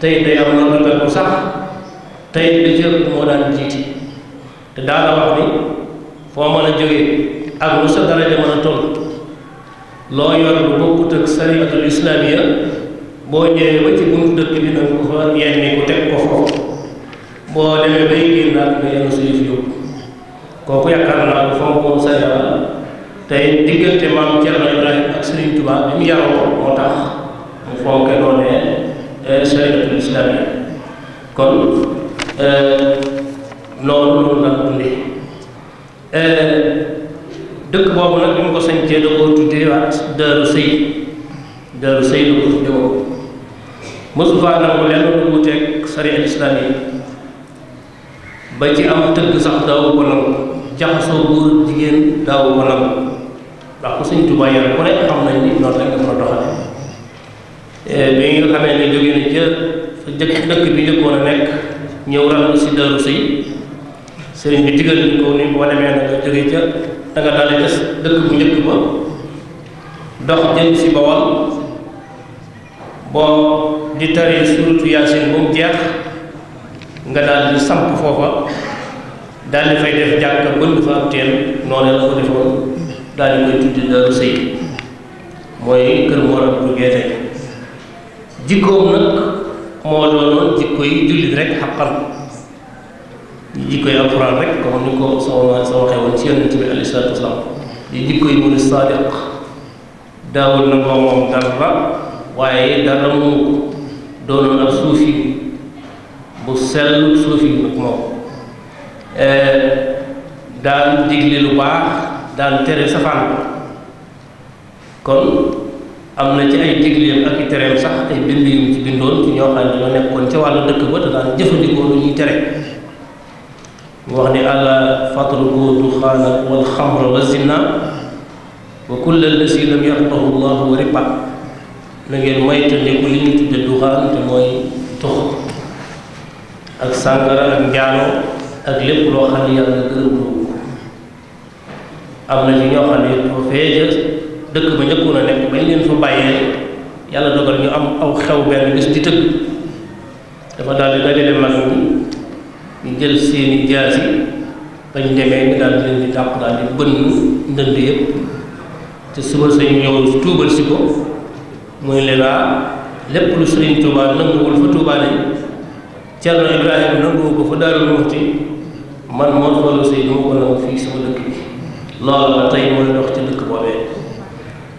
tey day am na rëkkal bu sax tey li ci moo daan jiiti te daana wax ni foo mën a jógee ak lu sa daraja mën a toll. loo yor lu bokkut ak sariatul islaamiya boo ñëwee ba ci buntu dëkk bi nag ko fa yenn ku teg ko foofu boo demee bay génn naa ko yenn sa yëf yóbbu kooku yaakaar naa ko fonk moom sa yàlla tey diggante maam Cerno Ibrahima ak Sëriñ Tuubaa bi mu yaroo moo tax mu fonke doone eh, shariatul islaamiya kon eh, noonu loolu la dundee eh, dëkk boobu nag bi mu ko sañcee da koo tuddeewaat Daaru Sëy Daaru Sëy la ko tudde woo mësu faa nangu lenn lu wuteeg sariya islaam yi ba ci am tëgg sax daawu ko nangu jaxasoo góor jigéen daawu ko nangu ndax ku Sëñ Tuubaa yar ku nekk xam nañ ni noonu rek nga a doxale eh, bi nga xamee ne jógee na ca sa jëkk dëkk bi njëkkoon nekk ñëw ràññu si Daaru Sëy sëriñ bi digal ñu ko ni demee na nga jógee ca da nga dalee ca dëkk bu njëkk ba dox jëm si Bawol boo di taree suratu yaasin bu mu jeex nga daal di samp foofa daal di fay def jàkka bënd fa am teen noonu la ko defoon daal di koy tuddi Daaru Sëy mooy kër Mor Abdou Guèye jikkoom nag moo doonoon jikko yi jullit rek xaqal jikkoy alquran rek comme ni ko sama sama waxee woon ci yonent bi alayhi salaatu wasalaam di jikkoy mu ne saadiq daawul na moom bu sell suufi nag moom eh, daan digle lu baax daan tere safaan kon am na ci ay digleem ak i tereem sax ay bind yu ci bindoon ci ñoo xam ne dañoo nekkoon ca wàllu dëkk ba te jëfandikoo lu ñuy tere wax ni àlla fatrubu duxaana wal xamra wa zinna wa kulla lasi lam yartahu llahu wa riba na ngeen moytandiku li ñu tudde duxaan te mooy tux ak sàngara ak njaano ak lépp loo xam ne yàlla gërëm am na ci ñoo xam ne boo fee dëkk ba njëkkoon a nekk bañ leen fa bàyyee yàlla dogal ñu am aw xew benn bis di tëgg dafa daal di dajale mag ñi ñu jël seeni jaasi bañ demee ñu daal di leen di dàq daal di bënn ndënd yëpp te suba sañ ñëw tuubal si ko muy lelaa lépp lu Sëriñ Tuubaa nanguwul fa Tuubaa ne Cerno Ibrahima nanguwu ko fa Daaru Muxti man moo xoolu say du ma ko nangu fii sama dëkk bi loolu ba tey mooy dox ci dëkk boobee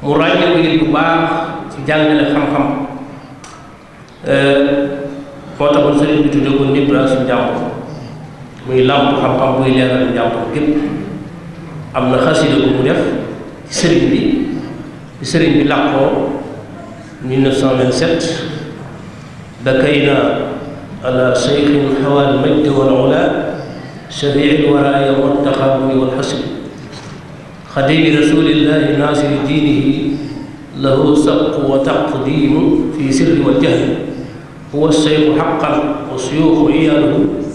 mu ràññee ko bu baax ci jàngale xam-xam moo taxoon sëriñ bi tudde ko Nibra su njàmbur muy làmp xam-xam buy leeral njàpp gépp am na xasida bu mu def ci sëriñ bi ci sëriñ bi làqoo 1927 bakayna ala seyxin xawal majd wal ula shafiil waraaya waltaxaaburi wal xasib xadimi rasulillahi naasiri diinihi lahu saqu wa taqdiimu fi sirri wal jahri huwa seyxu xaqan wa suyuuxu iyaaluhu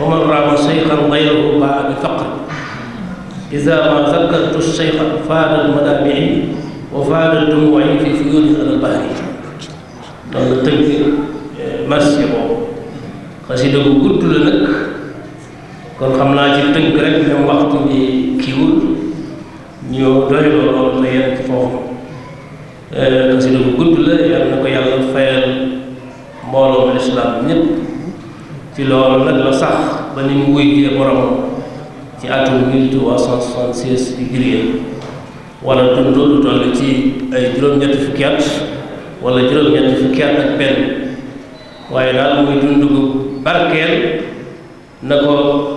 wa man raama shaykhan ghayrahu ba'a bi faqr izaa maa zakartu shaykha faada al-madaabi'i wa faada dumu'i fi fuyuudi al bahri loolu tënk euh, marché boobu xasida bu gudd la nag kon xam naa ci tënk rek même bi kiiwul ñu doy loolu la yem ci foofu euh, xasida bu gudd la yàlla na ko yàlla fayal mbooloo lislaam ñépp ci loolu nag la sax ba ni mu wuy jee borom ci atum 1376 hijriya wala dund lu toll ci ay juróom-ñetti fukki wala juróom-ñetti fukki ak benn waaye daal muy dund gu barkeel na ko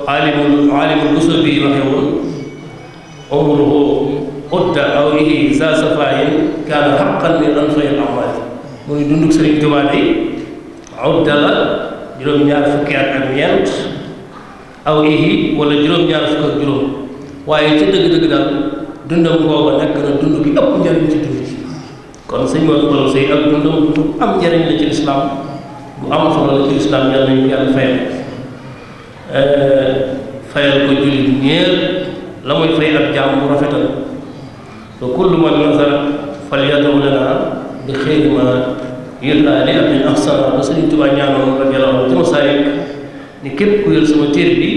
aalimul aalimul Busobi waxe woon umruhu udda aw za safayin kaana xaqan min anfayil amaali muy dund Sëriñ Tuubaa day udda la juróom-ñaar fukki at ak ñeent aw ihi wala juróom-ñaar fukk ak juróom waaye ci dëgg-dëgg daal dundam googa nekk na dund gi ëpp njëriñ ci dund ci kon sëñ Mor Borom Seye ak dundam bu am njëriñ la ci lislaam bu am solo la ci lislaam yàlla nañu yàlla fayal fayal ko jullit ñeer la muy fay ak jaam bu rafetal wa kullu man nasara fal yadaw lana bi xeyri ma ngir daal di am nañ ak sara ba sëriñ Tuubaa ñaanoon radiyallaahu ci Masaalik ni képp ku yor sama téer bi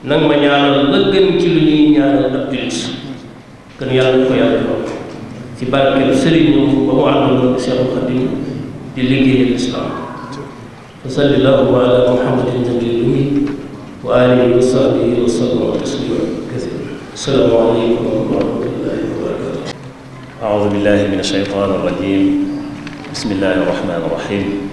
nag ma ñaanal la gën ci lu ñuy ñaanal ab jullit kon yàlla na ko yàlla lool ci barkeel sëriñ ñoom ba mu àndaloon Seexul Xadiim di liggéeyal islaam fa sallallaahu ala muhammadin nabil ummi wa alihi wa sahbihi wa sallam taslima kasiran assalaamu aleykum wa rahmatullaahi wa barakaatuh a'uuzu billaahi mina shaytaani rajiim bismillaahi rahmaani rahiim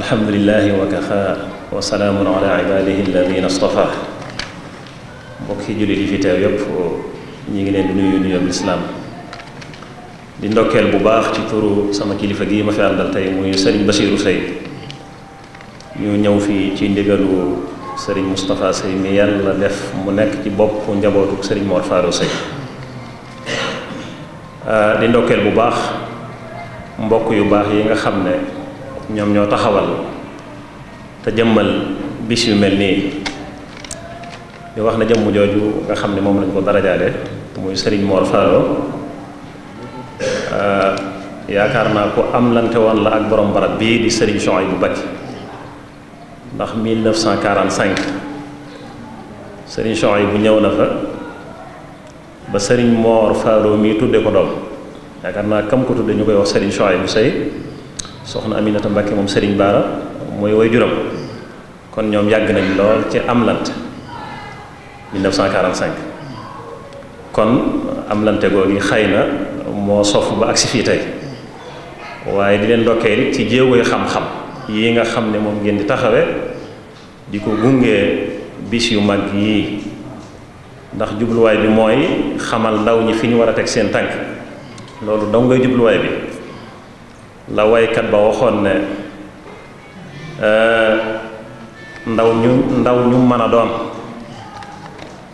alhamdulillaahi wa kafaa wa salaamun alaa ibaadihi alladiina stafaa mbokki jullit yi fi teew yépp ñu ngi leen di nuyu nuyu lislaam di ndokkeel bu baax ci turu sama kilifa gii ma fi àndal tey muy sëriñ Basiiru Sey ñu ñëw fii ci ndigalu sëriñ Moustapha Sey mi yàlla def mu nekk ci bopp njabootu sëriñ Mor Fallou Sey ah, di ndokkeel bu baax mbokk yu baax yi nga xam ne ñoom ñoo taxawal te jëmmal bis yu mel nii di wax na jëmm jooju nga xam ne moom lañ ko darajaale muy Serigne Mor Fallo yaakaar naa ko am lante woon la ak borom barab bii di Serigne Chouaïb bu Bàcc ndax 1945 Serigne Chouaïb bu ñëw na fa ba Serigne Mor Fallo mii tudde ko doom yaakaar naa kam ko tudde ñu koy wax Serigne Chouaïbou Seye soxna Aminata Mbacke moom Serigne Baara mooy way juram kon ñoom yàgg nañ lool ci amlante 1945 kon amlante googu xay na moo sof ba agsi fii tey waaye di leen ndokkeel ci jéegoy xam-xam yi nga xam ne moom ngeen di taxawe di ko gunge bis yu mag yi ndax jubluwaay bi mooy xamal ndaw ñi fi ñu war a teg seen tànk loolu dong ngay jubluwaay bi la waykat ba waxoon ne euh, ndaw ñu ndaw ñu mën a doon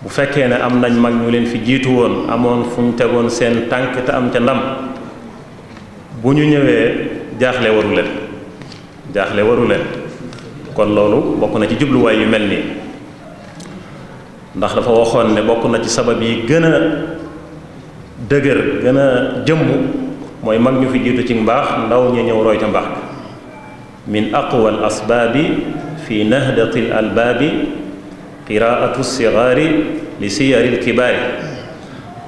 bu fekkee ne am nañ mag ñu leen fi jiitu woon amoon fu ñu tegoon seen tànk te am ca ndam bu ñu ñëwee jaaxle waru jaaxle waru kon loolu bokk na ci jubluwaay yu mel nii ndax dafa waxoon ne bokk na ci sabab yi gën dëgër gën a jëmm mooy mag ñu fi jiitu ci mbaax ndaw ñu ñëw roy ca mbaax min aqwa al asbaabi fi nahdati al albaabi qiraatu sigaari li siyari al kibaari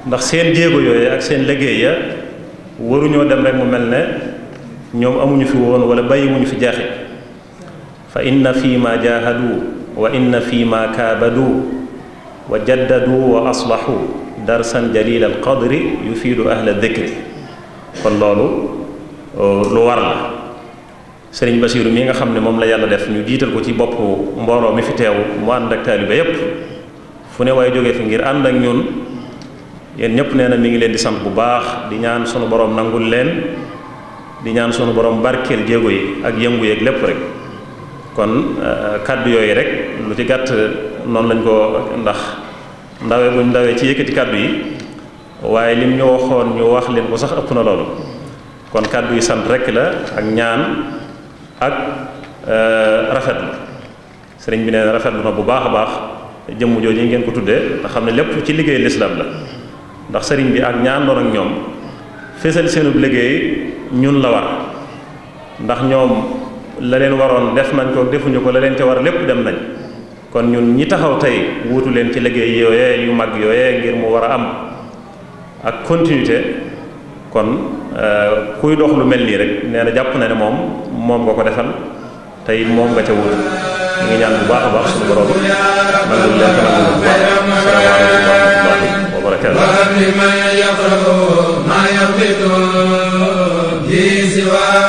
ndax seen jéego yooyu ak seen liggéey ya waruñoo dem rek mu mel ne ñoom amuñu fi woon wala bàyyiwuñu fi jaaxe fa inna fi ma jaahadu wa inna fi kaabadu wa jaddadu wa aslaxu darsan jalil al yu yufiidu ahla dhikri kon loolu uh, lu war la sëriñ Basiiru mi nga xam ne moom la yàlla def ñu jiital ko ci boppu mbooloo mi fi teewu mu ànd ak taalibe yépp fu ne waaye jógee fi ngir ànd ak ñun yéen ñëpp nee na mi ngi leen di sant bu baax di ñaan sunu borom nangul leen di ñaan sunu borom barkeel jéego yi ak yëngu yeeg lépp rek kon uh, kàddu yooyu rek lu ci gàtt noonu lañ ko ndax ndawe buñ ndawee ci yëkkati kàddu yi waaye lim ñu waxoon ñu wax leen ko sax ëpp na loolu kon kàddu yi sant rekk la ak ñaan ak euh, rafetlu sëriñ bi neen lu na bu baax a baax jëmm yi ngeen ko tuddee te xam ne lépp ci liggéey lislaam la ndax sëriñ bi ak ñaan doon ak ñoom fésal seenub liggéey ñun la war ndax ñoom la leen waroon def nañ ko defuñu ko la leen ca war lépp dem nañ kon ñun ñi taxaw tey wuutu leen ci liggéey yooyee yu mag yooyee ngir mu war a am ak continuité kon euh, kuy dox lu mel nii rek nee na jàpp na ne moom moom nga ko defal tey moom nga ca wuutu ñu ngi ñaan baax a baax suñu borom nangul leen ko nangul bu baax salaamaaleykum wa rahmatullahi wa barakaatu